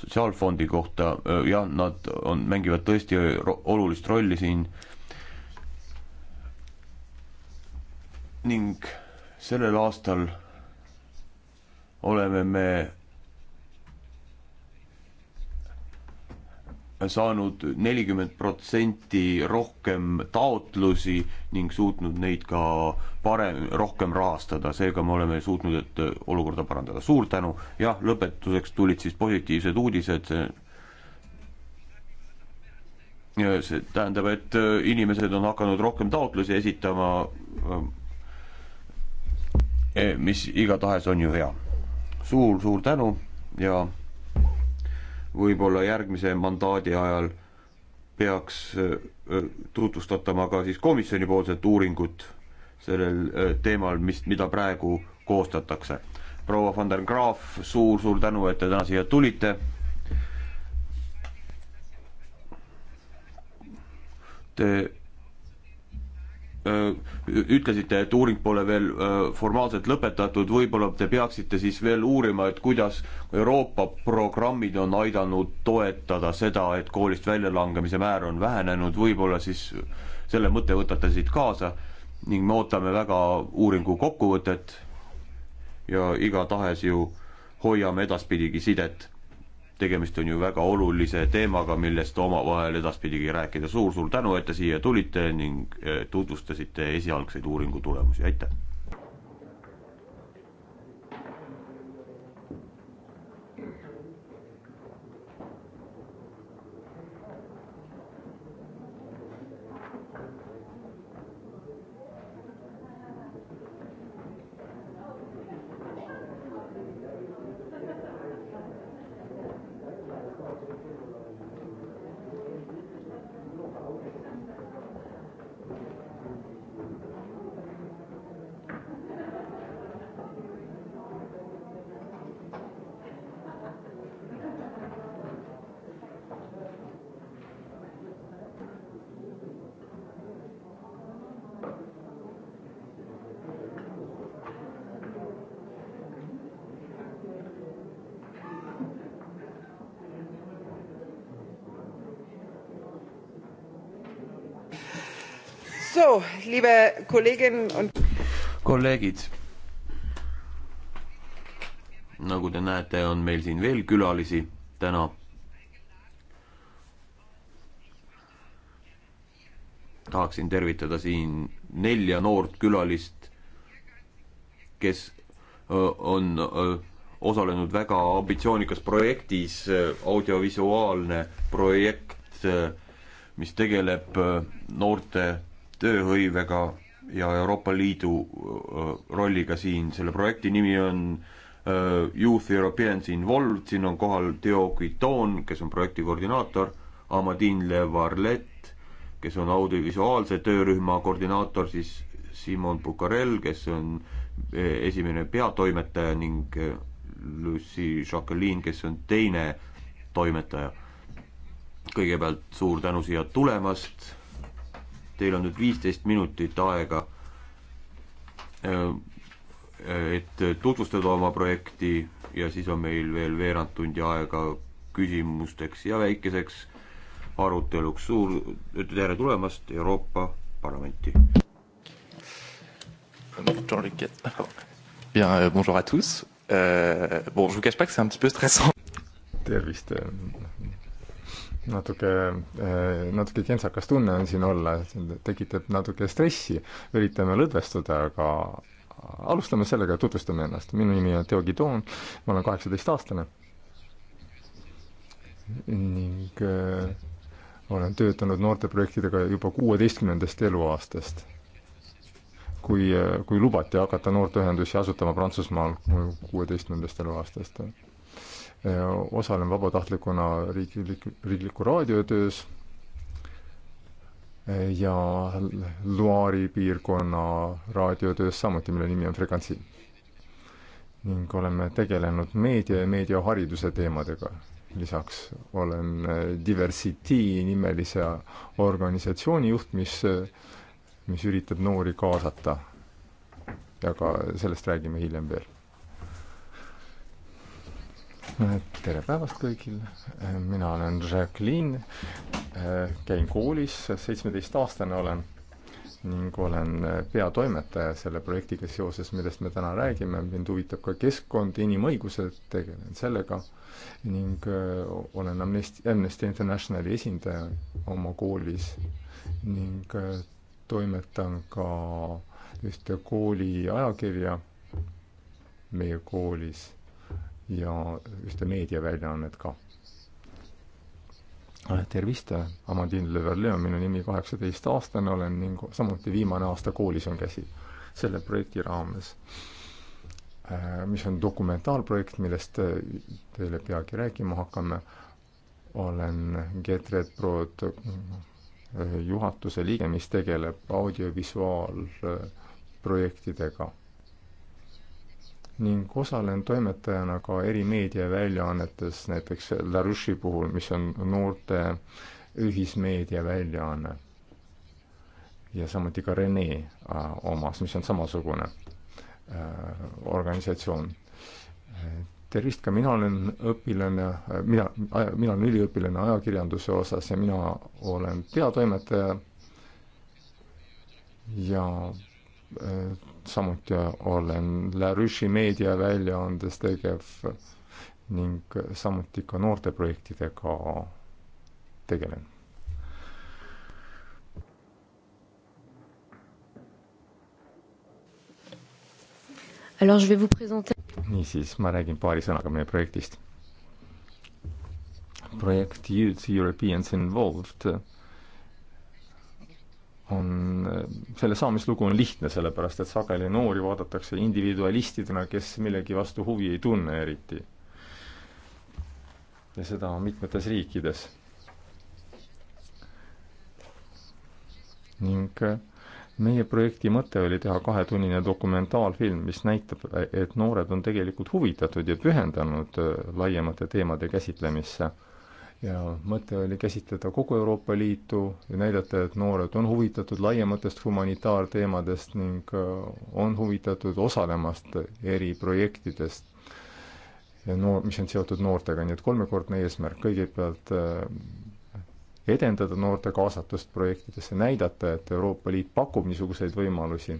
sotsiaalfondi kohta, äh, jah, nad on, mängivad tõesti ro olulist rolli siin ning sellel aastal oleme me saanud nelikümmend protsenti rohkem taotlusi ning suutnud neid ka parem, rohkem rahastada, seega me oleme suutnud, et olukorda parandada. suur tänu, jah, lõpetuseks tulid siis positiivsed uudised, see tähendab, et äh, inimesed on hakanud rohkem taotlusi esitama, äh, mis igatahes on ju hea suur,. suur-suur tänu ja võib-olla järgmise mandaadi ajal peaks äh, äh, tutvustatama ka siis komisjonipoolset uuringut sellel äh, teemal, mis, mida praegu koostatakse. proua von der Graaf, suur-suur tänu, et te täna siia tulite. Te Äh, ütlesite, et uuring pole veel äh, formaalselt lõpetatud, võib-olla te peaksite siis veel uurima, et kuidas Euroopa programmid on aidanud toetada seda, et koolist väljalangemise määr on vähenenud, võib-olla siis selle mõtte võtate siit kaasa ning me ootame väga uuringu kokkuvõtet ja igatahes ju hoiame edaspidigi sidet tegemist on ju väga olulise teemaga, millest omavahel edaspidigi rääkida suur,. suur-suur tänu, et te siia tulite ning eh, tutvustasite esialgseid uuringu tulemusi, aitäh!
So, liebe Kolleginnen und
kolleegid, nagu te näete, on meil siin veel külalisi täna. tahaksin tervitada siin nelja noort külalist, kes on osalenud väga ambitsioonikas projektis, audiovisuaalne projekt, mis tegeleb noorte tööhõivega ja Euroopa Liidu rolliga siin, selle projekti nimi on Youth Europeans Involved, siin on kohal Theo Guiton, kes on projekti koordinaator, Amadine Le Varlet, kes on audiovisuaalse töörühma koordinaator, siis Simon Bucarel, kes on esimene peatoimetaja ning Lucy Jacqueline, kes on teine toimetaja. kõigepealt suur tänu siia tulemast Teil on nüüd viisteist minutit aega, äh, et tutvustada oma projekti ja siis on meil veel veerand tundi aega küsimusteks ja väikeseks aruteluks. suur tere tulemast Euroopa Parlamenti!
Bien, euh, bonjour à tous. Euh, bon, je vous cache pas que c'est un petit peu stressant. Tervist. Euh, natuke, eh, natuke kentsakas tunne on siin olla, tekitab natuke stressi, üritame lõdvestuda, aga alustame sellega, tutvustame ennast. minu nimi on Teo Gidoon, ma olen kaheksateistaastane ning äh, olen töötanud noorteprojektidega juba kuueteistkümnendast eluaastast. kui, eh, kui lubati hakata noorteühendusi asutama Prantsusmaal kuueteistkümnendast eluaastast osalen vabatahtlikuna riiklik, riikliku raadiotöös ja Loari piirkonna raadiotöös samuti, mille nimi on Frekantsi. ning oleme tegelenud meedia ja meediahariduse teemadega. lisaks olen Diversity nimelise organisatsiooni juht, mis, mis üritab noori kaasata. ja ka sellest räägime hiljem veel tere päevast kõigile, mina olen Jacqueline, käin koolis, seitsmeteistaastane olen ning olen peatoimetaja selle projektiga seoses, millest me täna räägime, mind huvitab ka keskkond, inimõigused, tegelen sellega ning äh, olen Amnesty, Amnesty Internationali esindaja oma koolis ning äh, toimetan ka ühte kooli ajakirja meie koolis ja ühte meediaväljaannet ka. Ah, tervist, äh, Amandine Leverle on minu nimi, kaheksateistaastane olen ning samuti viimane aasta koolis on käsi selle projekti raames, äh, mis on dokumentaalprojekt, millest äh, teile peagi rääkima hakkame. olen Get Red Prod juhatuse liige, mis tegeleb audiovisuaalprojektidega ning osalen toimetajana ka eri meediaväljaannetes, näiteks La Roche'i puhul, mis on noorte ühismeediaväljaanne. ja samuti ka Rene äh, omas, mis on samasugune äh, organisatsioon. tervist, ka mina olen õpilane, äh, mina, mina olen üliõpilane ajakirjanduse osas ja mina olen peatoimetaja ja samuti olen La Ruche'i meediaväljaandes tegev ning samuti ka noorteprojektidega tegelen. niisiis, ma räägin paari sõnaga meie projektist. projekt Youth Europeans Involved on, selle saamislugu on lihtne, sellepärast et sageli noori vaadatakse individualistidena, kes millegi vastu huvi ei tunne eriti. ja seda on mitmetes riikides. ning äh, meie projekti mõte oli teha kahetunnine dokumentaalfilm, mis näitab, et noored on tegelikult huvitatud ja pühendunud äh, laiemate teemade käsitlemisse ja mõte oli käsitleda kogu Euroopa Liitu ja näidata, et noored on huvitatud laiematest humanitaarteemadest ning äh, on huvitatud osalemast eri projektidest, no mis on seotud noortega, nii et kolmekordne eesmärk, kõigepealt äh, edendada noorte kaasatust projektidesse, näidata, et Euroopa Liit pakub niisuguseid võimalusi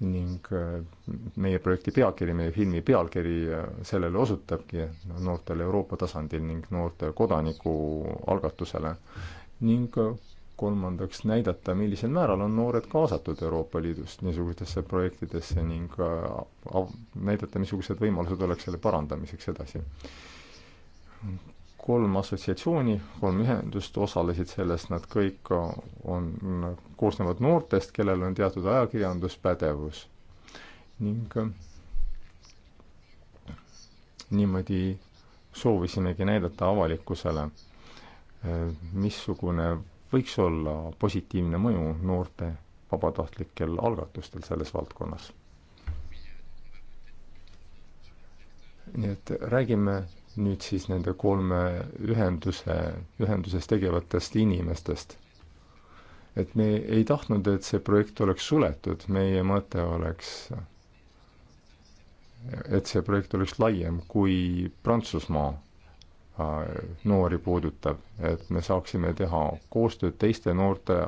ning äh, meie projekti pealkiri, meie filmi pealkiri äh, sellele osutabki noortele Euroopa tasandil ning noorte kodanikualgatusele. ning äh, kolmandaks näidata, millisel määral on noored kaasatud Euroopa Liidust niisugustesse projektidesse ning näidata, missugused võimalused oleks selle parandamiseks edasi kolm assotsiatsiooni, kolm ühendust osalesid selles, nad kõik on, koosnevad noortest, kellel on teatud ajakirjanduspädevus. ning niimoodi soovisimegi näidata avalikkusele, missugune võiks olla positiivne mõju noorte vabatahtlikel algatustel selles valdkonnas. nii et räägime nüüd siis nende kolme ühenduse, ühenduses tegevatest inimestest. et me ei tahtnud, et see projekt oleks suletud, meie mõte oleks, et see projekt oleks laiem kui Prantsusmaa äh, noori puudutav, et me saaksime teha koostööd teiste noorte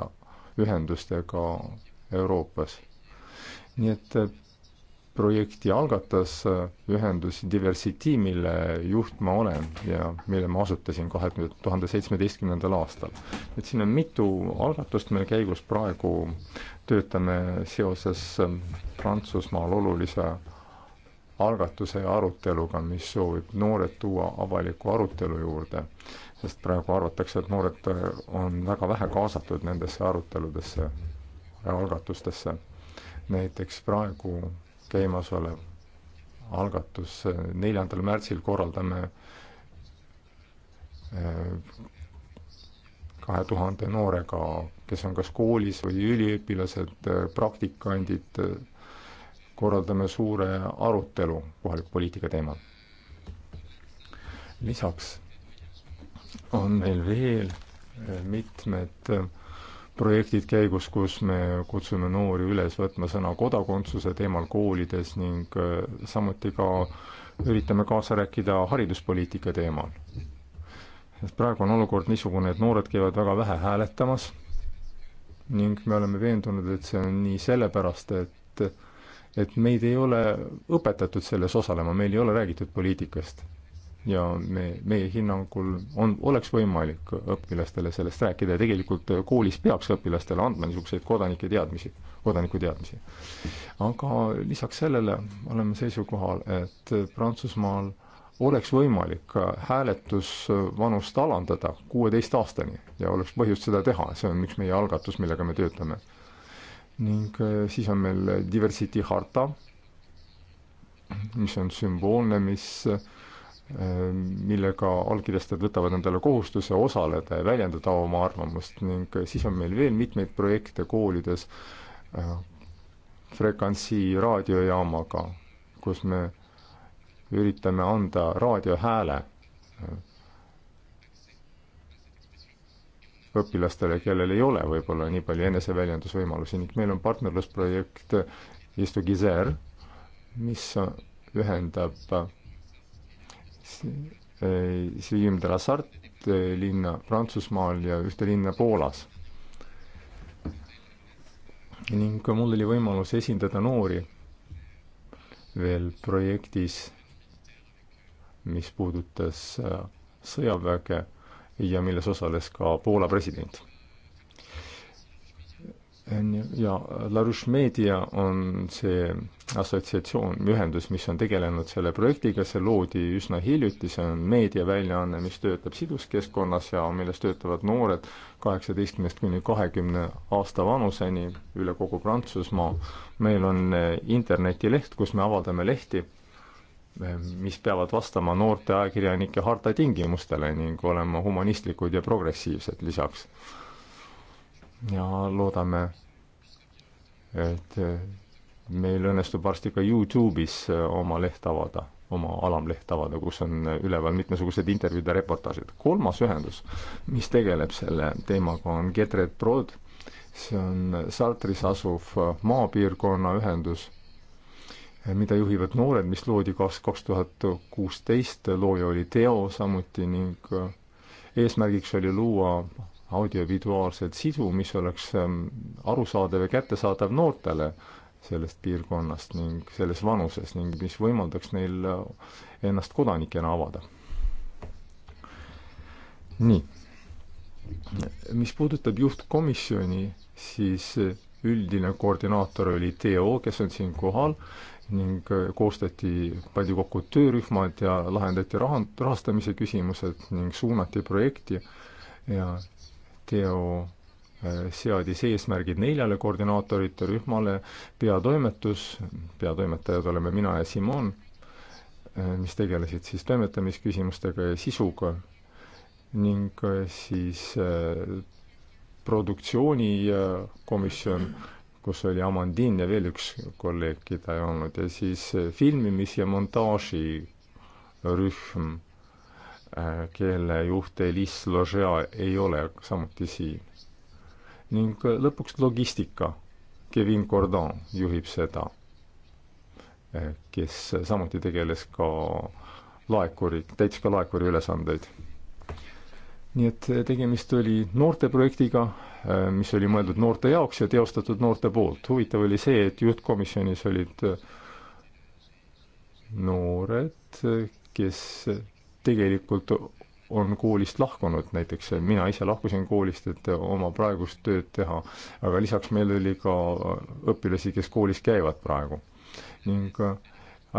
ühendustega Euroopas. nii et äh, projekti algatas äh, ühendus Diversity, mille juht ma olen ja mille ma asutasin kahe tuhande seitsmeteistkümnendal aastal. et siin on mitu algatust meil käigus, praegu töötame seoses ähm, Prantsusmaal olulise algatuse ja aruteluga, mis soovib noored tuua avaliku arutelu juurde, sest praegu arvatakse, et noored äh, on väga vähe kaasatud nendesse aruteludesse ja algatustesse. näiteks praegu käimasolev algatus. neljandal märtsil korraldame eh, kahe tuhande noorega, kes on kas koolis või üliõpilased, eh, praktikandid, eh, korraldame suure arutelu kohaliku poliitika teemal. lisaks on meil veel mitmed projektid käigus, kus me kutsume noori üles võtma sõna kodakondsuse teemal koolides ning äh, samuti ka üritame kaasa rääkida hariduspoliitika teemal. sest praegu on olukord niisugune, et noored käivad väga vähe hääletamas ning me oleme veendunud, et see on nii sellepärast, et et meid ei ole õpetatud selles osalema, meil ei ole räägitud poliitikast ja me, meie hinnangul on, oleks võimalik õpilastele sellest rääkida ja tegelikult koolis peaks õpilastele andma niisuguseid kodanike teadmisi, kodaniku teadmisi. aga lisaks sellele oleme seisukohal, et Prantsusmaal oleks võimalik hääletusvanust alandada kuueteist aastani ja oleks põhjust seda teha, see on üks meie algatus, millega me töötame. ning äh, siis on meil diversity harta, mis on sümboolne, mis äh, millega allkirjastajad võtavad endale kohustuse osaleda ja väljendada oma arvamust ning siis on meil veel mitmeid projekte koolides äh, Frekansi raadiojaamaga, kus me üritame anda raadiohääle äh, õpilastele, kellel ei ole võib-olla nii palju eneseväljendusvõimalusi ning meil on partnerlusprojekt Istugizer, mis äh, ühendab Äh, Siim de la Sarte äh, linna Prantsusmaal ja ühte linna Poolas. ning mul oli võimalus esindada noori veel projektis, mis puudutas äh, sõjaväge ja milles osales ka Poola president ja Larouche Media on see assotsiatsioon, ühendus, mis on tegelenud selle projektiga, see loodi üsna hiljuti, see on meediaväljaanne, mis töötab siduskeskkonnas ja milles töötavad noored kaheksateistkümnest kuni kahekümne aasta vanuseni üle kogu Prantsusmaa. meil on eh, internetileht, kus me avaldame lehti, eh, mis peavad vastama noorte ajakirjanike harta tingimustele ning olema humanistlikud ja progressiivsed lisaks ja loodame, et meil õnnestub varsti ka Youtube'is äh, oma leht avada, oma alamleht avada, kus on üleval mitmesugused intervjuud ja reportaažid. kolmas ühendus, mis tegeleb selle teemaga, on Getred Prod, see on Sartris asuv äh, maapiirkonna ühendus, äh, mida juhivad noored, mis loodi kaks, kaks tuhat kuusteist, looja oli Teo samuti ning eesmärgiks oli luua audiovisuaalset sisu, mis oleks ähm, arusaadav ja kättesaadav noortele sellest piirkonnast ning selles vanuses ning mis võimaldaks neil äh, ennast kodanikena avada. nii. mis puudutab juhtkomisjoni, siis äh, üldine koordinaator oli Teo, kes on siin kohal ning äh, koostati, pandi kokku töörühmad ja lahendati rahan-, rahastamise küsimused ning suunati projekti ja WTO äh, seadis eesmärgid neljale koordinaatorite rühmale, peatoimetus, peatoimetajad oleme mina ja Simon, äh, mis tegelesid siis toimetamisküsimustega ja sisuga, ning äh, siis produktsioonikomisjon, kus oli Amandin ja veel üks kolleeg, keda ei olnud, ja siis filmimis- ja montaažirühm Äh, kelle juht Elis Logea ei ole samuti siin. ning äh, lõpuks logistika. Kevin Cordon juhib seda, äh, kes samuti tegeles ka laekuri, täitis ka laekuri ülesandeid. nii et tegemist oli noorteprojektiga, mis oli mõeldud noorte jaoks ja teostatud noorte poolt. huvitav oli see, et juhtkomisjonis olid noored, kes tegelikult on koolist lahkunud, näiteks mina ise lahkusin koolist, et oma praegust tööd teha, aga lisaks meil oli ka õpilasi, kes koolis käivad praegu. ning äh,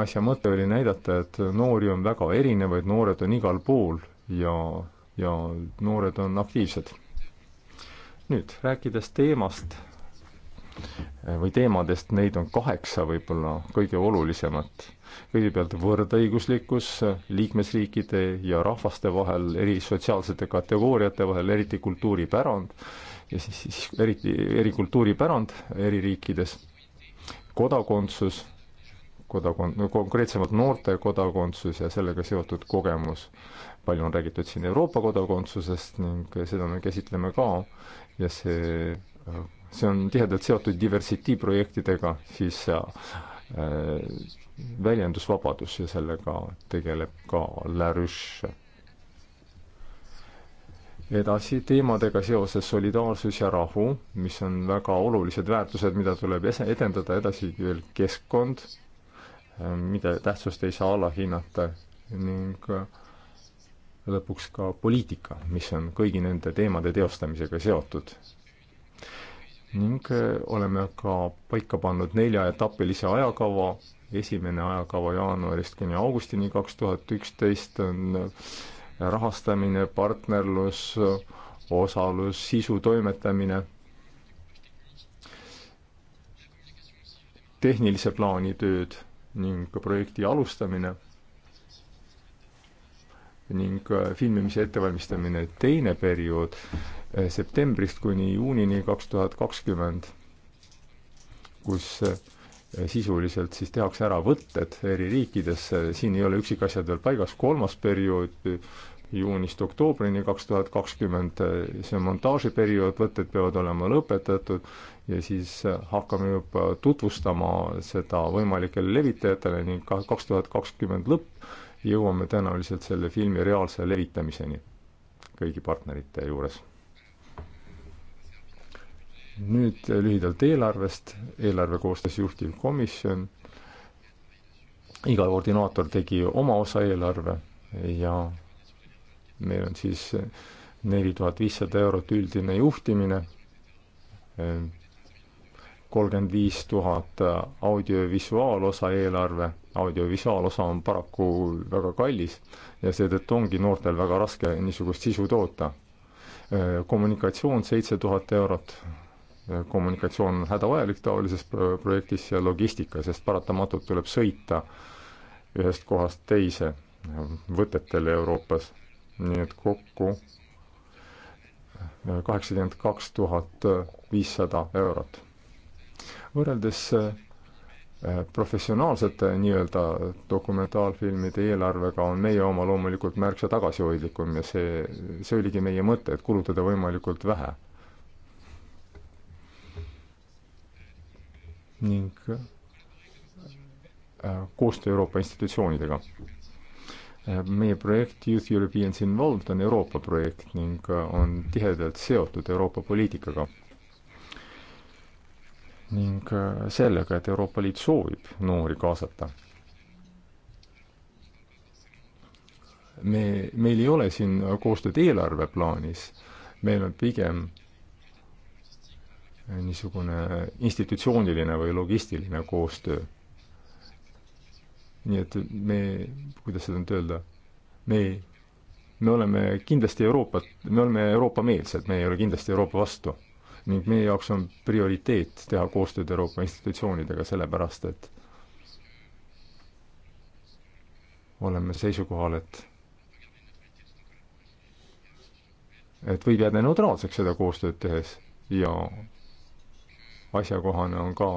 asja mõte oli näidata, et noori on väga erinevaid, noored on igal pool ja, ja noored on aktiivsed. nüüd, rääkides teemast või teemadest, neid on kaheksa võib-olla kõige olulisemat. kõigepealt võrdõiguslikkus liikmesriikide ja rahvaste vahel, eri sotsiaalsete kategooriate vahel, eriti kultuuripärand ja siis, siis eriti, eri kultuuripärand eri riikides, kodakondsus, kodakond-, konkreetsemalt noorte kodakondsus ja sellega seotud kogemus. palju on räägitud siin Euroopa kodakondsusest ning seda me käsitleme ka ja see see on tihedalt seotud diversity projektidega, siis äh, väljendusvabadus ja sellega tegeleb ka La Roche. edasi teemadega seoses solidaarsus ja rahu, mis on väga olulised väärtused, mida tuleb edendada, edasi veel keskkond, äh, mida tähtsust ei saa alahinnata ning äh, lõpuks ka poliitika, mis on kõigi nende teemade teostamisega seotud ning eh, oleme ka paika pannud neljaetapilise ajakava, esimene ajakava jaanuarist kuni augustini kaks tuhat üksteist on eh, rahastamine, partnerlus, osalus, sisu toimetamine, tehnilise plaani tööd ning projekti alustamine ning äh, filmimise ettevalmistamine teine periood äh, septembrist kuni juunini kaks tuhat kakskümmend, kus äh, sisuliselt siis tehakse ära võtted eri riikidesse, siin ei ole üksikasjad veel paigas, kolmas periood juunist oktoobrini kaks tuhat kakskümmend, see montaažiperiood, võtted peavad olema lõpetatud ja siis hakkame juba tutvustama seda võimalikele levitajatele ning kaks tuhat kakskümmend lõpp jõuame tõenäoliselt selle filmi reaalse levitamiseni kõigi partnerite juures. nüüd lühidalt eelarvest, eelarve koostas juhtivkomisjon, iga koordinaator tegi oma osa eelarve ja meil on siis neli tuhat viissada eurot üldine juhtimine, kolmkümmend viis tuhat audiovisuaalosa eelarve audiovisuaalosa on paraku väga kallis ja seetõttu ongi noortel väga raske niisugust sisu toota. kommunikatsioon seitse tuhat eurot, kommunikatsioon on hädavajalik taolises projektis ja logistika, sest paratamatult tuleb sõita ühest kohast teise võtetele Euroopas, nii et kokku kaheksakümmend kaks tuhat viissada eurot. võrreldes Äh, professionaalsete nii-öelda dokumentaalfilmide eelarvega on meie oma loomulikult märksa tagasihoidlikum ja see, see oligi meie mõte, et kulutada võimalikult vähe. ning äh, koostöö Euroopa institutsioonidega. Äh, meie projekt Youth Europeans Involved on Euroopa projekt ning on tihedalt seotud Euroopa poliitikaga ning äh, sellega, et Euroopa Liit soovib noori kaasata. me, meil ei ole siin koostööd eelarveplaanis, meil on pigem niisugune institutsiooniline või logistiline koostöö. nii et me, kuidas seda nüüd öelda, me, me oleme kindlasti Euroopat, me oleme Euroopa-meelsed, me ei ole kindlasti Euroopa vastu ning meie jaoks on prioriteet teha koostööd Euroopa institutsioonidega, sellepärast et oleme seisukohal, et et võib jääda neutraalseks seda koostööd tehes ja asjakohane on ka,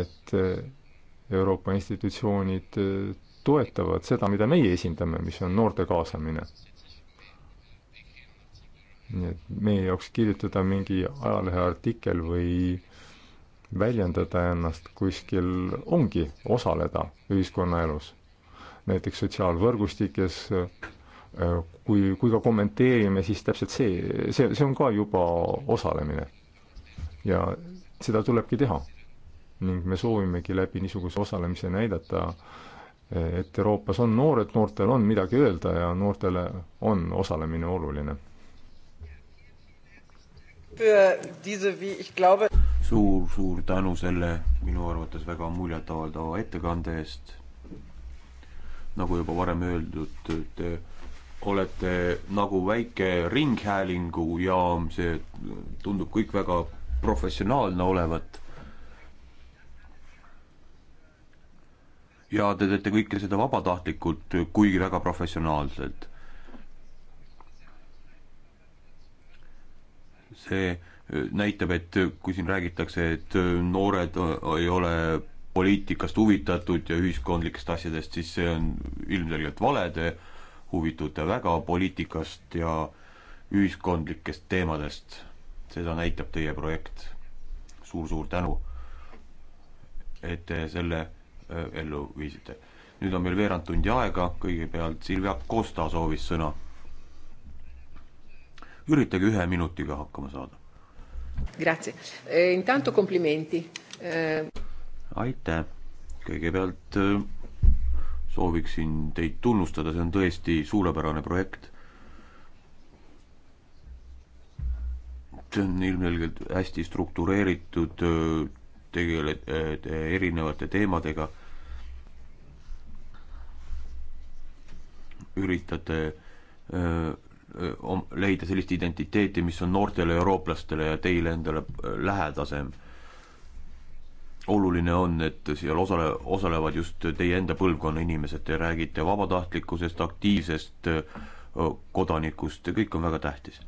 et Euroopa institutsioonid toetavad seda, mida meie esindame, mis on noorte kaasamine nii et meie jaoks kirjutada mingi ajaleheartikkel või väljendada ennast kuskil ongi osaleda ühiskonnaelus. näiteks sotsiaalvõrgustikes, äh, kui, kui ka kommenteerime, siis täpselt see, see, see on ka juba osalemine. ja seda tulebki teha. ning me soovimegi läbi niisuguse osalemise näidata, et Euroopas on noored, noortel on midagi öelda ja noortele on osalemine oluline suur, suur tänu selle minu arvates väga
muljetavaldava ettekande eest. nagu juba varem öeldud, te olete nagu väike ringhäälingujaam, see tundub kõik väga professionaalne olevat. ja te teete kõike seda vabatahtlikult, kuigi väga professionaalselt see näitab, et kui siin räägitakse, et noored ei ole poliitikast huvitatud ja ühiskondlikest asjadest, siis see on ilmselgelt vale, te huvitute väga poliitikast ja ühiskondlikest teemadest. seda näitab teie projekt suur,. suur-suur tänu, et te selle ellu viisite. nüüd on meil veerand tundi aega, kõigepealt Silvia Costa soovis sõna üritage ühe minutiga hakkama
saada. Grazie e,, intanto komplimenti e.... Eh,
aitäh, kõigepealt eh, sooviksin teid tunnustada, see on tõesti suurepärane projekt. see on ilmselgelt hästi struktureeritud, tegeled erinevate teemadega. üritate leida sellist identiteeti, mis on noortele eurooplastele ja teile endale lähedasem. oluline on, et seal osale, osalevad just teie enda põlvkonna inimesed, te räägite vabatahtlikkusest, aktiivsest kodanikust, kõik on väga tähtis.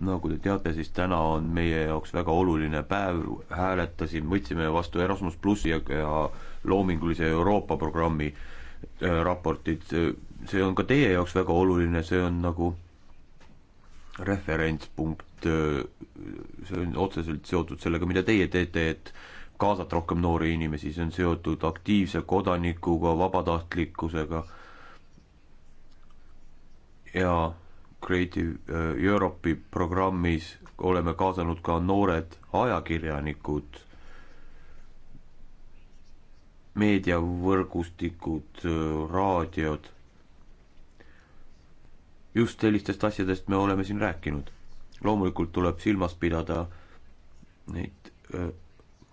nagu te teate, siis täna on meie jaoks väga oluline päev, hääletasin, võtsime vastu Erasmus plussi ja, ja loomingulise Euroopa programmi Äh, raportit, see on ka teie jaoks väga oluline, see on nagu referentspunkt, äh, see on otseselt seotud sellega, mida teie teete, et kaasata rohkem noori inimesi, see on seotud aktiivse kodanikuga, vabatahtlikkusega ja Creative äh, Europe'i programmis oleme kaasanud ka noored ajakirjanikud meediavõrgustikud, raadiod. just sellistest asjadest me oleme siin rääkinud. loomulikult tuleb silmas pidada neid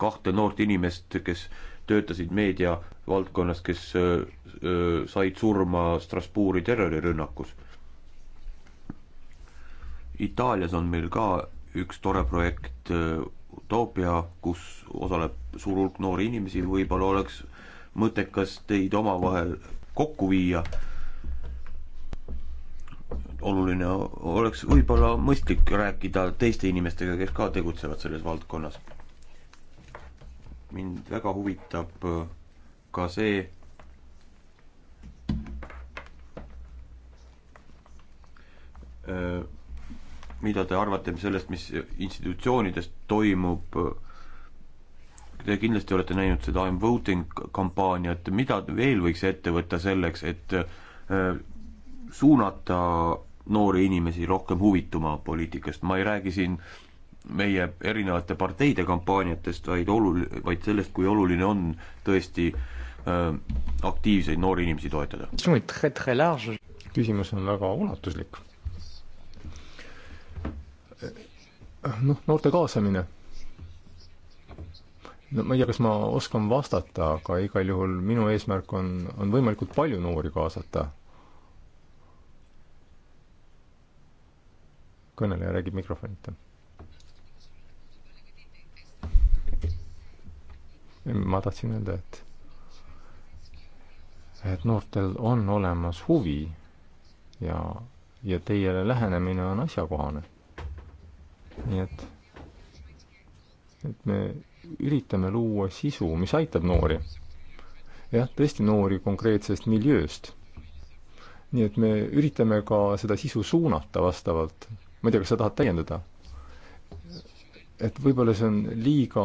kahte noort inimest, kes töötasid meediavaldkonnas, kes said surma Strasbourgi terrorirünnakus. Itaalias on meil ka üks tore projekt Utoopia, kus osaleb suur hulk noori inimesi, võib-olla oleks mõttekas teid omavahel kokku viia. oluline oleks võib-olla mõistlik rääkida teiste inimestega, kes ka tegutsevad selles valdkonnas. mind väga huvitab äh, ka see, äh, mida te arvate sellest, mis institutsioonides toimub äh, Te kindlasti olete näinud seda I m voting kampaaniat, mida veel võiks ette võtta selleks, et äh, suunata noori inimesi rohkem huvituma poliitikast, ma ei räägi siin meie erinevate parteide kampaaniatest, vaid olul-, vaid sellest, kui oluline on tõesti äh, aktiivseid noori inimesi
toetada. küsimus on väga ulatuslik. noh, noorte kaasamine no ma ei tea, kas ma oskan vastata, aga igal juhul minu eesmärk on, on võimalikult palju noori kaasata. kõneleja räägib mikrofonita. ma tahtsin öelda, et et noortel on olemas huvi ja, ja teie lähenemine on asjakohane. nii et, et me üritame luua sisu, mis aitab noori. jah, tõesti noori konkreetsest miljööst. nii et me üritame ka seda sisu suunata vastavalt. ma ei tea, kas sa tahad täiendada? et võib-olla see on liiga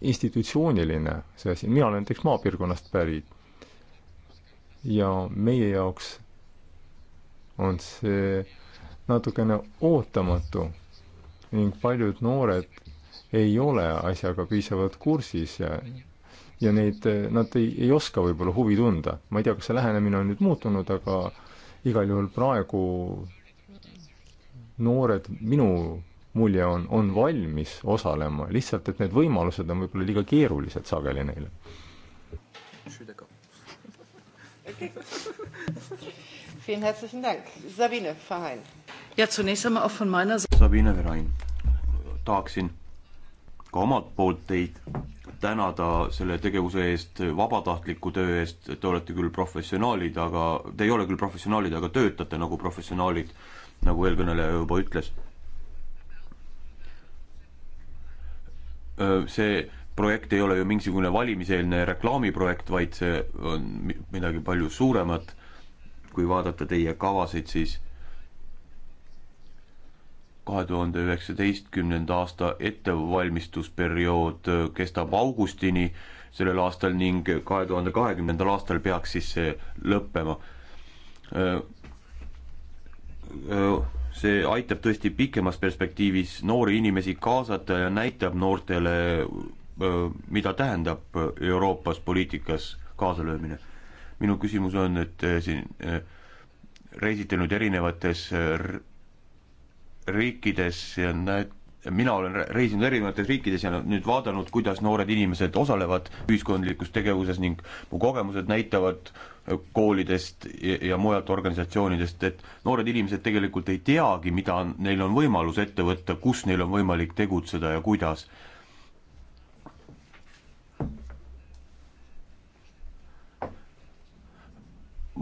institutsiooniline, see asi, mina olen näiteks maapiirkonnast pärit ja meie jaoks on see natukene ootamatu ning paljud noored ei ole asjaga piisavalt kursis ja ja neid, nad ei, ei oska võib-olla huvi tunda. ma ei tea, kas see lähenemine on nüüd muutunud, aga igal juhul praegu noored, minu mulje on, on valmis osalema, lihtsalt et need võimalused on võib-olla liiga keerulised sageli neile.
Vielen herzlichen Dank. Sabine Verheyen. Ja, zunächst einmal
auch von meiner Seite. Sabine Verheyen. Tahaksin ka omalt poolt teid tänada selle tegevuse eest, vabatahtliku töö eest, te olete küll professionaalid, aga, te ei ole küll professionaalid, aga töötate nagu professionaalid, nagu eelkõneleja juba ütles. see projekt ei ole ju mingisugune valimiseelne reklaamiprojekt, vaid see on midagi palju suuremat. kui vaadata teie kavasid, siis kahe tuhande üheksateistkümnenda aasta ettevalmistusperiood äh, kestab augustini sellel aastal ning kahe tuhande kahekümnendal aastal peaks siis see lõppema. Äh, äh, see aitab tõesti pikemas perspektiivis noori inimesi kaasata ja näitab noortele, mida tähendab Euroopas poliitikas kaasalöömine. minu küsimus on, et siin reisite nüüd erinevates riikides ja näed, mina olen reisinud erinevates riikides ja nüüd vaadanud, kuidas noored inimesed osalevad ühiskondlikus tegevuses ning mu kogemused näitavad äh, koolidest ja, ja mujalt organisatsioonidest, et noored inimesed tegelikult ei teagi, mida on, neil on võimalus ette võtta, kus neil on võimalik tegutseda ja kuidas.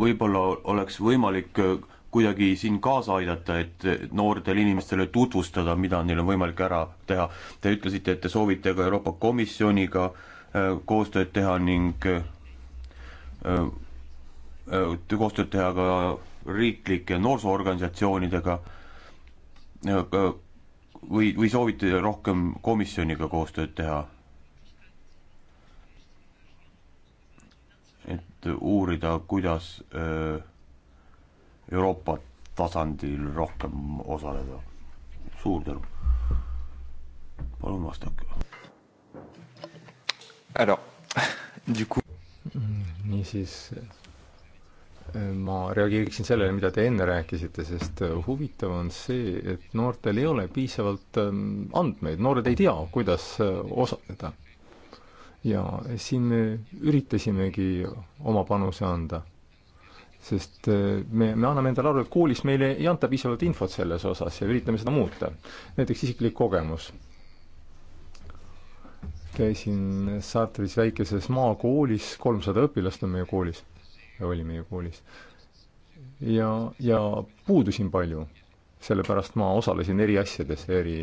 võib-olla oleks võimalik äh, kuidagi siin kaasa aidata, et noortele inimestele tutvustada, mida neil on võimalik ära teha. Te ütlesite, et te soovite ka Euroopa Komisjoniga äh, koostööd teha ning äh, äh, koostööd teha ka riiklike noorsoorganisatsioonidega või, või soovite rohkem komisjoniga koostööd teha? et uurida, kuidas öö, Euroopa tasandil rohkem osaleda.
suur tänu. palun vastake. ära, Juku. Mm, niisiis äh, ma reageeriksin sellele, mida te enne rääkisite, sest äh, huvitav on see, et noortel ei ole piisavalt ähm, andmeid, noored ei tea, kuidas äh, osaleda. ja siin me üritasimegi oma panuse anda sest äh, me, me anname endale aru, et koolis meile ei anta piisavalt infot selles osas ja üritame seda muuta. näiteks isiklik kogemus. käisin Sartris väikeses maakoolis, kolmsada õpilast on meie koolis, oli meie koolis. ja, ja puudusin palju, sellepärast ma osalesin eri asjades, eri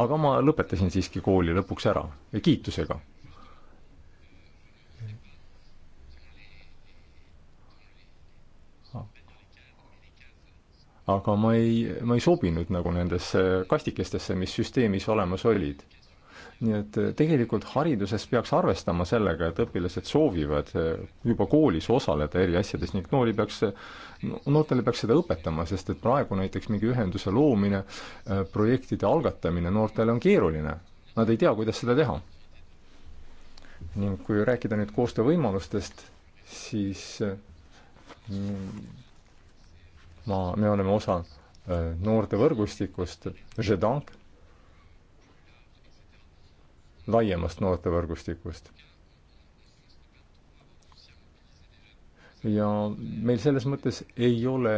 aga ma lõpetasin siiski kooli lõpuks ära ja kiitusega aga ma ei, ma ei sobinud nagu nendesse kastikestesse, mis süsteemis olemas olid. nii et eh, tegelikult hariduses peaks arvestama sellega, et õpilased soovivad eh, juba koolis osaleda eri asjades ning noori peaks, noortele peaks seda õpetama, sest et praegu näiteks mingi ühenduse loomine, eh, projektide algatamine noortele on keeruline. Nad ei tea, kuidas seda teha. ning kui rääkida nüüd koostöövõimalustest, siis ma, me oleme osa äh, noortevõrgustikust, Jedank, laiemast noortevõrgustikust. ja meil selles mõttes ei ole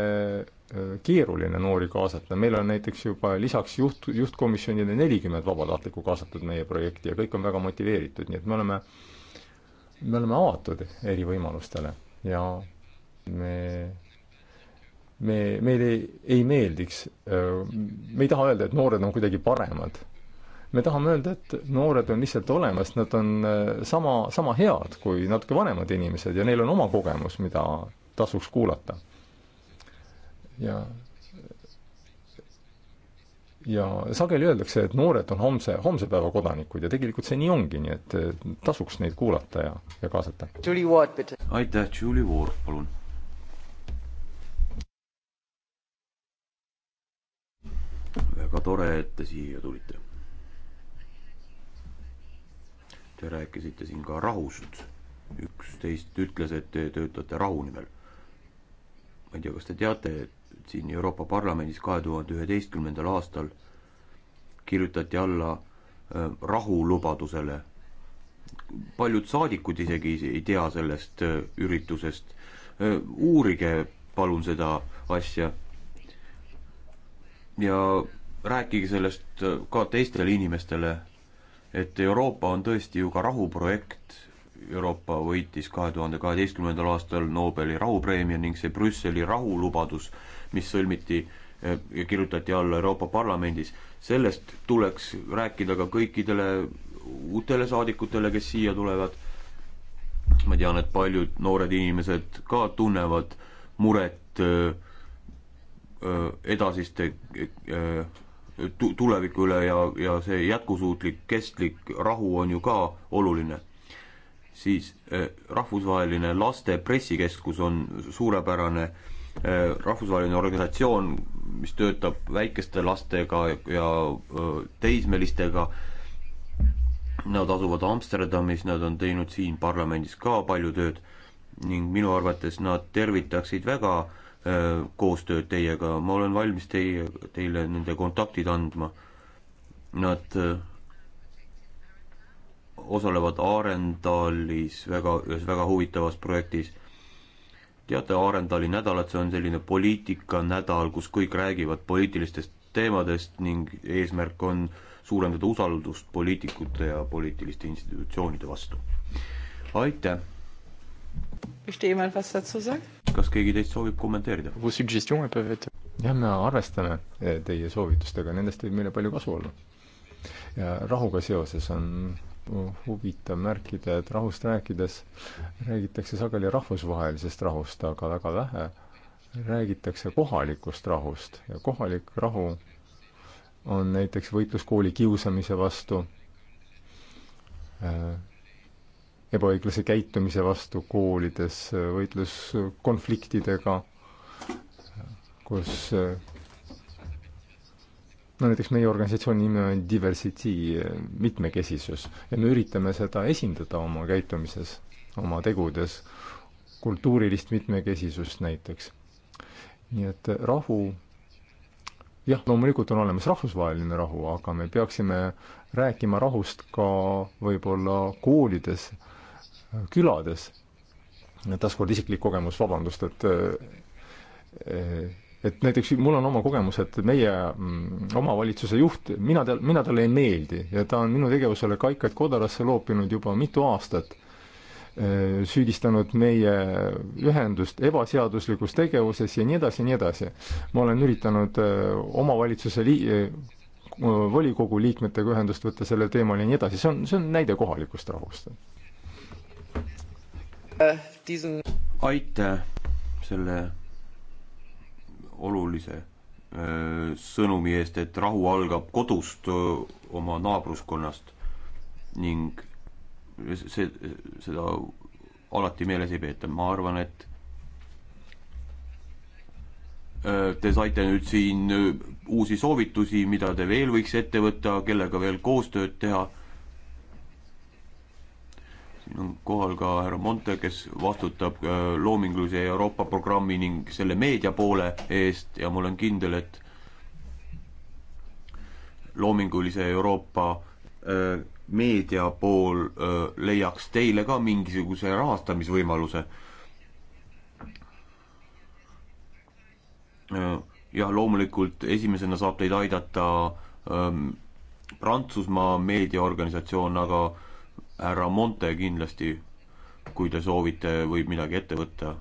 äh, keeruline noori kaasata, meil on näiteks juba lisaks juht, juhtkomisjonile nelikümmend vabatahtlikku kaasatud meie projekti ja kõik on väga motiveeritud, nii et me oleme, me oleme avatud eri võimalustele ja me me, meile ei, ei meeldiks, äh, me ei taha öelda, et noored on kuidagi paremad. me tahame öelda, et noored on lihtsalt olemas, nad on äh, sama, sama head kui natuke vanemad inimesed ja neil on oma kogemus, mida tasuks kuulata. ja ja sageli öeldakse, et noored on homse, homse päeva kodanikud ja tegelikult see nii ongi, nii et tasuks neid kuulata ja, ja kaasata. aitäh, Julie Ward, palun
väga tore, et te siia tulite. Te rääkisite siin ka rahust. üks teist ütles, et te töötate rahu nimel. ma ei tea, kas te teate, et siin Euroopa Parlamendis kahe tuhande üheteistkümnendal aastal kirjutati alla äh, rahulubadusele. paljud saadikud isegi ei tea sellest äh, üritusest. Äh, uurige palun seda asja. ja rääkige sellest ka teistele inimestele, et Euroopa on tõesti ju ka rahuprojekt, Euroopa võitis kahe tuhande kaheteistkümnendal aastal Nobeli rahupreemia ning see Brüsseli rahulubadus, mis sõlmiti eh, ja kirjutati alla Euroopa Parlamendis, sellest tuleks rääkida ka kõikidele uutele saadikutele, kes siia tulevad. ma tean, et paljud noored inimesed ka tunnevad muret öö, eh, eh, edasiste öö, tu-, tuleviku üle ja, ja see jätkusuutlik, kestlik rahu on ju ka oluline, siis eh, rahvusvaheline laste pressikeskus on suurepärane eh, rahvusvaheline organisatsioon, mis töötab väikeste lastega ja teismelistega, nad asuvad Amsterdamis, nad on teinud siin parlamendis ka palju tööd ning minu arvates nad tervitaksid väga äh, Äh, koostööd teiega, ma olen valmis teie, teile nende kontaktid andma. Nad äh, osalevad Arendalis väga, ühes väga huvitavas projektis. teate Arendali nädalat, see on selline poliitikanädal, kus kõik räägivad poliitilistest teemadest ning eesmärk on suurendada usaldust poliitikute ja poliitiliste institutsioonide vastu. aitäh!
Möchte
jemand was dazu sagen?
kas keegi teist soovib kommenteerida? jah, me arvestame teie soovitustega, nendest võib meile palju kasu olla. ja rahuga seoses on huvitav märkida, et rahust rääkides räägitakse sageli rahvusvahelisest rahust, aga väga vähe räägitakse kohalikust rahust ja kohalik rahu on näiteks võitlus koolikiusamise vastu, äh, ebaõiglase käitumise vastu koolides, võitlus konfliktidega, kus no näiteks meie organisatsiooni nimi on Diversity, mitmekesisus, ja me üritame seda esindada oma käitumises, oma tegudes, kultuurilist mitmekesisust näiteks. nii et rahu, jah, loomulikult on olemas rahvusvaheline rahu, aga me peaksime rääkima rahust ka võib-olla koolides külades, taaskord isiklik kogemus, vabandust, et eh, et näiteks mul on oma kogemus, et meie mm, omavalitsuse juht, mina tal, mina talle ei meeldi ja ta on minu tegevusele kaikaid kodarasse loopinud juba mitu aastat, eh, süüdistanud meie ühendust ebaseaduslikus tegevuses ja nii edasi ja nii edasi. ma olen üritanud eh, omavalitsuse lii-, volikogu liikmetega ühendust võtta sellel teemal ja nii edasi, see on, see on näide kohalikust rahust
aitäh selle olulise äh, sõnumi eest, et rahu algab kodust, äh, oma naabruskonnast ning see, seda alati meeles ei peeta, ma arvan, et äh, te saite nüüd siin uusi soovitusi, mida te veel võiks ette võtta, kellega veel koostööd teha kohal ka härra Monte, kes vastutab äh, loomingulise Euroopa programmi ning selle meediapoole eest ja ma olen kindel, et loomingulise Euroopa äh, meedia pool äh, leiaks teile ka mingisuguse rahastamisvõimaluse. jah, loomulikult esimesena saab teid aidata ähm, Prantsusmaa meediaorganisatsioon, aga härra Monte kindlasti, kui te soovite, võib midagi ette võtta.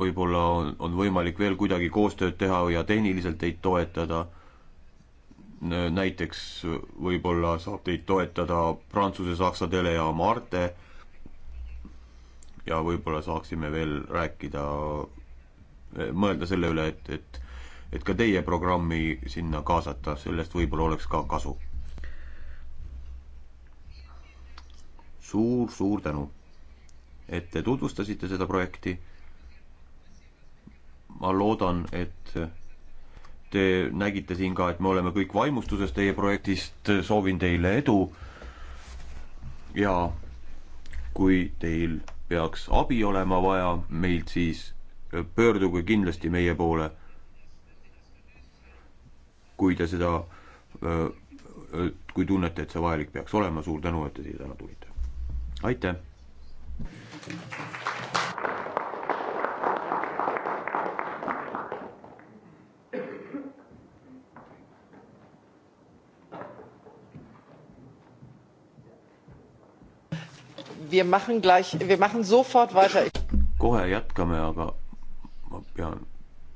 võib-olla on, on võimalik veel kuidagi koostööd teha ja tehniliselt teid toetada. näiteks võib-olla saab teid toetada Prantsuse, Saksa telejaam Arte. ja võib-olla saaksime veel rääkida, eh, mõelda selle üle, et, et et ka teie programmi sinna kaasata, sellest võib-olla oleks ka kasu suur-suur tänu, et te tutvustasite seda projekti. ma loodan, et te nägite siin ka, et me oleme kõik vaimustuses teie projektist, soovin teile edu. ja kui teil peaks abi olema vaja meilt, siis pöörduge kindlasti meie poole. kui te seda, kui tunnete, et see vajalik peaks olema, suur tänu, et te siia täna tulite aitäh!
wir machen gleich, wir machen sofort weiter.
kohe jätkame, aga ma pean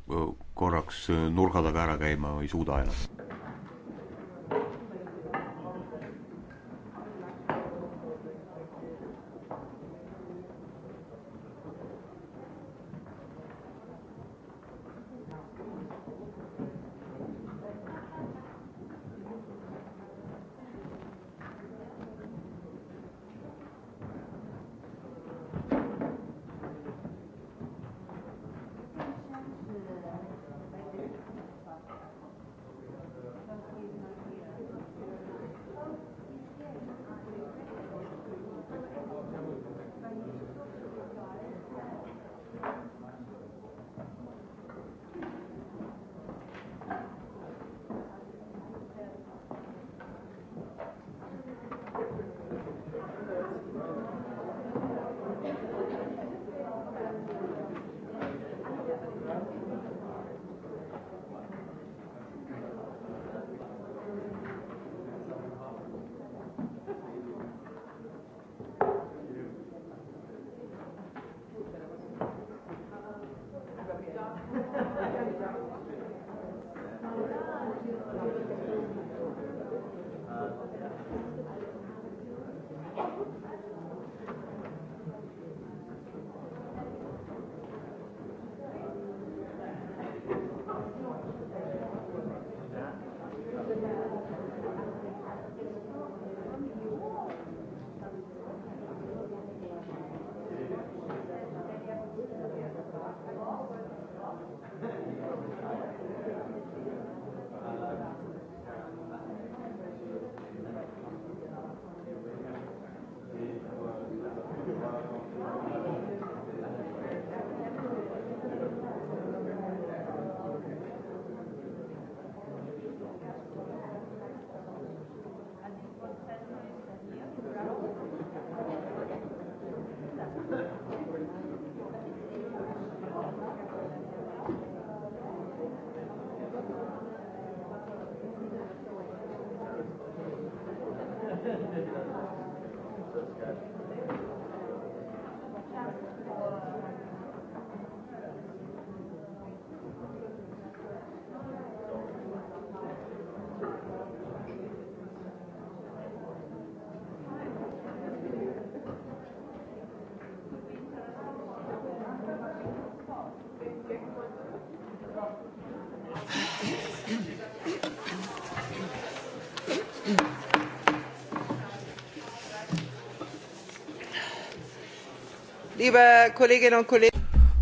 äh, korraks äh, nurga taga ära käima, ei suuda enam.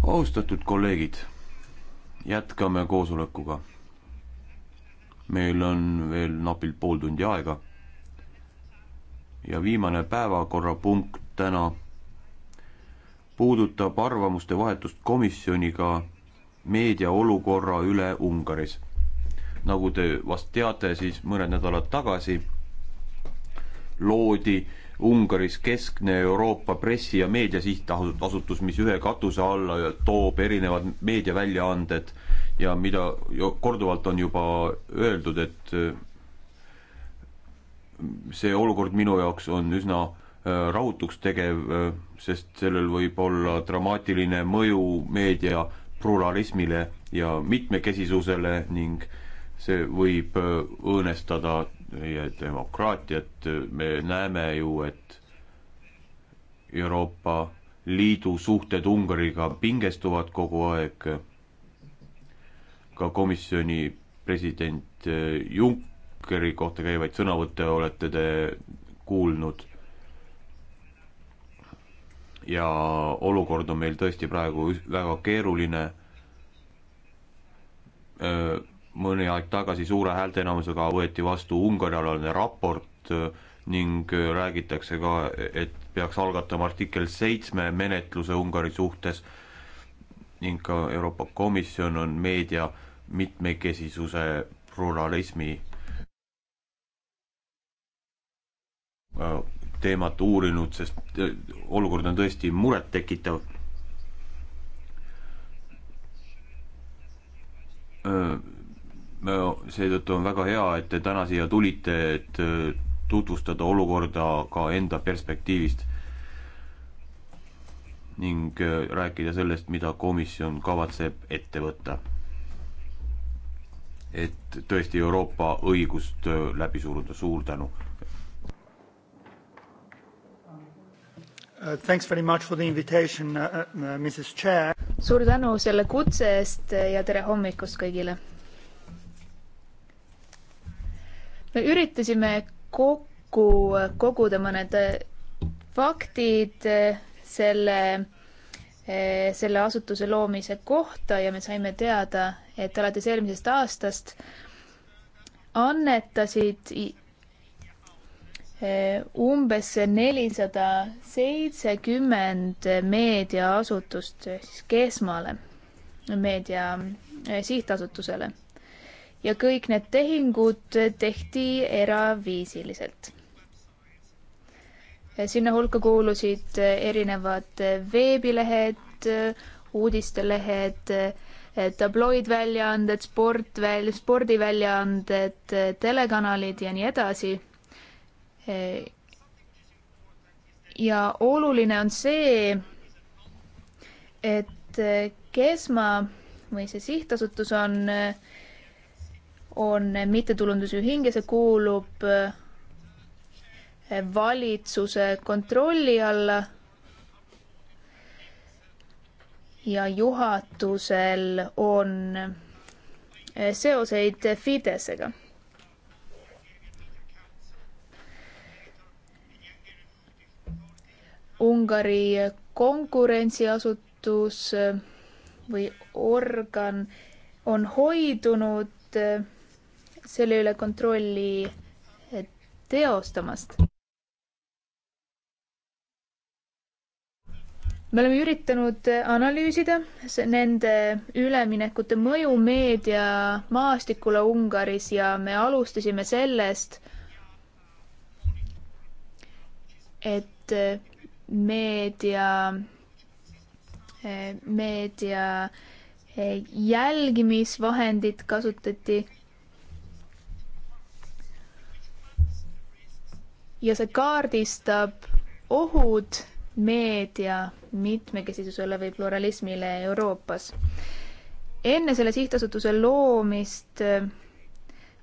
austatud kolleegid, jätkame koosolekuga. meil on veel napilt pool tundi aega. ja viimane päevakorrapunkt täna puudutab arvamuste vahetust komisjoniga meedia olukorra üle Ungaris. nagu te vast teate, siis mõned nädalad tagasi loodi Ungaris keskne Euroopa Pressi- ja Meediasihtasutus, mis ühe katuse alla toob erinevad meediaväljaanded ja mida korduvalt on juba öeldud, et äh, see olukord minu jaoks on üsna äh, rahutuks tegev, äh, sest sellel võib olla dramaatiline mõju meedia pluralismile ja mitmekesisusele ning see võib õõnestada meie demokraatiat, me näeme ju, et Euroopa Liidu suhted Ungariga pingestuvad kogu aeg, ka komisjoni president eh, Junckeri kohta käivaid sõnavõtte olete te kuulnud ja olukord on meil tõesti praegu väga keeruline. Äh, mõni aeg tagasi suure häälteenamusega võeti vastu Ungari-alane raport äh, ning äh, räägitakse ka, et peaks algatama artikkel seitsme menetluse Ungari suhtes ning ka Euroopa Komisjon on meedia mitmekesisuse pluralismi äh, teemat uurinud, sest olukord on tõesti murettekitav. öö seetõttu on väga hea, et te täna siia tulite, et äh, tutvustada olukorda ka enda perspektiivist ning äh, rääkida sellest, mida komisjon kavatseb ette võtta. et tõesti Euroopa õigust äh, läbi suruda, suur tänu!
Uh, thanks very much for the invitation, uh, uh, Mrs Chair. suur tänu selle kutse eest ja tere hommikust kõigile! me üritasime kokku koguda mõned eh, faktid eh, selle, eh, selle asutuse loomise kohta ja me saime teada, et alates eelmisest aastast annetasid umbes nelisada seitsekümmend meediaasutust siis Kesmale, meedia sihtasutusele ja kõik need tehingud tehti eraviisiliselt. sinna hulka kuulusid erinevad veebilehed, uudistelehed, tabloidväljaanded, sportvälj-, spordiväljaanded, telekanalid ja nii edasi. ja oluline on see, et KESMA või see sihtasutus on äh, on mittetulundusühing ja see kuulub eh, valitsuse kontrolli alla. ja juhatusel on eh, seoseid Fidesega. Ungari konkurentsiasutus eh, või organ on hoidunud selle üle kontrolli eh, teostamast. me oleme üritanud eh, analüüsida nende üleminekute mõju meediamaastikule Ungaris ja me alustasime sellest, et eh, meedia, meedia jälgimisvahendit kasutati ja see kaardistab ohud meedia mitmekesisusele või pluralismile Euroopas. enne selle sihtasutuse loomist äh,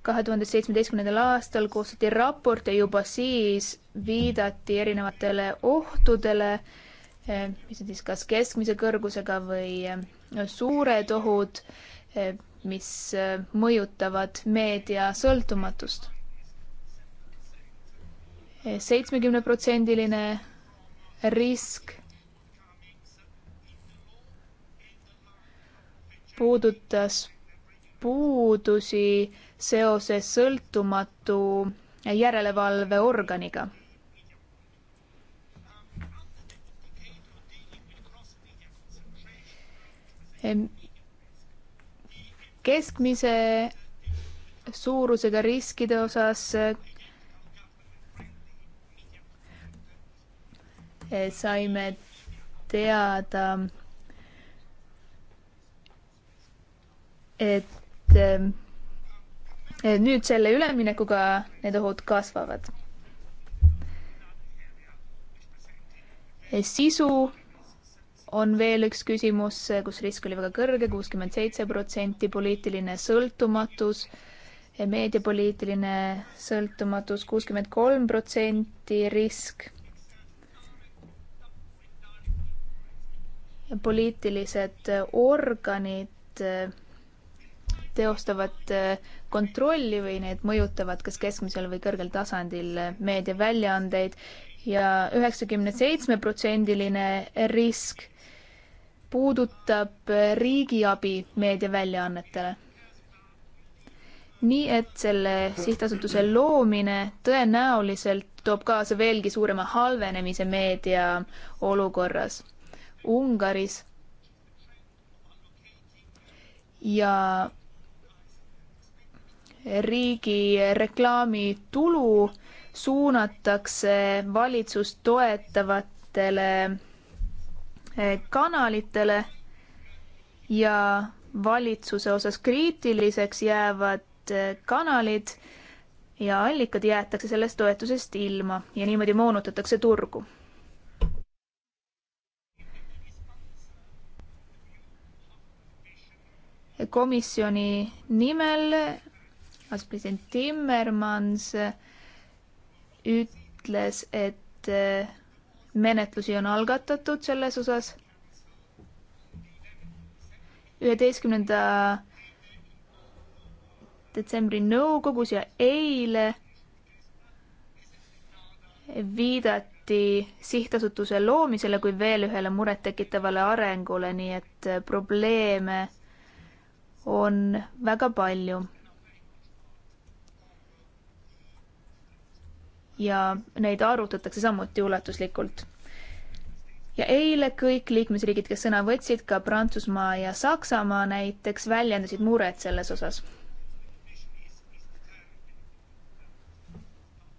kahe tuhande seitsmeteistkümnendal aastal koostati raport ja juba siis viidati erinevatele ohtudele, äh, mis on siis kas keskmise kõrgusega või äh, suured ohud, mis mõjutavad meedia sõltumatust seitsmekümneprotsendiline risk puudutas puudusi seoses sõltumatu järelevalveorganiga. keskmise suurusega riskide osas Eh, saime teada, eh, et nüüd selle üleminekuga need ohud kasvavad. Eh, sisu on veel üks küsimus, kus risk oli väga kõrge, kuuskümmend seitse protsenti, poliitiline sõltumatus, meediapoliitiline sõltumatus kuuskümmend kolm protsenti risk poliitilised organid äh, teostavad äh, kontrolli või need mõjutavad kas keskmisel või kõrgel tasandil äh, meediaväljaandeid ja üheksakümne seitsme protsendiline risk puudutab riigiabi meediaväljaannetele. nii et selle sihtasutuse loomine tõenäoliselt toob kaasa veelgi suurema halvenemise meedia olukorras Ungaris ja riigi reklaamitulu suunatakse valitsust toetavatele eh, kanalitele ja valitsuse osas kriitiliseks jäävad eh, kanalid ja allikad jäetakse sellest toetusest ilma ja niimoodi moonutatakse turgu. komisjoni nimel asepresident Timmermans ütles, et eh, menetlusi on algatatud selles osas. üheteistkümnenda detsembri nõukogus ja eile viidati sihtasutuse loomisele kui veel ühele murettekitavale arengule, nii et eh, probleeme on väga palju. ja neid arutatakse samuti ulatuslikult. ja eile kõik liikmesriigid, kes sõna võtsid, ka Prantsusmaa ja Saksamaa näiteks, väljendasid muret selles osas.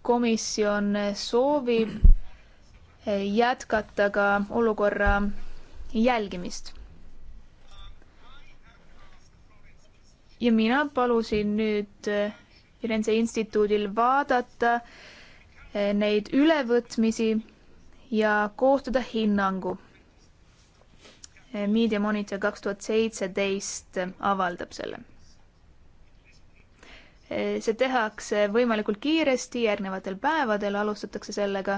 komisjon soovib jätkata ka olukorra jälgimist ja mina palusin nüüd eh, Firenze instituudil vaadata eh, neid ülevõtmisi ja koostada hinnangu. Eh, Media Monitor kaks tuhat seitseteist avaldab selle. see tehakse võimalikult kiiresti, järgnevatel päevadel alustatakse sellega.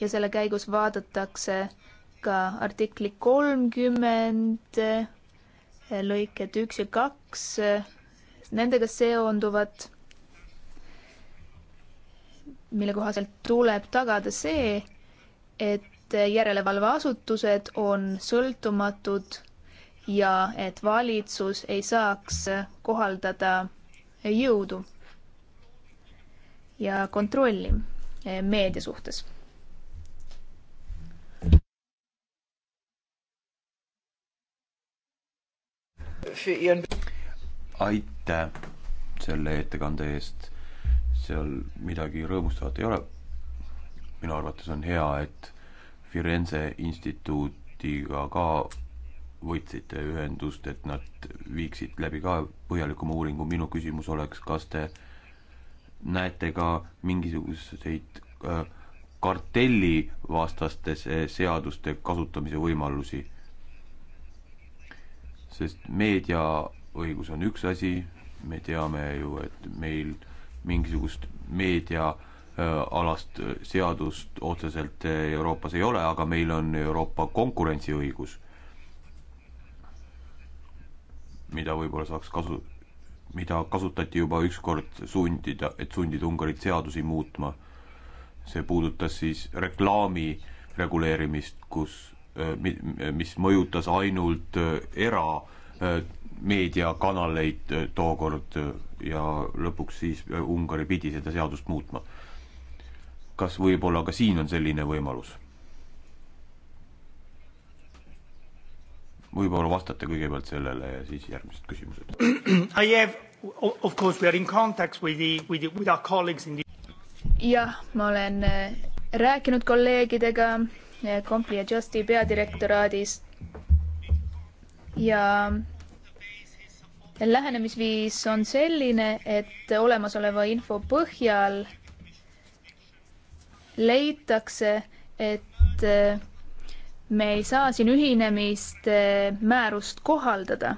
ja selle käigus vaadatakse ka artikli kolmkümmend lõiked üks ja kaks, nendega seonduvad, mille kohaselt tuleb tagada see, et järelevalveasutused on sõltumatud ja et valitsus ei saaks kohaldada jõudu ja kontrolli meedia suhtes
aitäh selle ettekande eest. seal midagi rõõmustavat ei ole. minu arvates on hea, et Firenze instituutiga ka võtsite ühendust, et nad viiksid läbi ka põhjalikuma uuringu. minu küsimus oleks, kas te näete ka mingisuguseid äh, kartellivastaste seaduste kasutamise võimalusi sest meediaõigus on üks asi, me teame ju, et meil mingisugust meediaalast äh, äh, seadust otseselt äh, Euroopas ei ole, aga meil on Euroopa konkurentsiõigus, mida võib-olla saaks kasu, mida kasutati juba ükskord sundida, et sundida Ungarit seadusi muutma. see puudutas siis reklaami reguleerimist, kus Äh, mis mõjutas ainult äh, erameediakanaleid äh, tookord ja lõpuks siis Ungari pidi seda seadust muutma. kas võib-olla ka siin on selline võimalus? võib-olla vastate kõigepealt sellele ja siis järgmised küsimused.
I have, of course we are in contact with the, with the, with our colleagues in the
jah, ma olen rääkinud kolleegidega Compli ja Justi peadirektoraadis. ja lähenemisviis on selline, et olemasoleva info põhjal leitakse, et me ei saa siin ühinemist eh, määrust kohaldada.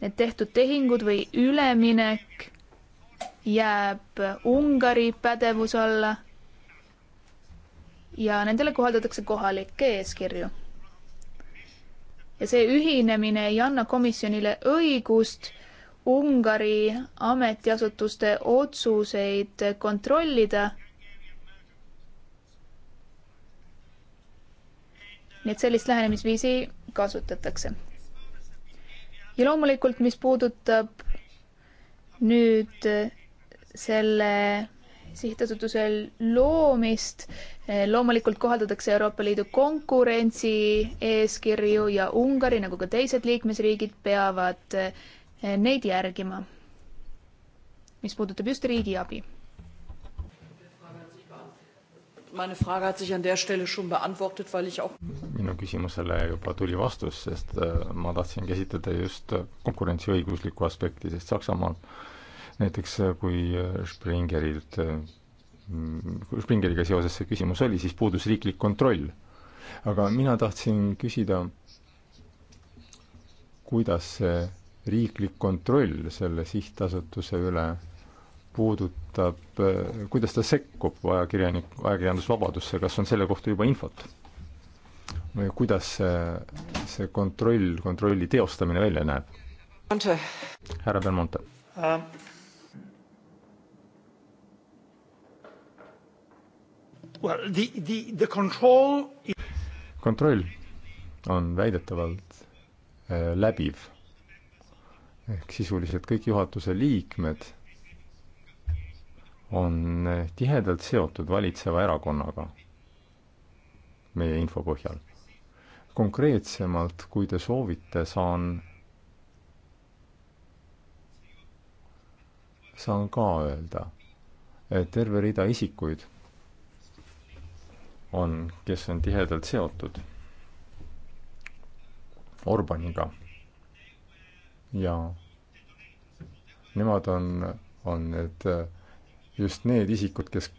Need tehtud tehingud või üleminek jääb Ungari pädevuse alla ja nendele kohaldatakse kohalikke eeskirju. ja see ühinemine ei anna komisjonile õigust Ungari ametiasutuste otsuseid kontrollida. nii et sellist lähenemisviisi kasutatakse. ja loomulikult, mis puudutab nüüd selle sihtasutuse loomist. Eh, loomulikult kohaldatakse Euroopa Liidu konkurentsieeskirju ja Ungari, nagu ka teised liikmesriigid, peavad eh, neid järgima, mis puudutab just riigiabi.
minu küsimusele juba tuli vastus, sest eh, ma tahtsingi esitada just konkurentsiõiguslikku aspekti, sest Saksamaal äh, näiteks äh, kui äh, Springerilt, äh, mm, kui Springeriga seoses see küsimus oli, siis puudus riiklik kontroll. aga mina tahtsin küsida, kuidas see riiklik kontroll selle sihtasutuse üle puudutab, kuidas ta sekkub ajakirjanik, ajakirjandusvabadusse, kas on selle kohta juba infot? või kuidas see, see kontroll, kontrolli teostamine välja näeb? härra Belmonte um.. Well, the, the, the control... kontroll on väidetavalt äh, läbiv. ehk sisuliselt kõik juhatuse liikmed on äh, tihedalt seotud valitseva erakonnaga meie info põhjal. konkreetsemalt, kui te soovite, saan, saan ka öelda, et terve rida isikuid on, kes on tihedalt seotud Orbaniga. ja nemad on, on need, äh, just need isikud, kes,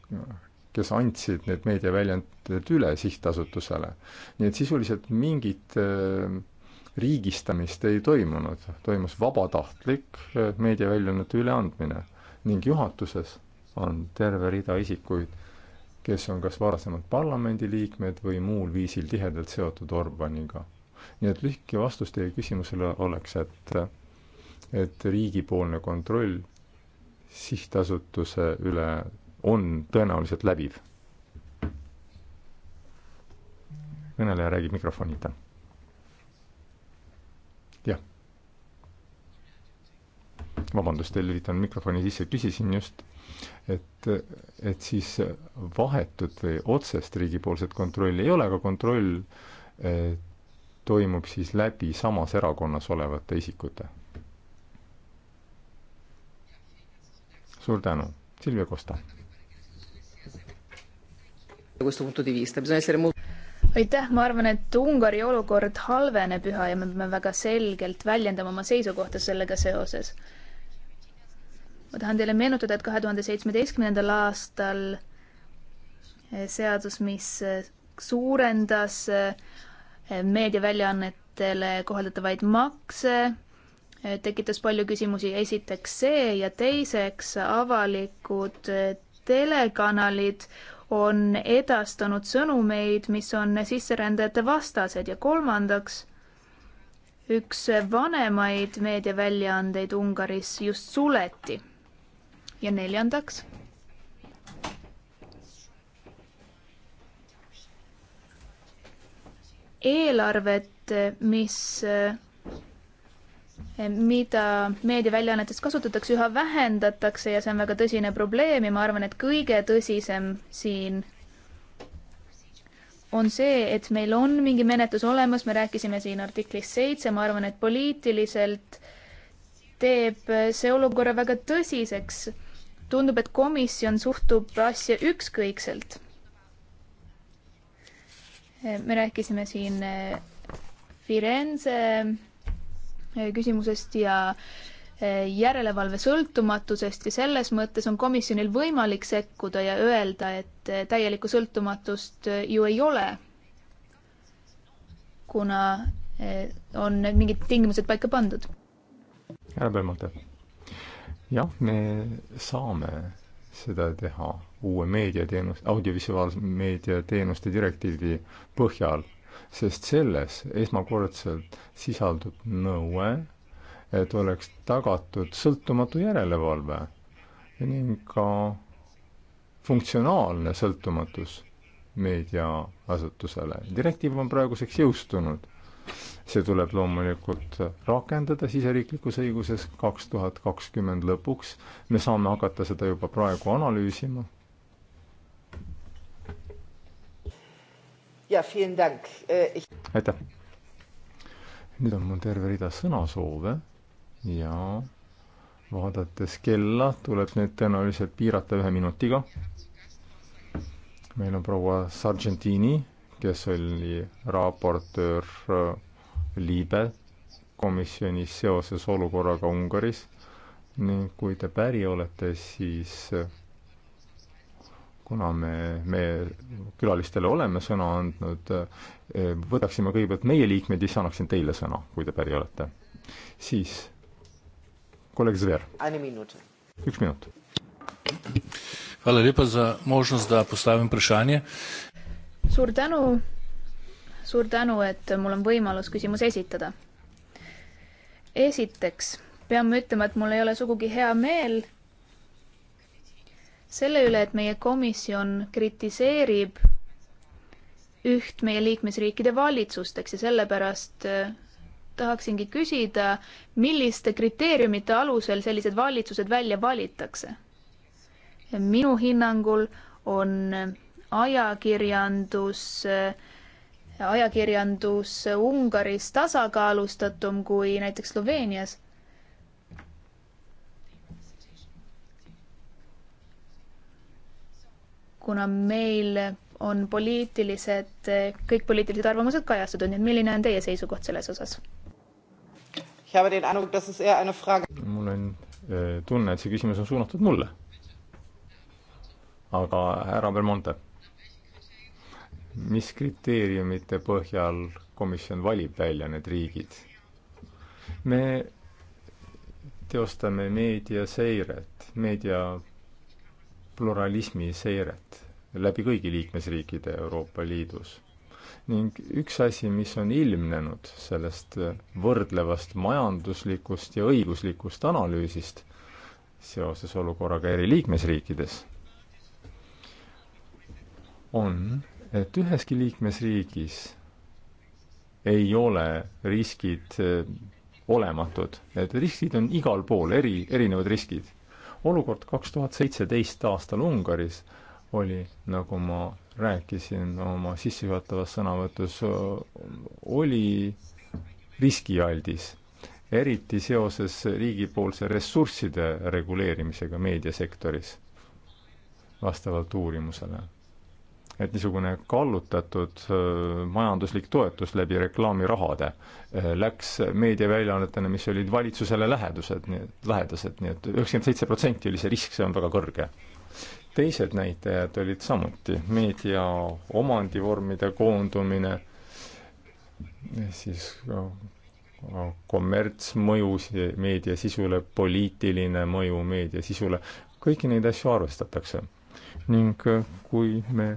kes andsid need meediaväljaanded üle sihtasutusele. nii et sisuliselt mingit äh, riigistamist ei toimunud, toimus vabatahtlik äh, meediaväljaannete üleandmine ning juhatuses on terve rida isikuid kes on kas varasemad parlamendiliikmed või muul viisil tihedalt seotud Orbaniga. nii et lühike vastus teie küsimusele oleks, et, et riigipoolne kontroll sihtasutuse üle on tõenäoliselt läbiv. kõneleja räägib mikrofonita. jah. vabandust, teil lülitan mikrofoni sisse, küsisin just et, et siis vahetut või otsest riigipoolset kontrolli ei ole, aga kontroll eh, toimub siis läbi samas erakonnas olevate isikute. suur tänu, Silvia Kosta.
aitäh, ma arvan, et Ungari olukord halveneb üha ja me peame väga selgelt väljendama oma seisukohta sellega seoses ma tahan teile meenutada, et kahe tuhande seitsmeteistkümnendal aastal eh, seadus, mis eh, suurendas eh, meediaväljaannetele kohaldatavaid makse, tekitas palju küsimusi, esiteks see ja teiseks avalikud telekanalid on edastanud sõnumeid, mis on sisserändajate vastased ja kolmandaks, üks vanemaid meediaväljaandeid Ungaris just suleti ja neljandaks eelarvet, mis, mida meediaväljaannetes kasutatakse, üha vähendatakse ja see on väga tõsine probleem ja ma arvan, et kõige tõsisem siin on see, et meil on mingi menetlus olemas, me rääkisime siin artiklis seitse, ma arvan, et poliitiliselt teeb see olukorra väga tõsiseks tundub, et komisjon suhtub asja ükskõikselt. me rääkisime siin eh, Firenze eh, küsimusest ja eh, järelevalve sõltumatusest ja selles mõttes on komisjonil võimalik sekkuda ja öelda, et täielikku sõltumatust ju ei ole, kuna on need mingid tingimused paika pandud.
härra Põlmalt, jah? jah, me saame seda teha uue meediateenus, audiovisuaalmeedia teenuste direktiivi põhjal, sest selles esmakordselt sisaldub nõue, et oleks tagatud sõltumatu järelevalve ning ka funktsionaalne sõltumatus meediaasutusele. direktiiv on praeguseks jõustunud see tuleb loomulikult rakendada siseriiklikus õiguses kaks tuhat kakskümmend lõpuks. me saame hakata seda juba praegu analüüsima.
Äh,
aitäh. nüüd on mul terve rida sõnasoove ja vaadates kella tuleb need tõenäoliselt piirata ühe minutiga. meil on proua Sargentini kes oli raportöör äh, Liibe komisjonis seoses olukorraga Ungaris ning kui te päri olete, siis äh, kuna me, me külalistele oleme sõna andnud, äh, võtaksime kõigepealt meie liikmed ja siis annaksin teile sõna, kui te päri olete. siis kolleeg Zver. üks minut. Hvala lepa za možnost, da postavim vprašanje
suur tänu, suur tänu, et mul on võimalus küsimus esitada. esiteks peame ütlema, et mul ei ole sugugi hea meel selle üle, et meie komisjon kritiseerib üht meie liikmesriikide valitsust, eks, ja sellepärast äh, tahaksingi küsida, milliste kriteeriumite alusel sellised valitsused välja valitakse? minu hinnangul on ajakirjandus, ajakirjandus Ungaris tasakaalustatum kui näiteks Sloveenias kuna meil on poliitilised, kõik poliitilised arvamused kajastatud, nii et milline on teie seisukoht selles osas?
mul on äh, tunne, et see küsimus on suunatud mulle. aga härra Belmonte mis kriteeriumite põhjal komisjon valib välja need riigid? me teostame meediaseiret, meedia pluralismi seiret läbi kõigi liikmesriikide Euroopa Liidus. ning üks asi, mis on ilmnenud sellest võrdlevast majanduslikust ja õiguslikust analüüsist seoses olukorraga eri liikmesriikides, on et üheski liikmesriigis ei ole riskid eh, olematud, et riskid on igal pool, eri, erinevad riskid. olukord kaks tuhat seitseteist aastal Ungaris oli, nagu ma rääkisin oma sissejuhatavas sõnavõtus, oli riskialdis, eriti seoses riigipoolse ressursside reguleerimisega meediasektoris, vastavalt uurimusele et niisugune kallutatud majanduslik toetus läbi reklaamirahade läks meediaväljaannetele, mis olid valitsusele lähedused, nii et lähedased, nii et üheksakümmend seitse protsenti oli see risk, see on väga kõrge. teised näitajad olid samuti meedia omandivormide koondumine, siis kommertsmõju meedia sisule, poliitiline mõju meedia sisule, kõiki neid asju arvestatakse ning kui me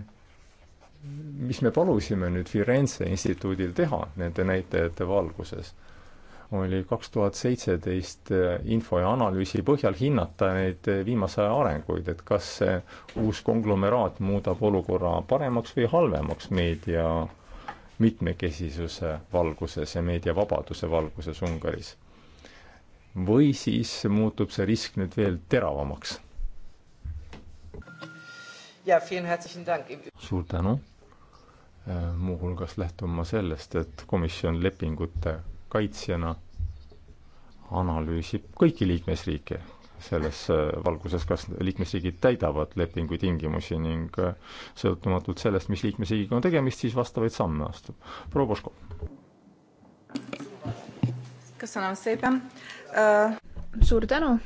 mis me palusime nüüd Firenze instituudil teha nende näitajate valguses, oli kaks tuhat seitseteist info ja analüüsi põhjal hinnata neid viimase aja arenguid, et kas see uus konglomeraat muudab olukorra paremaks või halvemaks meedia mitmekesisuse valguses ja meediavabaduse valguses Ungaris. või siis muutub see risk nüüd veel teravamaks? suur tänu Äh, muuhulgas lähtun ma sellest, et komisjon lepingute kaitsjana analüüsib kõiki liikmesriike selles äh, valguses, kas liikmesriigid täidavad lepingu tingimusi ning äh, sõltumatult sellest, mis liikmesriigiga on tegemist, siis vastavaid samme astub. proua Boško.
kas sõna seega? suur tänu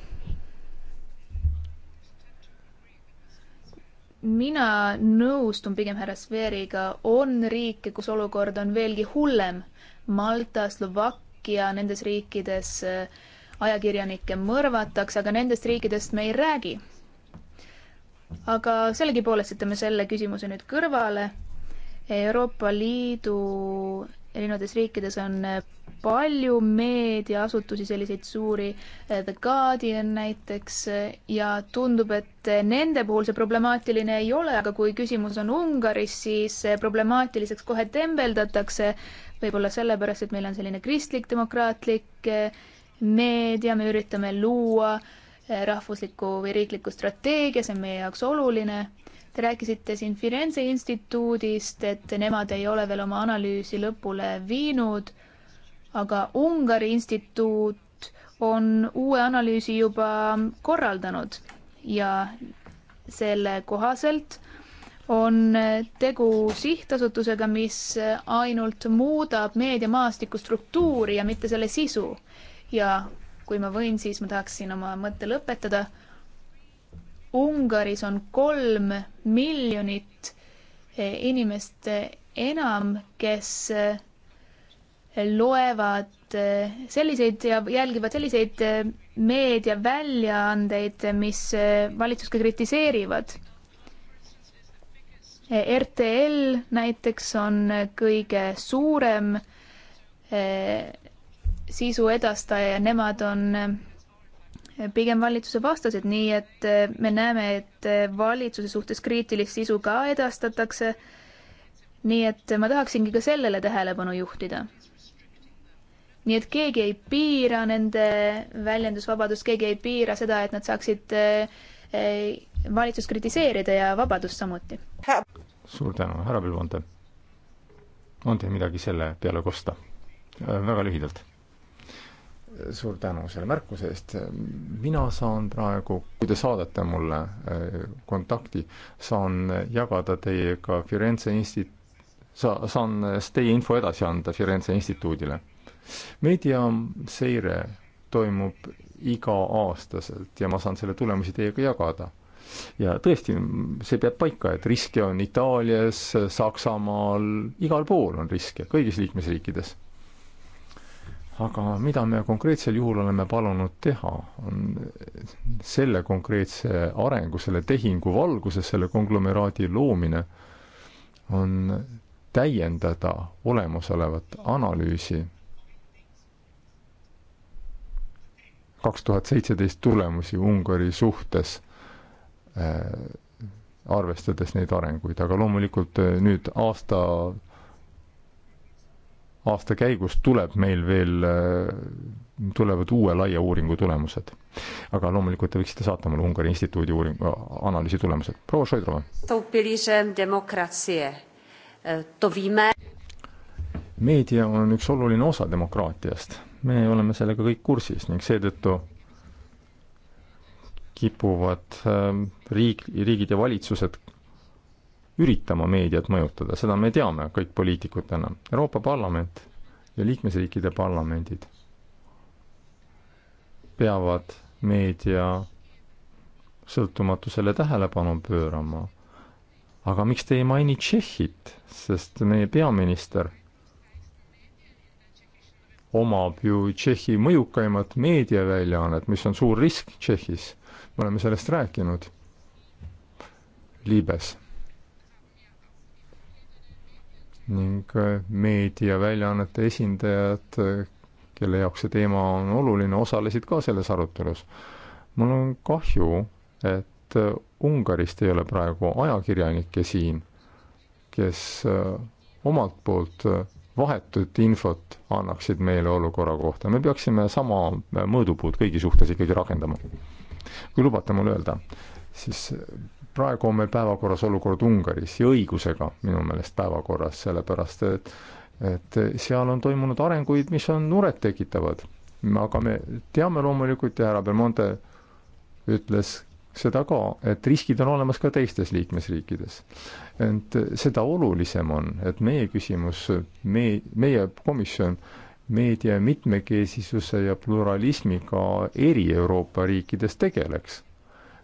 mina nõustun pigem härra Sveriga, on riike, kus olukord on veelgi hullem. Malta, Slovakkia, nendes riikides äh, ajakirjanikke mõrvatakse, aga nendest riikidest me ei räägi. aga sellegipoolest jätame selle küsimuse nüüd kõrvale Euroopa Liidu erinevates riikides on eh, palju meediaasutusi, selliseid suuri, eh, The Guardian näiteks, eh, ja tundub, et nende puhul see problemaatiline ei ole, aga kui küsimus on Ungaris, siis problemaatiliseks kohe tembeldatakse, võib-olla sellepärast, et meil on selline kristlik-demokraatlik meedia, me üritame luua rahvuslikku või riiklikku strateegia, see on meie jaoks oluline Te rääkisite siin Firenze instituudist, et nemad ei ole veel oma analüüsi lõpule viinud, aga Ungari instituut on uue analüüsi juba korraldanud ja selle kohaselt on tegu sihtasutusega, mis ainult muudab meediamaastiku struktuuri ja mitte selle sisu. ja kui ma võin, siis ma tahaksin oma mõtte lõpetada Ungaris on kolm miljonit eh, inimest eh, enam, kes eh, loevad selliseid ja jälgivad selliseid meediaväljaandeid, mis valitsust ka kritiseerivad. RTL näiteks on kõige suurem sisu edastaja ja nemad on pigem valitsuse vastased, nii et äh, me näeme, et äh, valitsuse suhtes kriitilist sisu ka edastatakse. nii et ma tahaksingi ka sellele tähelepanu juhtida. nii et keegi ei piira nende väljendusvabadust, keegi ei piira seda, et nad saaksid äh, valitsust kritiseerida ja vabadust samuti.
suur tänu, härra Pilvonte. on teil midagi selle peale kosta? väga lühidalt suur tänu selle märkuse eest. mina saan praegu, kui te saadate mulle äh, kontakti, saan jagada teiega Firenze insti-, sa-, saan teie info edasi anda Firenze instituudile. meediaseire toimub iga-aastaselt ja ma saan selle tulemusi teiega jagada. ja tõesti, see peab paika, et riske on Itaalias, Saksamaal, igal pool on riske, kõigis liikmesriikides aga mida me konkreetsel juhul oleme palunud teha, on selle konkreetse arengu, selle tehingu valguses, selle konglomeraadi loomine, on täiendada olemasolevat analüüsi kaks tuhat seitseteist tulemusi Ungari suhtes äh,, arvestades neid arenguid, aga loomulikult äh, nüüd aasta aasta käigus tuleb meil veel, äh, tulevad uue laia uuringu tulemused. aga loomulikult te võiksite saata mulle Ungari instituudi uuringu, analüüsi tulemused. proua Šoidrova. Äh, meedia on üks oluline osa demokraatiast. me oleme sellega kõik kursis ning seetõttu kipuvad äh, riik, riigid ja valitsused üritama meediat mõjutada, seda me teame kõik poliitikutena. Euroopa Parlament ja liikmesriikide parlamendid peavad meedia sõltumatusele tähelepanu pöörama. aga miks te ei maini Tšehhit, sest meie peaminister omab ju Tšehhi mõjukaimat meediaväljaannet, mis on suur risk Tšehhis. me oleme sellest rääkinud Liibes ning äh, meediaväljaannete esindajad, äh, kelle jaoks see teema on oluline, osalesid ka selles arutelus. mul on kahju, et äh, Ungarist ei ole praegu ajakirjanikke siin, kes omalt poolt vahetut infot annaksid meile olukorra kohta, me peaksime sama mõõdupuud kõigi suhtes ikkagi rakendama. kui lubate mul öelda, siis eh, praegu on meil päevakorras olukord Ungaris ja õigusega minu meelest päevakorras, sellepärast et et seal on toimunud arenguid, mis on murettekitavad. aga me teame loomulikult ja härra Belmonte ütles seda ka, et riskid on olemas ka teistes liikmesriikides. ent seda olulisem on, et meie küsimus, me, meie komisjon meedia mitmekesisuse ja pluralismiga eri Euroopa riikides tegeleks.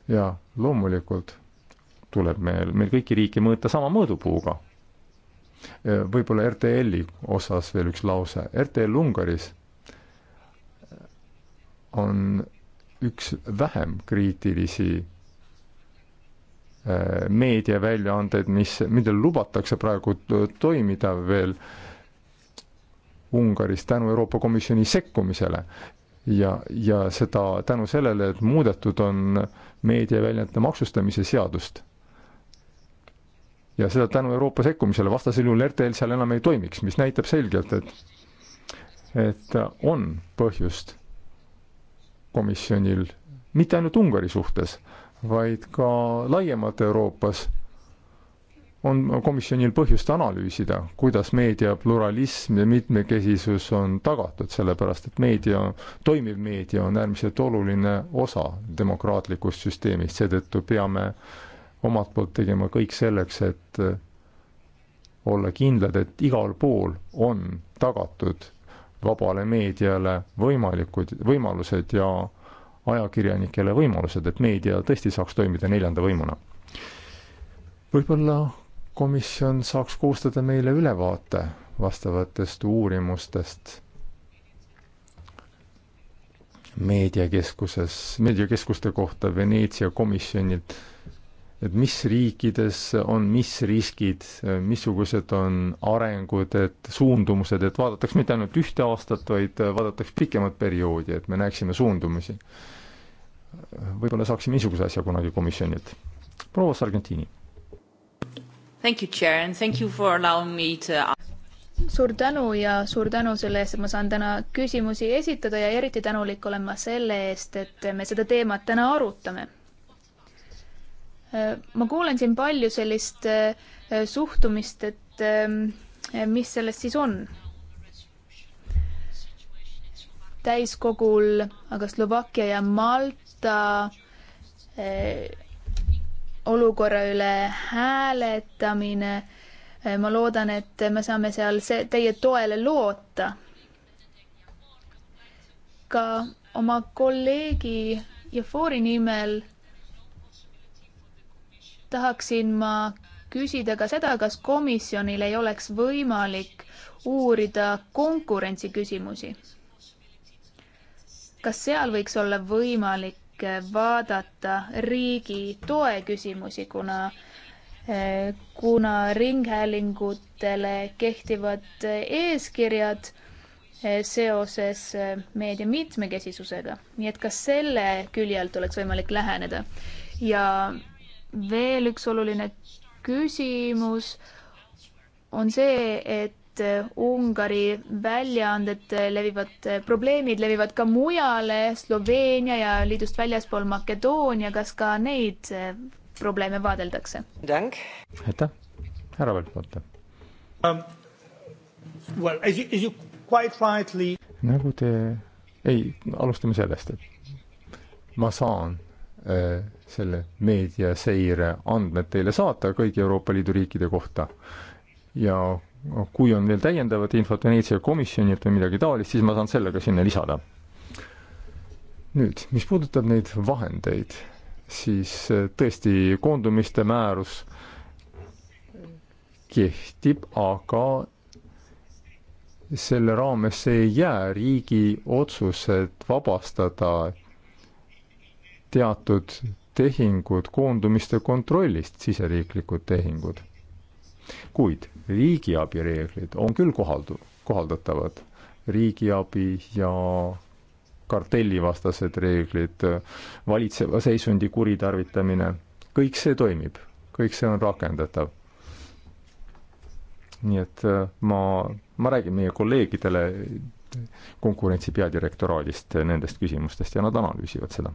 ja loomulikult tuleb meil, meil kõiki riike mõõta sama mõõdupuuga. võib-olla RTL-i osas veel üks lause, RTL Ungaris on üks vähem kriitilisi meediaväljaandeid, mis, millel lubatakse praegu toimida veel Ungaris tänu Euroopa Komisjoni sekkumisele ja, ja seda tänu sellele, et muudetud on meediaväljaannete maksustamise seadust. ja seda tänu Euroopa sekkumisele, vastasel juhul RTL seal enam ei toimiks, mis näitab selgelt, et et on põhjust komisjonil mitte ainult Ungari suhtes, vaid ka laiemalt Euroopas on komisjonil põhjust analüüsida, kuidas meedia pluralism ja mitmekesisus on tagatud, sellepärast et meedia, toimiv meedia on äärmiselt oluline osa demokraatlikust süsteemist, seetõttu peame omalt poolt tegema kõik selleks, et olla kindlad, et igal pool on tagatud vabale meediale võimalikud võimalused ja ajakirjanikele võimalused, et meedia tõesti saaks toimida neljanda võimuna. võib-olla komisjon saaks koostada meile ülevaate vastavatest uurimustest meediakeskuses, meediakeskuste kohta Veneetsia komisjonilt, et mis riikides on mis riskid, missugused on arengud, et suundumused, et vaadataks mitte ainult ühte aastat, vaid vaadataks pikemat perioodi, et me näeksime suundumusi. võib-olla saaksime niisuguse asja kunagi komisjonilt. proua Sargentini
Thank you, Chair, and thank you for allowing me to suur tänu ja suur tänu selle eest, et ma saan täna küsimusi esitada ja eriti tänulik olen ma selle eest, et me seda teemat täna arutame. ma kuulen siin palju sellist äh, suhtumist, et äh, mis sellest siis on. täiskogul aga Slovakkia ja Malta äh, olukorra üle hääletamine. Eh, ma loodan, et me saame seal see, teie toele loota. ka oma kolleegi Jefori nimel tahaksin ma küsida ka seda, kas komisjonil ei oleks võimalik uurida konkurentsi küsimusi. kas seal võiks olla võimalik eelkõige vaadata riigi toe küsimusi, kuna eh, kuna ringhäälingutele kehtivad eeskirjad eh, seoses eh, meedia mitmekesisusega, nii et ka selle külje alt oleks võimalik läheneda. ja veel üks oluline küsimus on see, et et eh, Ungari väljaanded eh, levivad, eh, probleemid levivad ka mujale, Sloveenia ja liidust väljaspool Makedoonia, kas ka neid probleeme vaadeldakse?
aitäh, härra Veltmata um,. Well, as
you, as you quite rightly...
nagu te, ei, alustame sellest, et ma saan äh, selle meediaseire andmed teile saata kõigi Euroopa Liidu riikide kohta ja Noh, kui on veel täiendavat infot Veneetsia komisjonilt või midagi taolist, siis ma saan selle ka sinna lisada. nüüd, mis puudutab neid vahendeid, siis äh, tõesti, koondumiste määrus kehtib, aga selle raamesse ei jää riigi otsused vabastada teatud tehingud koondumiste kontrollist, siseriiklikud tehingud kuid riigiabi reeglid on küll kohaldu-, kohaldatavad, riigiabi ja kartellivastased reeglid, valitseva seisundi kuritarvitamine, kõik see toimib, kõik see on rakendatav. nii et äh, ma, ma räägin meie kolleegidele konkurentsi peadirektoraadist nendest küsimustest ja nad analüüsivad seda.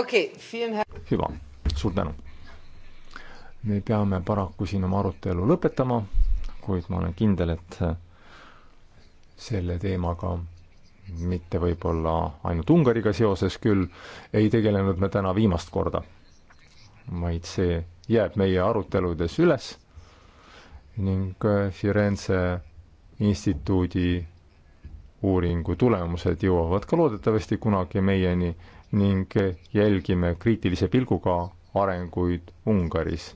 okei okay,,
hüva, suur tänu me peame paraku siin oma arutelu lõpetama, kuid ma olen kindel, et selle teemaga mitte võib-olla ainult Ungariga seoses küll, ei tegelenud me täna viimast korda, vaid see jääb meie aruteludes üles ning äh, Firenze instituudi uuringu tulemused jõuavad ka loodetavasti kunagi meieni ning äh, jälgime kriitilise pilguga arenguid Ungaris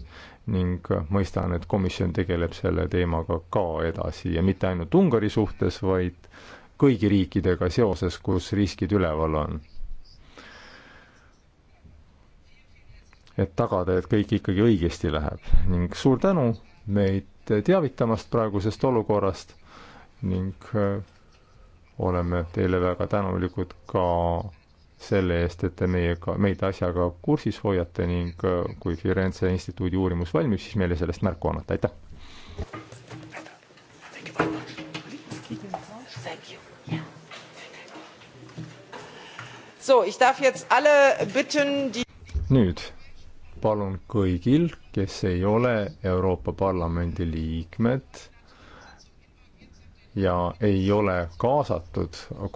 ning mõistan, et komisjon tegeleb selle teemaga ka edasi ja mitte ainult Ungari suhtes, vaid kõigi riikidega seoses, kus riskid üleval on. et tagada, et kõik ikkagi õigesti läheb ning suur tänu meid teavitamast praegusest olukorrast ning äh, oleme teile väga tänulikud ka selle eest, et te meiega, meid asjaga kursis hoiate ning äh, kui Firenze instituudi uurimus valmib, siis meile sellest märku annate, aitäh! nüüd palun kõigil, kes ei ole Euroopa Parlamendi liikmed ja ei ole kaasatud